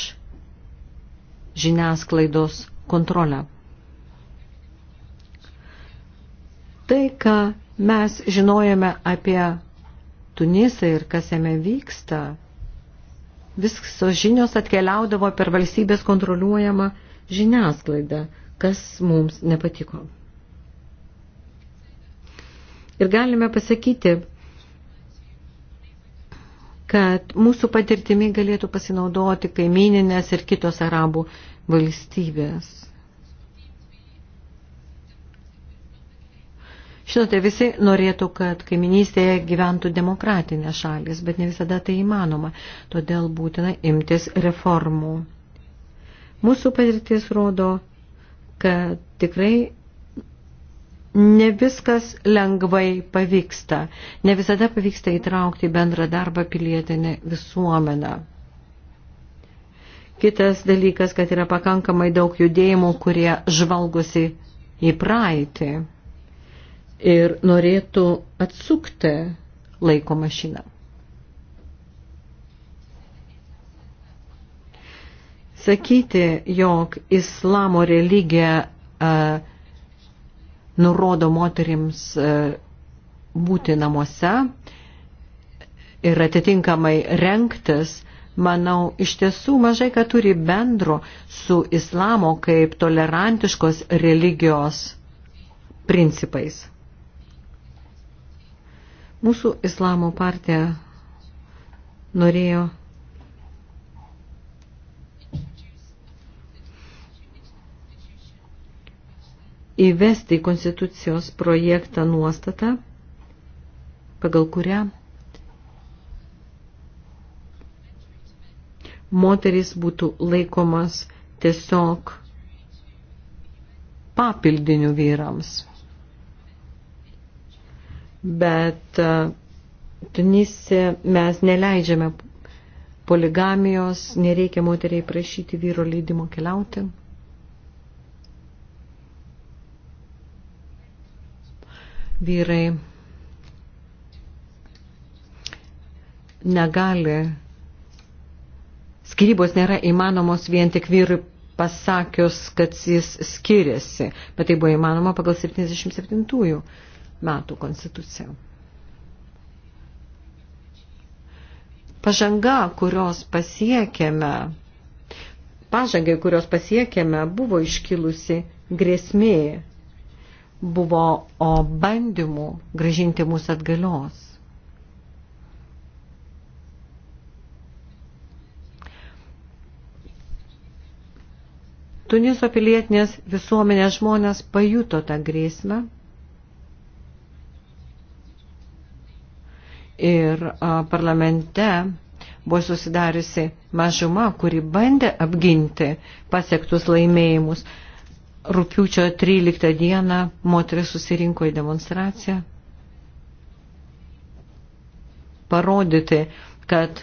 žiniasklaidos kontrolę. Tai, ką mes žinojame apie Tunisą ir kas jame vyksta, visos žinios atkeliaudavo per valstybės kontroliuojamą žiniasklaidą, kas mums nepatiko. Ir galime pasakyti, kad mūsų patirtimi galėtų pasinaudoti kaimininės ir kitos arabų valstybės. Žinote, visi norėtų, kad kaiminystėje gyventų demokratinė šalis, bet ne visada tai įmanoma, todėl būtina imtis reformų. Mūsų patirtis rodo, kad tikrai ne viskas lengvai pavyksta. Ne visada pavyksta įtraukti bendrą darbą pilietinę visuomeną. Kitas dalykas, kad yra pakankamai daug judėjimų, kurie žvalgosi į praeitį ir norėtų atsukti laiko mašiną. Sakyti, jog islamo religija uh, nurodo moterims e, būti namuose ir atitinkamai renktis, manau, iš tiesų mažai ką turi bendro su islamo kaip tolerantiškos religijos principais. Mūsų islamo partija norėjo įvesti į Konstitucijos projektą nuostatą, pagal kurią moteris būtų laikomas tiesiog papildinių vyrams. Bet e, Tunise mes neleidžiame poligamijos, nereikia moteriai prašyti vyro leidimo keliauti. vyrai negali, skirybos nėra įmanomos vien tik vyrui pasakius, kad jis skiriasi, bet tai buvo įmanoma pagal 77 metų konstituciją. Pažanga, kurios pasiekėme, pažangai, kurios pasiekėme, buvo iškilusi grėsmė buvo bandymų gražinti mus atgalios. Tuniso pilietinės visuomenės žmonės pajuto tą grėsmę ir parlamente buvo susidariusi mažuma, kuri bandė apginti pasiektus laimėjimus rūpiučio 13 dieną moteris susirinko į demonstraciją parodyti, kad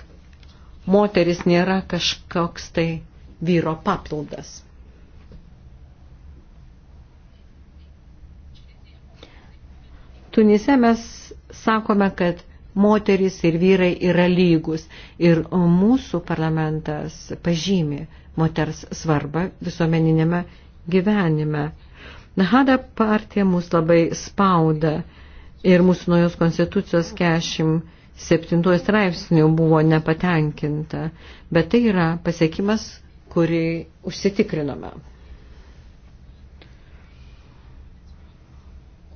moteris nėra kažkoks tai vyro papildas. Tunise mes sakome, kad moteris ir vyrai yra lygus ir mūsų parlamentas pažymi moters svarbą visuomeninėme gyvenime. Nahada partija mus labai spauda ir mūsų naujos konstitucijos 47 straipsnių buvo nepatenkinta, bet tai yra pasiekimas, kurį užsitikrinome.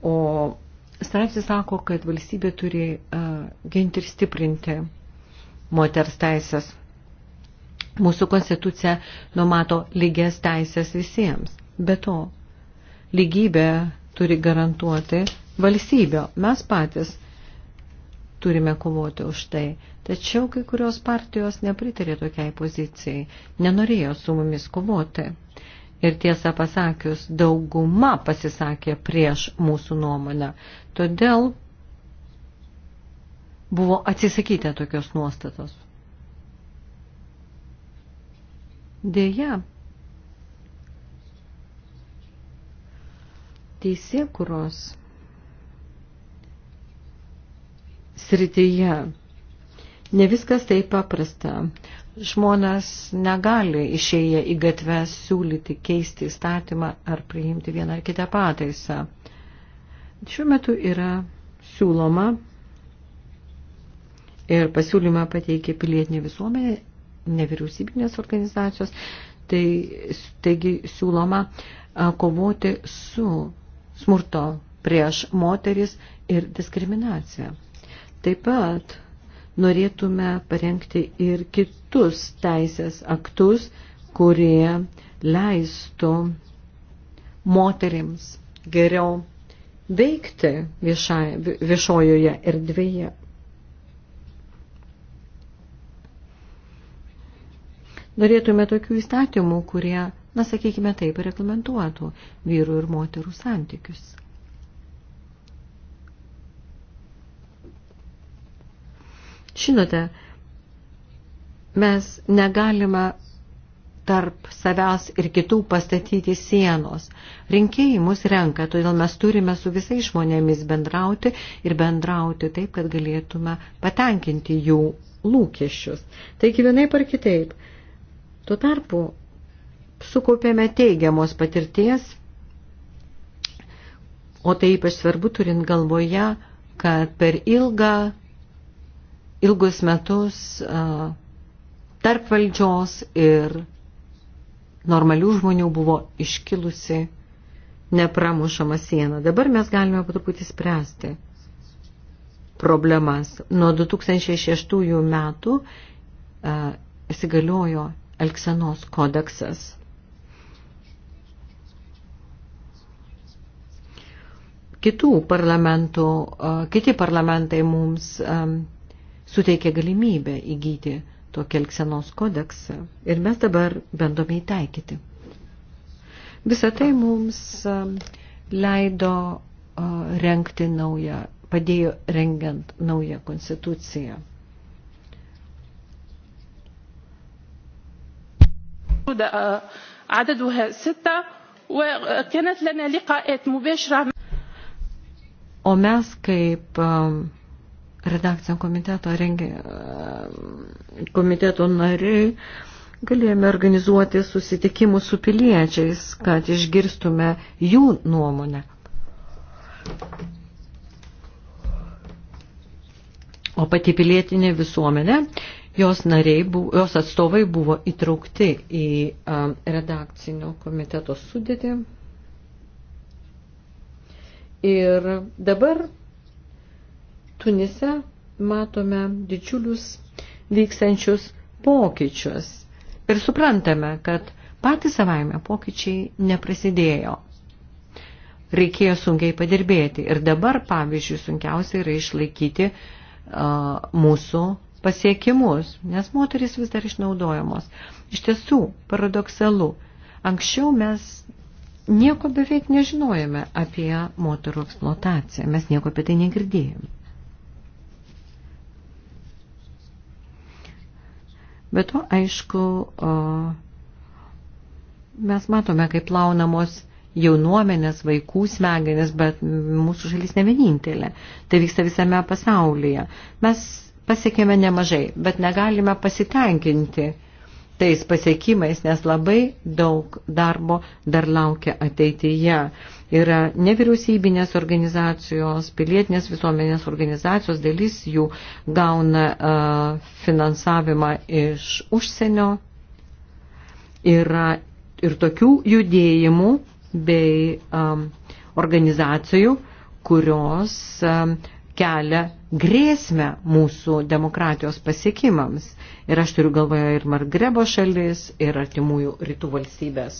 O straipsnis sako, kad valstybė turi uh, ginti ir stiprinti moters teisės. Mūsų konstitucija numato lygias teisės visiems. Be to, lygybė turi garantuoti valstybė. Mes patys turime kovoti už tai. Tačiau kai kurios partijos nepritarė tokiai pozicijai, nenorėjo su mumis kovoti. Ir tiesą pasakius, dauguma pasisakė prieš mūsų nuomonę. Todėl buvo atsisakyta tokios nuostatos. Deja, teisėkuros srityje ne viskas taip paprasta. Žmonės negali išėję į gatvę siūlyti keisti įstatymą ar priimti vieną ar kitą pataisą. Šiuo metu yra siūloma ir pasiūlymą pateikė pilietinė visuomenė nevyriausybinės organizacijos, tai taigi siūloma kovoti su smurto prieš moteris ir diskriminacija. Taip pat norėtume parengti ir kitus teisės aktus, kurie leistų moterims geriau veikti viešai, viešojoje erdvėje. norėtume tokių įstatymų, kurie, na, sakykime taip, reglamentuotų vyrų ir moterų santykius. Žinote, mes negalime tarp savęs ir kitų pastatyti sienos. Rinkėjai mus renka, todėl mes turime su visais žmonėmis bendrauti ir bendrauti taip, kad galėtume patenkinti jų lūkesčius. Taigi vienai par kitaip Tuo tarpu sukaupėme teigiamos patirties, o tai ypač svarbu turint galvoje, kad per ilgą, ilgus metus tarp valdžios ir normalių žmonių buvo iškilusi nepramušama siena. Dabar mes galime patruputį spręsti problemas. Nuo 2006 metų įsigaliojo Elksenos kodeksas. Kitų parlamentų, kiti parlamentai mums suteikia galimybę įgyti tokį Elksenos kodeksą ir mes dabar bandome įtaikyti. Visą tai mums leido renkti naują, padėjo rengiant naują konstituciją. عددها ستة وكانت لنا لقاءات مباشرة O mes kaip redakcijų komiteto rengė komiteto nariai galėjome organizuoti susitikimus su piliečiais, kad išgirstume jų nuomonę. O pati pilietinė visuomenė jos, nariai, buvo, jos atstovai buvo įtraukti į um, redakcinio komiteto sudėtį. Ir dabar Tunise matome didžiulius vykstančius pokyčius. Ir suprantame, kad patys savaime pokyčiai neprasidėjo. Reikėjo sunkiai padirbėti. Ir dabar, pavyzdžiui, sunkiausia yra išlaikyti uh, mūsų pasiekimus, nes moteris vis dar išnaudojamos. Iš tiesų, paradoksalu, anksčiau mes nieko beveik nežinojame apie moterų eksploataciją, mes nieko apie tai negirdėjome. Bet to, aišku, mes matome, kaip plaunamos jaunuomenės, vaikų smegenis, bet mūsų šalis ne vienintelė. Tai vyksta visame pasaulyje. Mes pasiekėme nemažai, bet negalime pasitenkinti tais pasiekimais, nes labai daug darbo dar laukia ateityje. Yra nevyriausybinės organizacijos, pilietinės visuomenės organizacijos, dalis jų gauna uh, finansavimą iš užsienio. Yra ir tokių judėjimų bei um, organizacijų, kurios um, kelia grėsmę mūsų demokratijos pasiekimams. Ir aš turiu galvoje ir Margrebo šalis, ir artimųjų rytų valstybės.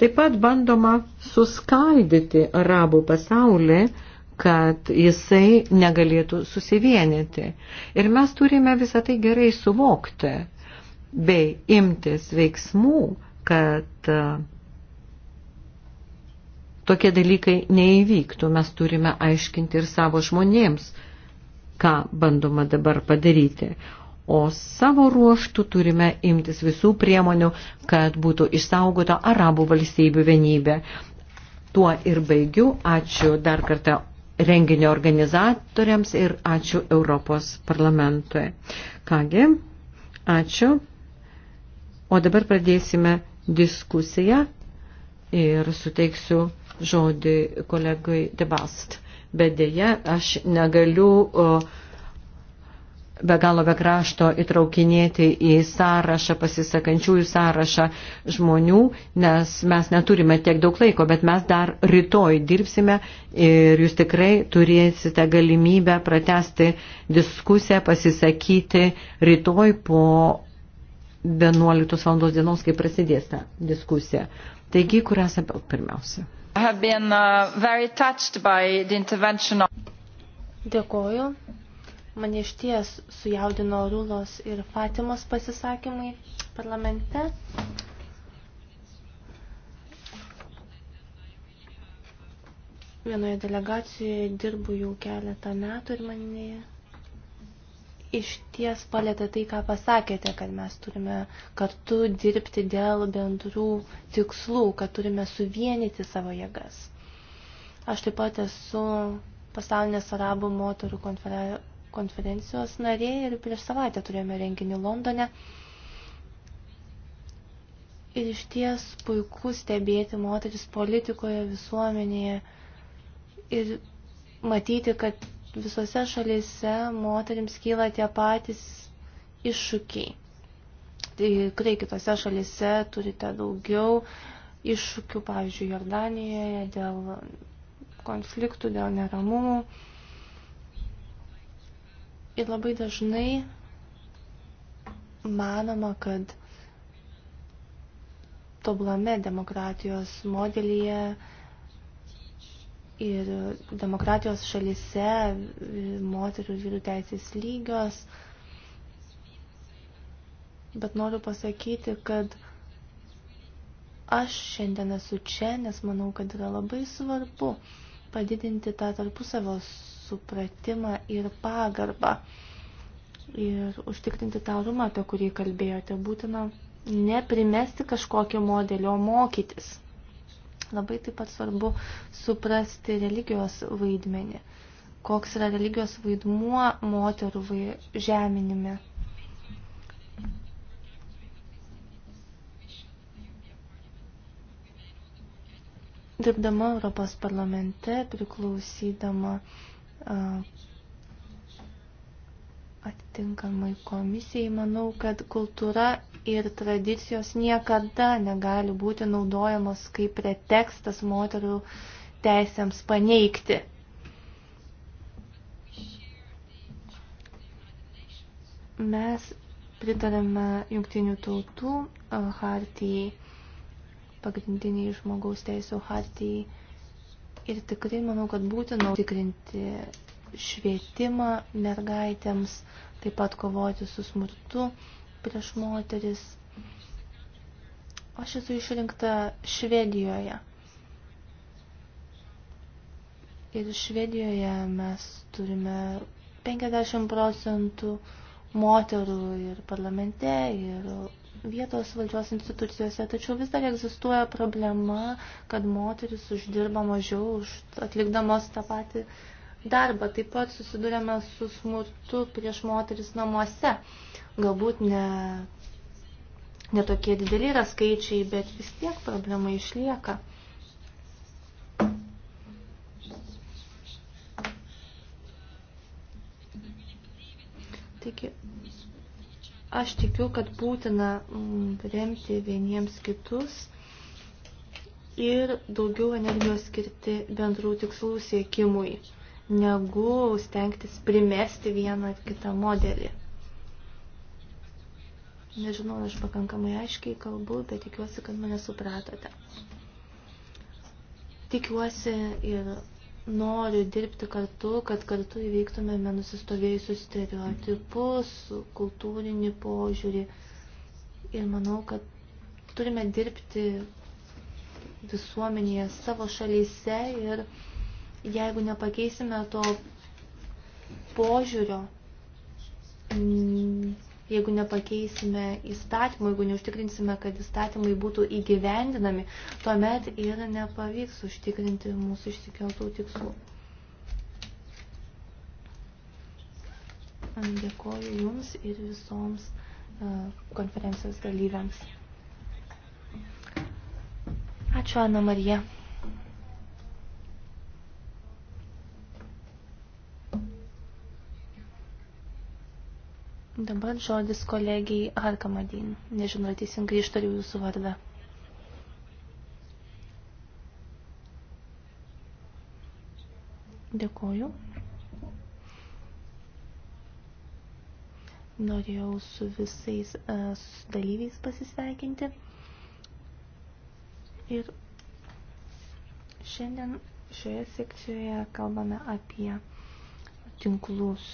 Taip pat bandoma suskaldyti arabų pasaulį, kad jisai negalėtų susivienyti. Ir mes turime visą tai gerai suvokti bei imtis veiksmų, kad uh, tokie dalykai neįvyktų. Mes turime aiškinti ir savo žmonėms, ką bandoma dabar padaryti. O savo ruoštų turime imtis visų priemonių, kad būtų išsaugota arabų valstybių vienybė. Tuo ir baigiu. Ačiū dar kartą renginio organizatoriams ir ačiū Europos parlamentui. Kągi, ačiū. O dabar pradėsime diskusiją ir suteiksiu žodį kolegai Debast. Bet dėja, aš negaliu be galo be krašto įtraukinėti į sąrašą, pasisakančiųjų sąrašą žmonių, nes mes neturime tiek daug laiko, bet mes dar rytoj dirbsime ir jūs tikrai turėsite galimybę pratesti diskusiją, pasisakyti rytoj po 11 val. dienos, kai prasidės ta diskusija. Taigi, kur esame pirmiausia? Been, uh, Dėkoju. Mane iš ties sujaudino Rulos ir Fatimos pasisakymai parlamente. Vienoje delegacijoje dirbu jau keletą metų ir mane iš ties palėtė tai, ką pasakėte, kad mes turime kartu dirbti dėl bendrų tikslų, kad turime suvienyti savo jėgas. Aš taip pat esu pasaulinės arabų moterų konferencijos narė ir prieš savaitę turėjome renginį Londone. Ir iš ties puiku stebėti moteris politikoje, visuomenėje ir matyti, kad visose šalyse moterims kyla tie patys iššūkiai. Tai tikrai kitose šalyse turite daugiau iššūkių, pavyzdžiui, Jordanijoje dėl konfliktų, dėl neramumų. Ir labai dažnai manoma, kad tobulame demokratijos modelyje ir e, demokratijos šalise e, moterų ir vyrų teisės lygios. Bet noriu pasakyti, kad aš šiandien esu čia, nes manau, kad yra labai svarbu padidinti tą tarpusavo supratimą ir pagarbą ir užtikrinti tą rumą, apie kurį kalbėjote, būtina neprimesti kažkokį modelį, o mokytis. Labai taip pat svarbu suprasti religijos vaidmenį. Koks yra religijos vaidmuo moterų vai žeminime. Dirbdama Europos parlamente, priklausydama uh, atitinkamai komisijai, manau, kad kultūra ir tradicijos niekada negali būti naudojamos kaip pretekstas moterų teisėms paneigti. Mes pritarėme jungtinių tautų hartijai, pagrindiniai žmogaus teisų hartijai ir tikrai manau, kad būtina tikrinti švietimą mergaitėms, taip pat kovoti su smurtu prieš moteris. Aš esu išrinkta Švedijoje. Ir Švedijoje mes turime 50 procentų moterų ir parlamente, ir vietos valdžios institucijose, tačiau vis dar egzistuoja problema, kad moteris uždirba mažiau už atlikdamos tą patį darbą. Taip pat susidurėme su smurtu prieš moteris namuose. Uh, Galbūt ne, ne tokie dideli yra skaičiai, bet vis tiek problema išlieka. Taigi, aš tikiu, kad būtina mm, remti vieniems kitus ir daugiau energijos skirti bendrų tikslų siekimui, negu stengtis primesti vieną ar kitą modelį. Nežinau, aš pakankamai aiškiai kalbu, bet tikiuosi, kad mane supratote. Tikiuosi ir noriu dirbti kartu, kad kartu įveiktumėme nusistovėjusius stereotipus, kultūrinį požiūrį. Ir manau, kad turime dirbti visuomenėje savo šalyse ir jeigu nepakeisime to požiūrio, jeigu nepakeisime įstatymų, jeigu neužtikrinsime, kad įstatymai būtų įgyvendinami, tuomet ir nepavyks užtikrinti mūsų išsikeltų tikslų. Dėkoju Jums ir visoms e, konferencijos dalyviams. Ačiū, Ana Marija. Dabar žodis kolegijai Arkamadin. Nežinau, teisingai ištariu jūsų vardą. Dėkoju. Norėjau su visais uh, dalyviais pasisveikinti. Ir šiandien šioje sekcijoje kalbame apie tinklus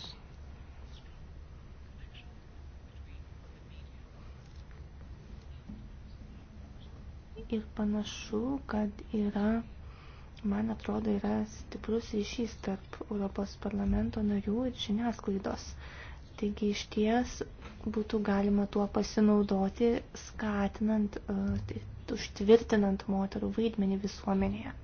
ir panašu, kad yra, man atrodo, yra stiprus ryšys tarp Europos parlamento narių ir žiniasklaidos. Taigi iš ties būtų galima tuo pasinaudoti, skatinant, e, užtvirtinant moterų vaidmenį visuomenėje.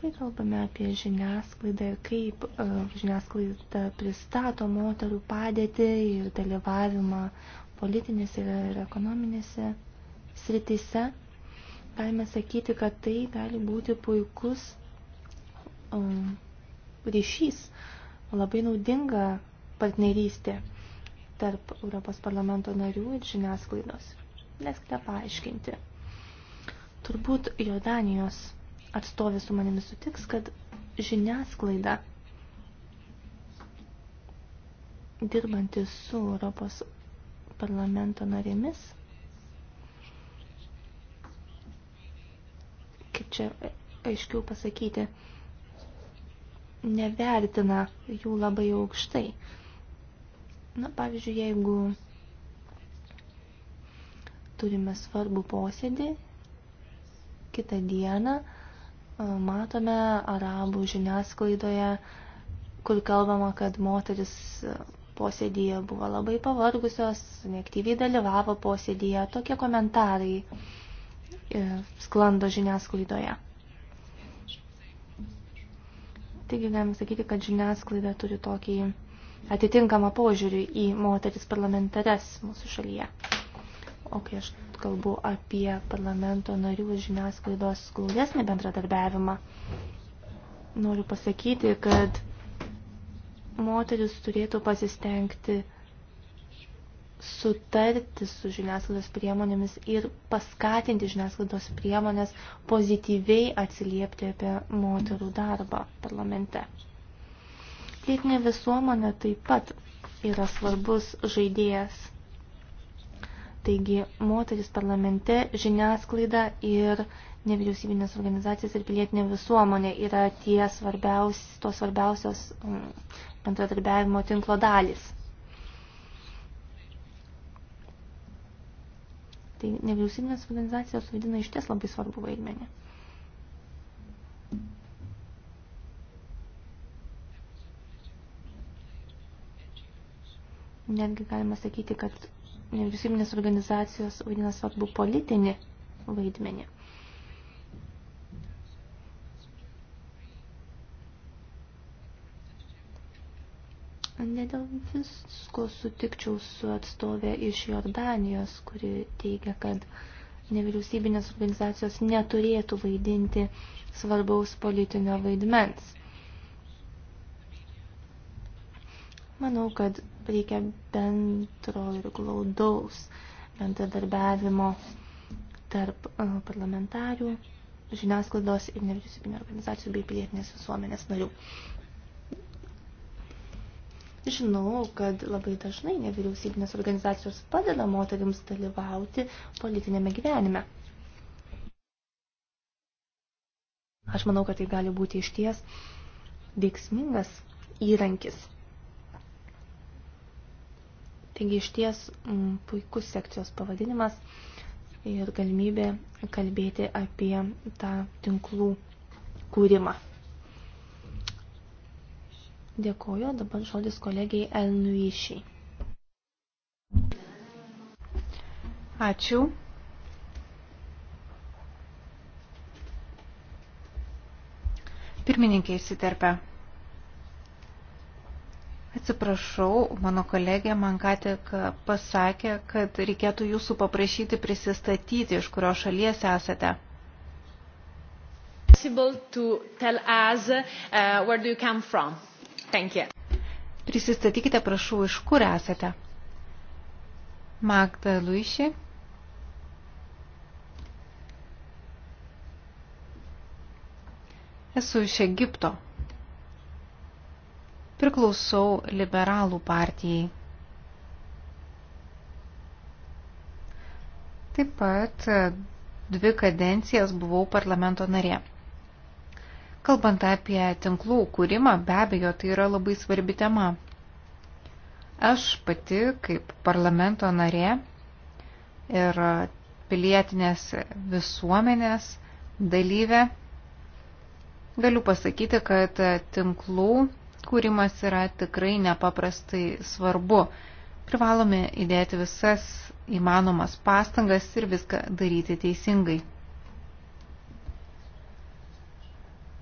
kai kalbame apie žiniasklaidą ir kaip uh, žiniasklaida pristato moterų padėtį ir dalyvavimą politinėse ir ekonominėse sritise, galime sakyti, kad tai gali būti puikus um, ryšys, labai naudinga partnerystė tarp Europos parlamento narių ir žiniasklaidos. Leiskite paaiškinti. Turbūt Jordanijos atstovė su manimi sutiks, kad žiniasklaida dirbanti su Europos parlamento narėmis. Kaip čia aiškiau pasakyti, nevertina jų labai aukštai. Na, pavyzdžiui, jeigu turime svarbų posėdį, kitą dieną e, matome arabų žiniasklaidoje, kur kalbama, kad moteris e, posėdėje, buvo labai pavargusios, neaktyviai dalyvavo posėdėje, tokie komentarai e, sklando žiniasklaidoje. Taigi galime sakyti, kad žiniasklaida turi tokį atitinkamą požiūrį į moteris parlamentares mūsų šalyje. O kai aš kalbu apie parlamento narių žiniasklaidos glaudesnį bendradarbiavimą, noriu pasakyti, kad moteris turėtų pasistengti sutarti su žiniasklaidos priemonėmis ir paskatinti žiniasklaidos priemonės pozityviai atsiliepti apie moterų darbą parlamente. Pilietinė visuomenė taip pat yra svarbus žaidėjas. Taigi, moteris parlamente, žiniasklaida ir nevyriausybinės organizacijas ir pilietinė visuomonė yra tie svarbiaus, tos svarbiausios mm, bendradarbiavimo tinklo dalys. Tai nevyriausybinės organizacijos vaidina iš ties labai svarbu vaidmenį. Netgi galima sakyti, kad nevyriausybinės organizacijos vaidina svarbu politinį vaidmenį. Ne dėl visko sutikčiau su atstovė iš Jordanijos, kuri teigia, kad nevyriausybinės organizacijos neturėtų vaidinti svarbaus politinio vaidmens. Manau, kad reikia bendro ir glaudaus bendradarbiavimo tarp e, parlamentarių, žiniasklaidos ir nevyriausybinio organizacijų bei pilietinės visuomenės narių. Žinau, kad labai dažnai nevyriausybinės organizacijos padeda moterims dalyvauti politinėme gyvenime. Aš manau, kad tai gali būti išties veiksmingas įrankis. Taigi išties m, mm, puikus sekcijos pavadinimas ir galimybė kalbėti apie tą tinklų kūrimą. Dėkoju, dabar žodis kolegijai Elnuišiai. Ačiū. Pirmininkė įsiterpia. Atsiprašau, mano kolegė man ką tik pasakė, kad reikėtų jūsų paprašyti prisistatyti, iš kurio šalies esate. To tell us, uh, where do you come from? Thank you. Prisistatykite, prašau, iš kur esate. Magda Luiši. Esu iš Egipto. Priklausau liberalų partijai. Taip pat dvi kadencijas buvau parlamento narė. Kalbant apie tinklų kūrimą, be abejo, tai yra labai svarbi tema. Aš pati kaip parlamento narė ir pilietinės visuomenės dalyvė galiu pasakyti, kad tinklų kūrimas yra tikrai nepaprastai svarbu. Privalome įdėti visas įmanomas pastangas ir viską daryti teisingai.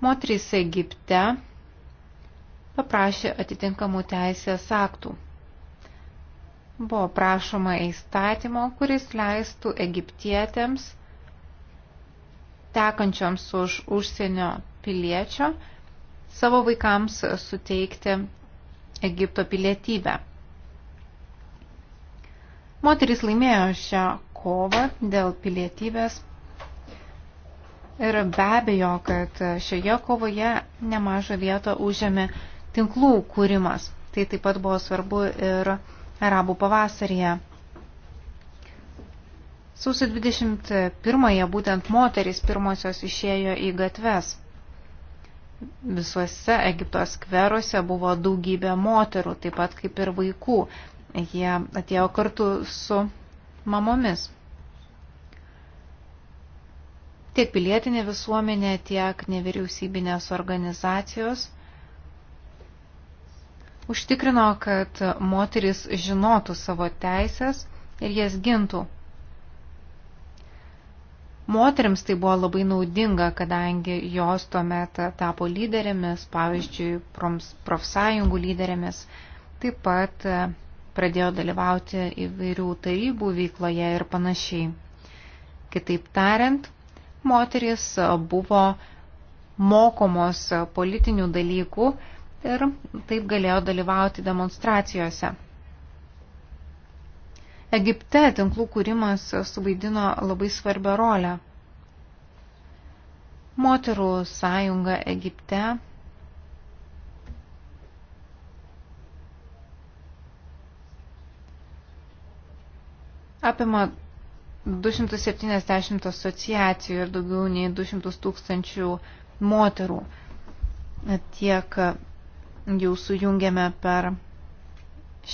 Moterys Egipte paprašė atitinkamų teisės aktų. Buvo prašoma įstatymo, kuris leistų egiptietėms tekančioms už užsienio piliečio savo vaikams suteikti Egipto pilietybę. Moteris laimėjo šią kovą dėl pilietybės Ir be abejo, kad šioje kovoje nemažą vietą užėmė tinklų kūrimas. Tai taip pat buvo svarbu ir arabų pavasaryje. Sausio 21-ąją būtent moterys pirmosios išėjo į gatves. Visuose Egipto skveruose buvo daugybė moterų, taip pat kaip ir vaikų. Jie atėjo kartu su mamomis tiek pilietinė visuomenė, tiek nevyriausybinės organizacijos užtikrino, kad moteris žinotų savo teisės ir jas gintų. Moterims tai buvo labai naudinga, kadangi jos tuomet tapo lyderėmis, pavyzdžiui, profsąjungų lyderėmis, taip pat pradėjo dalyvauti įvairių tarybų veikloje ir panašiai. Kitaip tariant, moteris buvo mokomos politinių dalykų ir taip galėjo dalyvauti demonstracijose. Egipte tinklų kūrimas suvaidino labai svarbią rolę. Moterų sąjunga Egipte apima 270 asociacijų ir daugiau nei 200 tūkstančių moterų. Tiek jau sujungiame per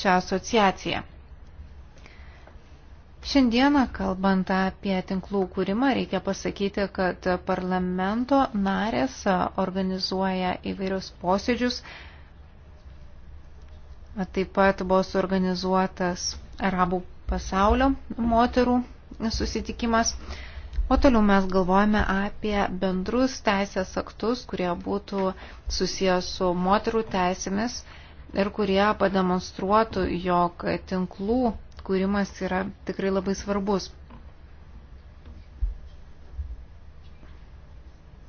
šią asociaciją. Šiandieną, kalbant apie tinklų kūrimą, reikia pasakyti, kad parlamento narės organizuoja įvairius posėdžius. Taip pat buvo suorganizuotas Arabų pasaulio moterų susitikimas. O toliau mes galvojame apie bendrus teisės aktus, kurie būtų susijęs su moterų teisėmis ir kurie pademonstruotų, jog tinklų kūrimas yra tikrai labai svarbus.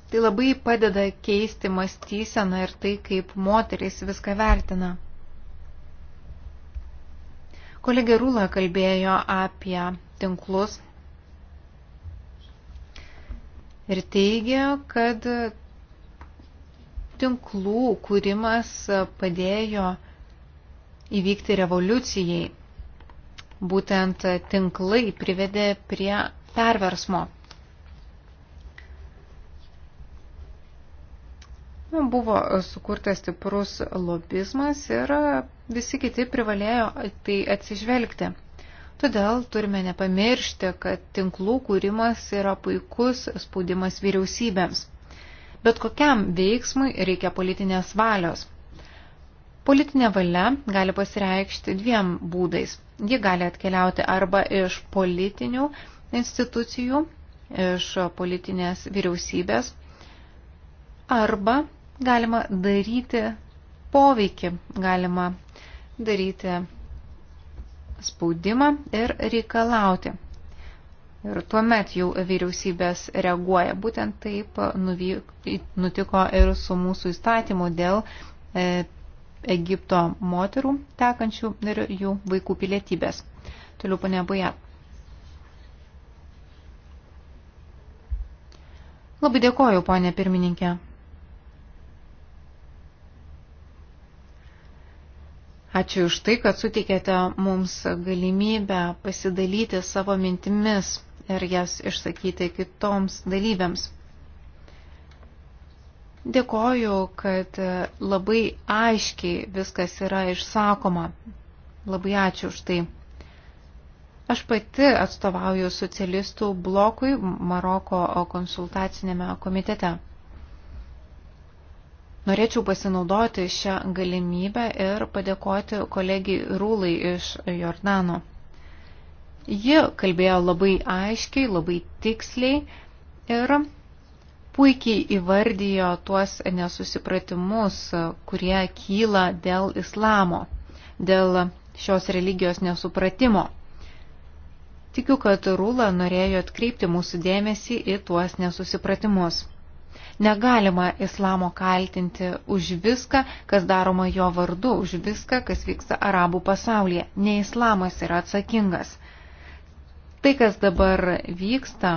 Tai labai padeda keisti mąstyseną ir tai, kaip moterys viską vertina. Kolegė Rūla kalbėjo apie tinklus ir teigia, kad tinklų kūrimas padėjo įvykti revoliucijai. Būtent tinklai privedė prie perversmo. Buvo sukurtas stiprus lobizmas ir visi kiti privalėjo tai atsižvelgti. Todėl turime nepamiršti, kad tinklų kūrimas yra puikus spaudimas vyriausybėms. Bet kokiam veiksmui reikia politinės valios. Politinė valia gali pasireikšti dviem būdais. Ji gali atkeliauti arba iš politinių institucijų, iš politinės vyriausybės, arba galima daryti poveikį, galima daryti spaudimą ir reikalauti. Ir tuomet jau vyriausybės reaguoja. Būtent taip nuvyk, nutiko ir su mūsų įstatymu dėl e, Egipto moterų tekančių ir jų vaikų pilietybės. Toliau ponė Baja. Labai dėkoju, ponė pirmininkė. Ačiū už tai, kad sutikėte mums galimybę pasidalyti savo mintimis ir jas išsakyti kitoms dalyviams. Dėkoju, kad labai aiškiai viskas yra išsakoma. Labai ačiū už tai. Aš pati atstovauju socialistų blokui Maroko konsultacinėme komitete. Norėčiau pasinaudoti šią galimybę ir padėkoti kolegijai Rūlai iš Jordano. Ji kalbėjo labai aiškiai, labai tiksliai ir puikiai įvardijo tuos nesusipratimus, kurie kyla dėl islamo, dėl šios religijos nesupratimo. Tikiu, kad Rūla norėjo atkreipti mūsų dėmesį į tuos nesusipratimus. Negalima islamo kaltinti už viską, kas daroma jo vardu, už viską, kas vyksta arabų pasaulyje. Ne islamas yra atsakingas. Tai, kas dabar vyksta,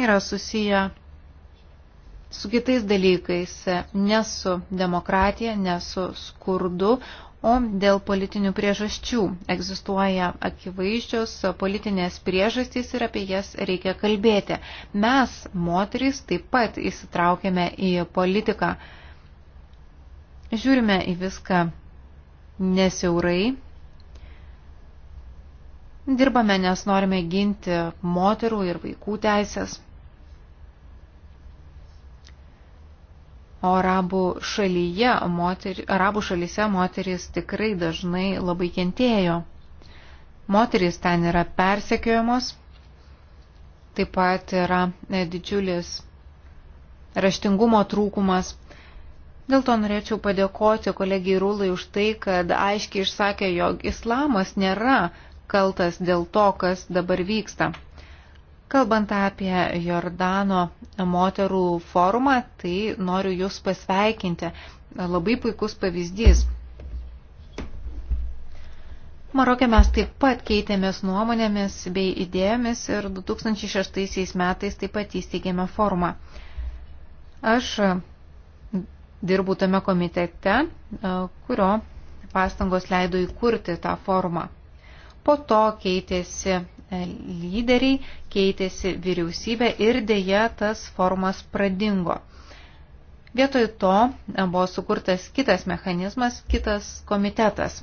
yra susiję su kitais dalykais, ne su demokratija, ne su skurdu, O dėl politinių priežasčių egzistuoja akivaizdžios politinės priežastys ir apie jas reikia kalbėti. Mes, moterys, taip pat įsitraukėme į politiką. Žiūrime į viską nesiaurai. Dirbame, nes norime ginti moterų ir vaikų teisės. O arabų, šalyje, moter, arabų šalyse moteris tikrai dažnai labai kentėjo. Moteris ten yra persekiojamos, taip pat yra e, didžiulis raštingumo trūkumas. Dėl to norėčiau padėkoti kolegijai Rūlai už tai, kad aiškiai išsakė, jog islamas nėra kaltas dėl to, kas dabar vyksta. Kalbant apie Jordano moterų forumą, tai noriu Jūs pasveikinti. Labai puikus pavyzdys. Marokė mes taip pat keitėmės nuomonėmis bei idėjomis ir 2006 metais taip pat įsteigėme formą. Aš dirbu tame komitete, kurio pastangos leido įkurti tą formą. Po to keitėsi E, lyderiai, keitėsi vyriausybė ir dėja tas formas pradingo. Vietoj to e, buvo sukurtas kitas mechanizmas, kitas komitetas.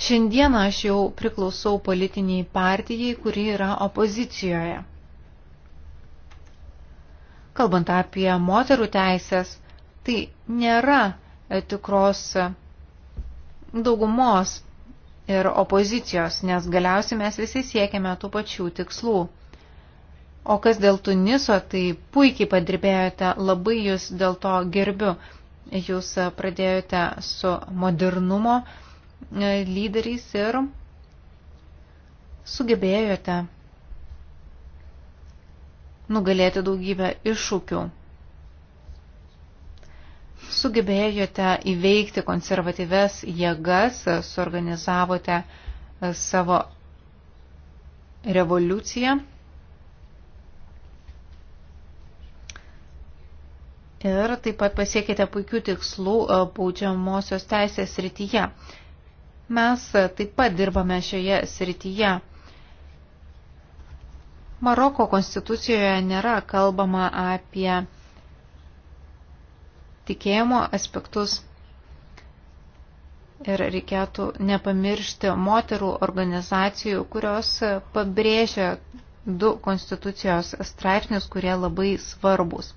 Šiandieną aš jau priklausau politiniai partijai, kuri yra opozicijoje. Kalbant apie moterų teisės, tai nėra e, tikros daugumos ir opozicijos, nes galiausiai mes visi siekiame tų pačių tikslų. O kas dėl Tuniso, tai puikiai padirbėjote, labai jūs dėl to gerbiu. Jūs pradėjote su modernumo e, lyderiais ir sugebėjote nugalėti daugybę iššūkių sugebėjote įveikti konservatyves jėgas, suorganizavote e, savo revoliuciją. Ir taip pat pasiekėte puikių tikslų e, baudžiamosios teisės srityje. Mes e, taip pat dirbame šioje srityje. Maroko konstitucijoje nėra kalbama apie tikėjimo aspektus. Ir reikėtų nepamiršti moterų organizacijų, kurios pabrėžia du konstitucijos straipsnius, kurie labai svarbus.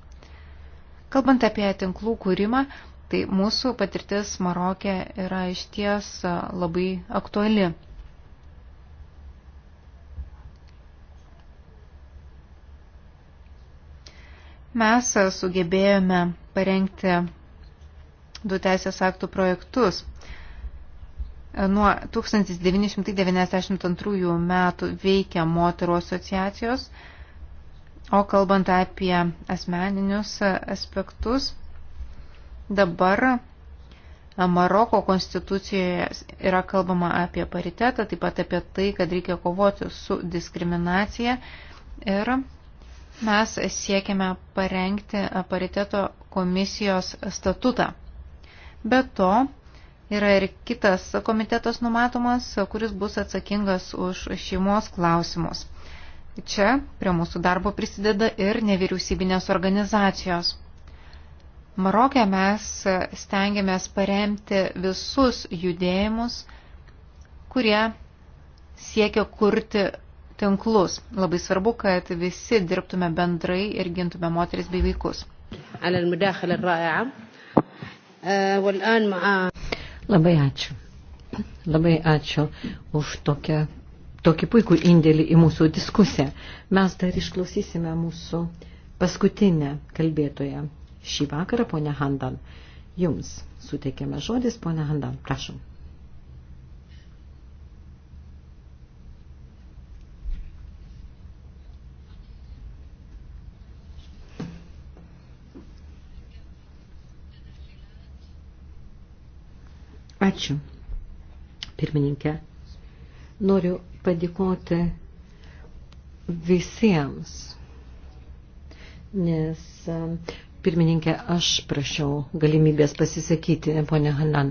Kalbant apie tinklų kūrimą, tai mūsų patirtis Marokė yra išties labai aktuali. Mes sugebėjome parengti du teisės aktų projektus. Nuo 1992 metų veikia moterų asociacijos, o kalbant apie asmeninius aspektus, dabar Maroko konstitucijoje yra kalbama apie paritetą, taip pat apie tai, kad reikia kovoti su diskriminacija ir Mes siekiame parengti pariteto komisijos statutą. Be to, yra ir kitas komitetas numatomas, kuris bus atsakingas už šeimos klausimus. Čia prie mūsų darbo prisideda ir nevyriausybinės organizacijos. Marokė mes stengiamės paremti visus judėjimus, kurie siekia kurti tinklus. Labai svarbu, kad visi dirbtume bendrai ir gintume moteris bei vaikus. Labai ačiū. Labai ačiū už tokią, tokį puikų indėlį į mūsų diskusiją. Mes dar išklausysime mūsų paskutinę kalbėtoją šį vakarą, ponę Handan. Jums suteikiame žodis, ponę Handan. Prašom. Ačiū, pirmininkė. Noriu padėkoti visiems, nes pirmininkė, aš prašiau galimybės pasisakyti, ponė Hanan.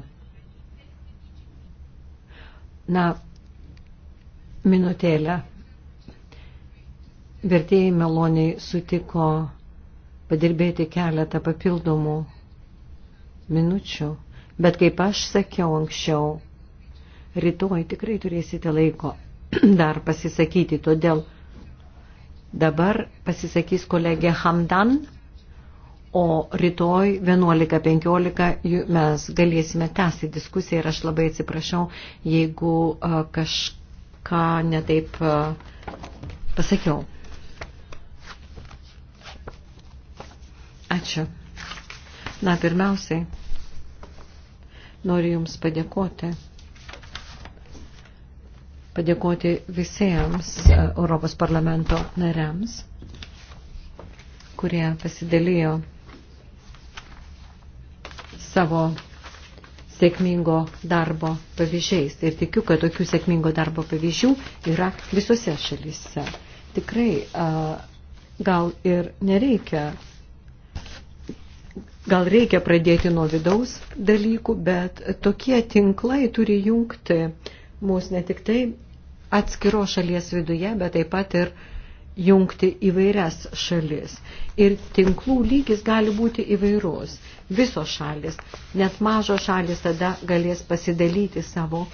Na, minutėlę. Vertėjai Meloniai sutiko padirbėti keletą papildomų minučių Bet kaip aš sakiau anksčiau, rytoj tikrai turėsite laiko dar pasisakyti, todėl dabar pasisakys kolegė Hamdan, o rytoj 11.15 mes galėsime tęsti diskusiją ir aš labai atsiprašau, jeigu kažką netaip pasakiau. Ačiū. Na, pirmiausiai. Noriu Jums padėkoti. Padėkoti visiems e, Europos parlamento nariams, kurie pasidalijo savo sėkmingo darbo pavyzdžiais. Ir tikiu, kad tokių sėkmingo darbo pavyzdžių yra visose šalyse. Tikrai e, gal ir nereikia Gal reikia pradėti nuo vidaus dalykų, bet tokie tinklai turi jungti mūsų ne tik tai atskiro šalies viduje, bet taip pat ir jungti įvairias šalis. Ir tinklų lygis gali būti įvairus. Visos šalis, net mažos šalis tada galės pasidalyti savo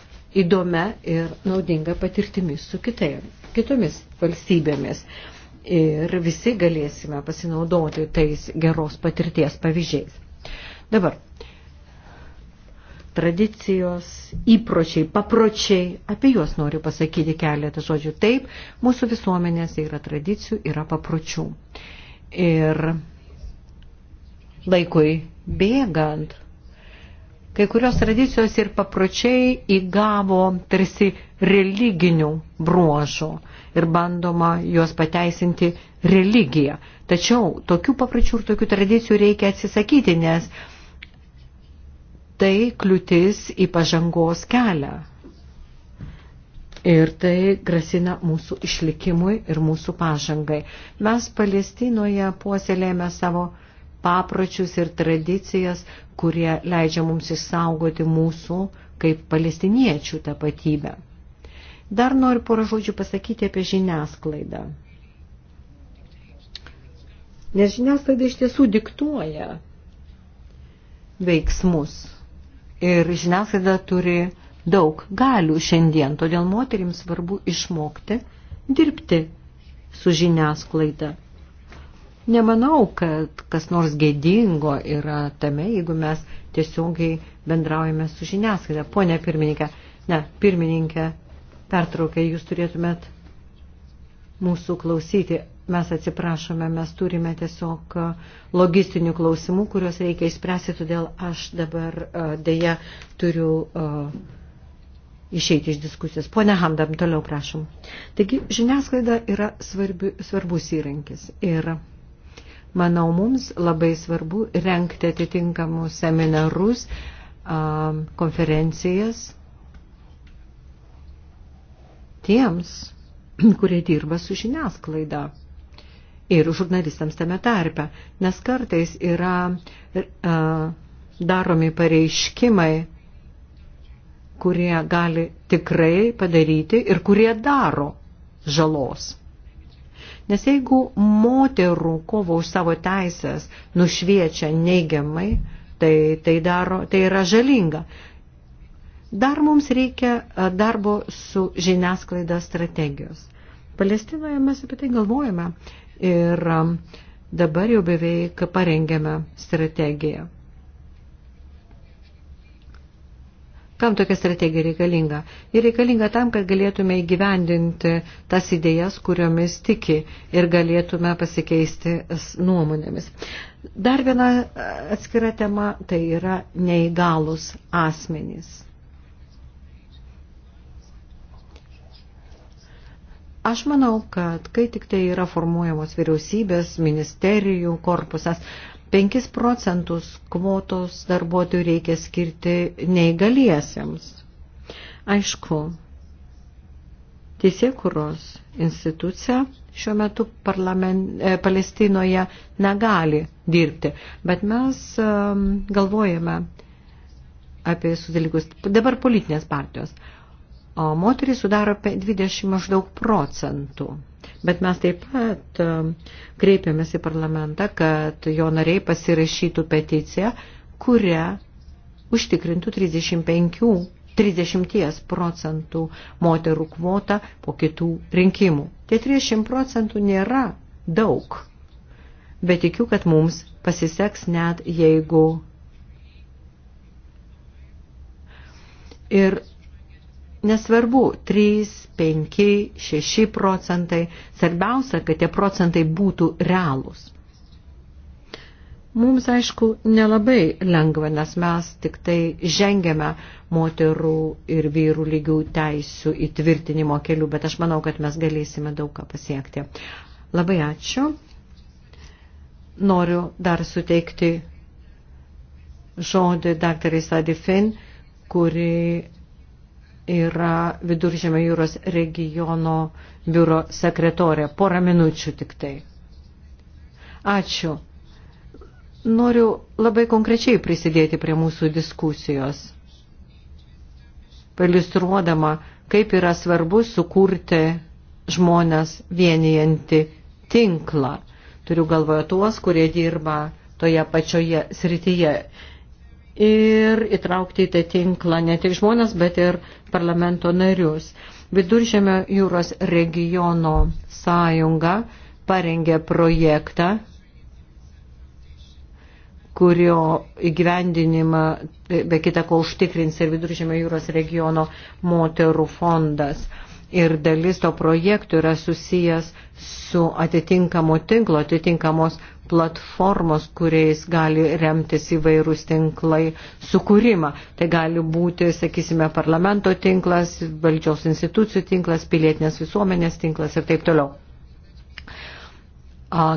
įdomia ir naudinga patirtimis su kitai, kitomis valstybėmis ir visi galėsime pasinaudoti tais geros patirties pavyzdžiais. Dabar, tradicijos, įpročiai, papročiai, apie juos noriu pasakyti keletą žodžių. Taip, mūsų visuomenėse yra tradicijų, yra papročių. Ir laikui bėgant, kai kurios tradicijos ir papročiai įgavo tarsi religinių bruožų ir bandoma juos pateisinti religija. Tačiau tokių papračių ir tokių tradicijų reikia atsisakyti, nes tai kliūtis į pažangos kelią. Ir tai grasina mūsų išlikimui ir mūsų pažangai. Mes Palestinoje puoselėjame savo papročius ir tradicijas, kurie leidžia mums išsaugoti mūsų kaip palestiniečių tapatybę. Dar noriu porą žodžių pasakyti apie žiniasklaidą. Nes žiniasklaida iš tiesų diktuoja veiksmus. Ir žiniasklaida turi daug galių šiandien, todėl moterims svarbu išmokti dirbti su žiniasklaida. Nemanau, kad kas nors gėdingo yra tame, jeigu mes tiesiogiai bendraujame su žiniasklaida. Pone pirmininkė, ne, pirmininkė pertrauką, jūs turėtumėt mūsų klausyti. Mes atsiprašome, mes turime tiesiog e, logistinių klausimų, kuriuos reikia įspręsti, todėl aš dabar e, dėja turiu e, išeiti iš diskusijos. Pone Hamdam, toliau prašom. Taigi, žiniasklaida yra svarbi, svarbus įrankis ir manau, mums labai svarbu renkti atitinkamus seminarus, konferencijas tiems, kurie dirba su žiniasklaida ir žurnalistams tame tarpe, nes kartais yra uh, daromi pareiškimai, kurie gali tikrai padaryti ir kurie daro žalos. Nes jeigu moterų kovo už savo teisės nušviečia neigiamai, tai, tai, daro, tai yra žalinga. Dar mums reikia e, darbo su žiniasklaida strategijos. Palestinoje mes apie tai galvojame ir e, dabar jau beveik parengėme strategiją. Kam tokia strategija reikalinga? Ji reikalinga tam, kad galėtume įgyvendinti tas idėjas, kuriomis tiki ir galėtume pasikeisti nuomonėmis. Dar viena e, atskira tema tai yra neįgalus asmenys. Aš manau, kad kai tik tai yra formuojamos vyriausybės, ministerijų korpusas, 5 procentus kvotos darbuotojų reikia skirti neįgaliesiems. Aišku, teisėkuros institucija šiuo metu e, Palestinoje negali dirbti, bet mes um, galvojame apie susidalykus. Dabar politinės partijos. Uh, o moterys sudaro 20 maždaug procentų. Bet mes taip pat e, kreipiamės į parlamentą, kad jo nariai pasirašytų peticiją, kurią užtikrintų 35, 30 procentų moterų kvotą po kitų rinkimų. Tie 30 procentų nėra daug, bet tikiu, kad mums pasiseks net jeigu. Ir Nesvarbu, 3, 5, 6 procentai, svarbiausia, kad tie procentai būtų realūs. Mums, aišku, nelabai lengva, nes mes tik tai žengėme moterų ir vyrų lygių teisų įtvirtinimo kelių, bet aš manau, kad mes galėsime daug ką pasiekti. Labai ačiū. Noriu dar suteikti žodį daktarai Sadifin, kuri yra Viduržėmio jūros regiono biuro sekretorė. Porą minučių tik tai. Ačiū. Noriu labai konkrečiai prisidėti prie mūsų diskusijos, palistruodama, kaip yra svarbu sukurti žmonės vienijanti tinklą. Turiu galvoje tuos, kurie dirba toje pačioje srityje ir įtraukti į tą tinklą ne tik žmonės, bet ir parlamento narius. Viduržėmio jūros regiono sąjunga parengė projektą, kurio įgyvendinimą be kita ko užtikrins ir Viduržėmio jūros regiono moterų fondas. Ir dalis to projektų yra susijęs su atitinkamo tinklo, atitinkamos platformos, kuriais gali remtis įvairūs tinklai sukūrimą. Tai gali būti, sakysime, parlamento tinklas, valdžios institucijų tinklas, pilietinės visuomenės tinklas ir taip toliau.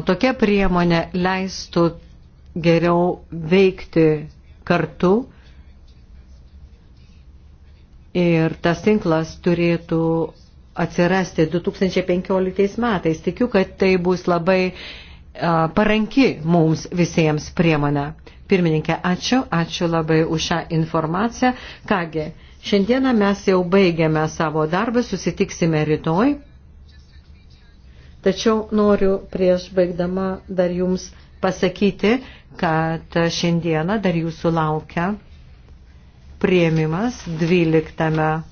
Tokia priemonė leistų geriau veikti kartu ir tas tinklas turėtų atsirasti 2015 metais. Tikiu, kad tai bus labai paranki mums visiems priemonę. Pirmininkė, ačiū, ačiū labai už šią informaciją. Kągi, šiandieną mes jau baigėme savo darbą, susitiksime rytoj. Tačiau noriu prieš baigdama dar jums pasakyti, kad šiandieną dar jūsų laukia prieimimas 12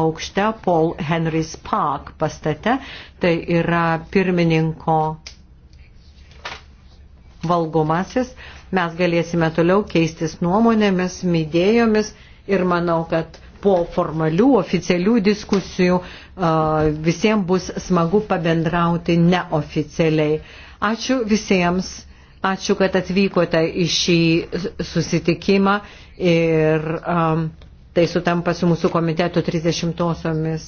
aukšte Paul Henry's Park pastate. Tai yra pirmininko valgomasis, mes galėsime toliau keistis nuomonėmis, idėjomis ir manau, kad po formalių, oficialių diskusijų visiems bus smagu pabendrauti neoficialiai. Ačiū visiems, ačiū, kad atvykote į šį susitikimą ir um, tai sutampa su mūsų komiteto 30-osiomis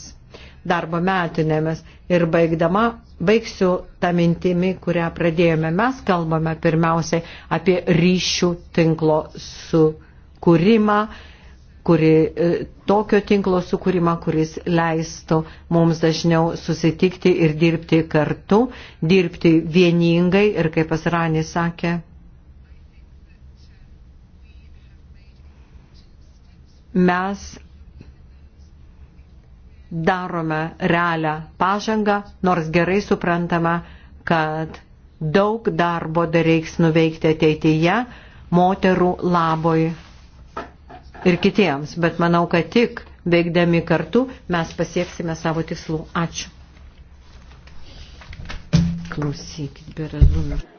darbo metinėmis. Ir baigdama, baigsiu tą mintimį, kurią pradėjome. Mes kalbame pirmiausiai apie ryšių tinklo sukūrimą, kuri, e, tokio tinklo sukūrimą, kuris leistų mums dažniau susitikti ir dirbti kartu, dirbti vieningai ir, kaip Asranis sakė, mes darome realią pažangą, nors gerai suprantama, kad daug darbo dar reiks nuveikti ateityje moterų laboj ir kitiems. Bet manau, kad tik veikdami kartu mes pasieksime savo tikslų. Ačiū. Klausykit, berezumė.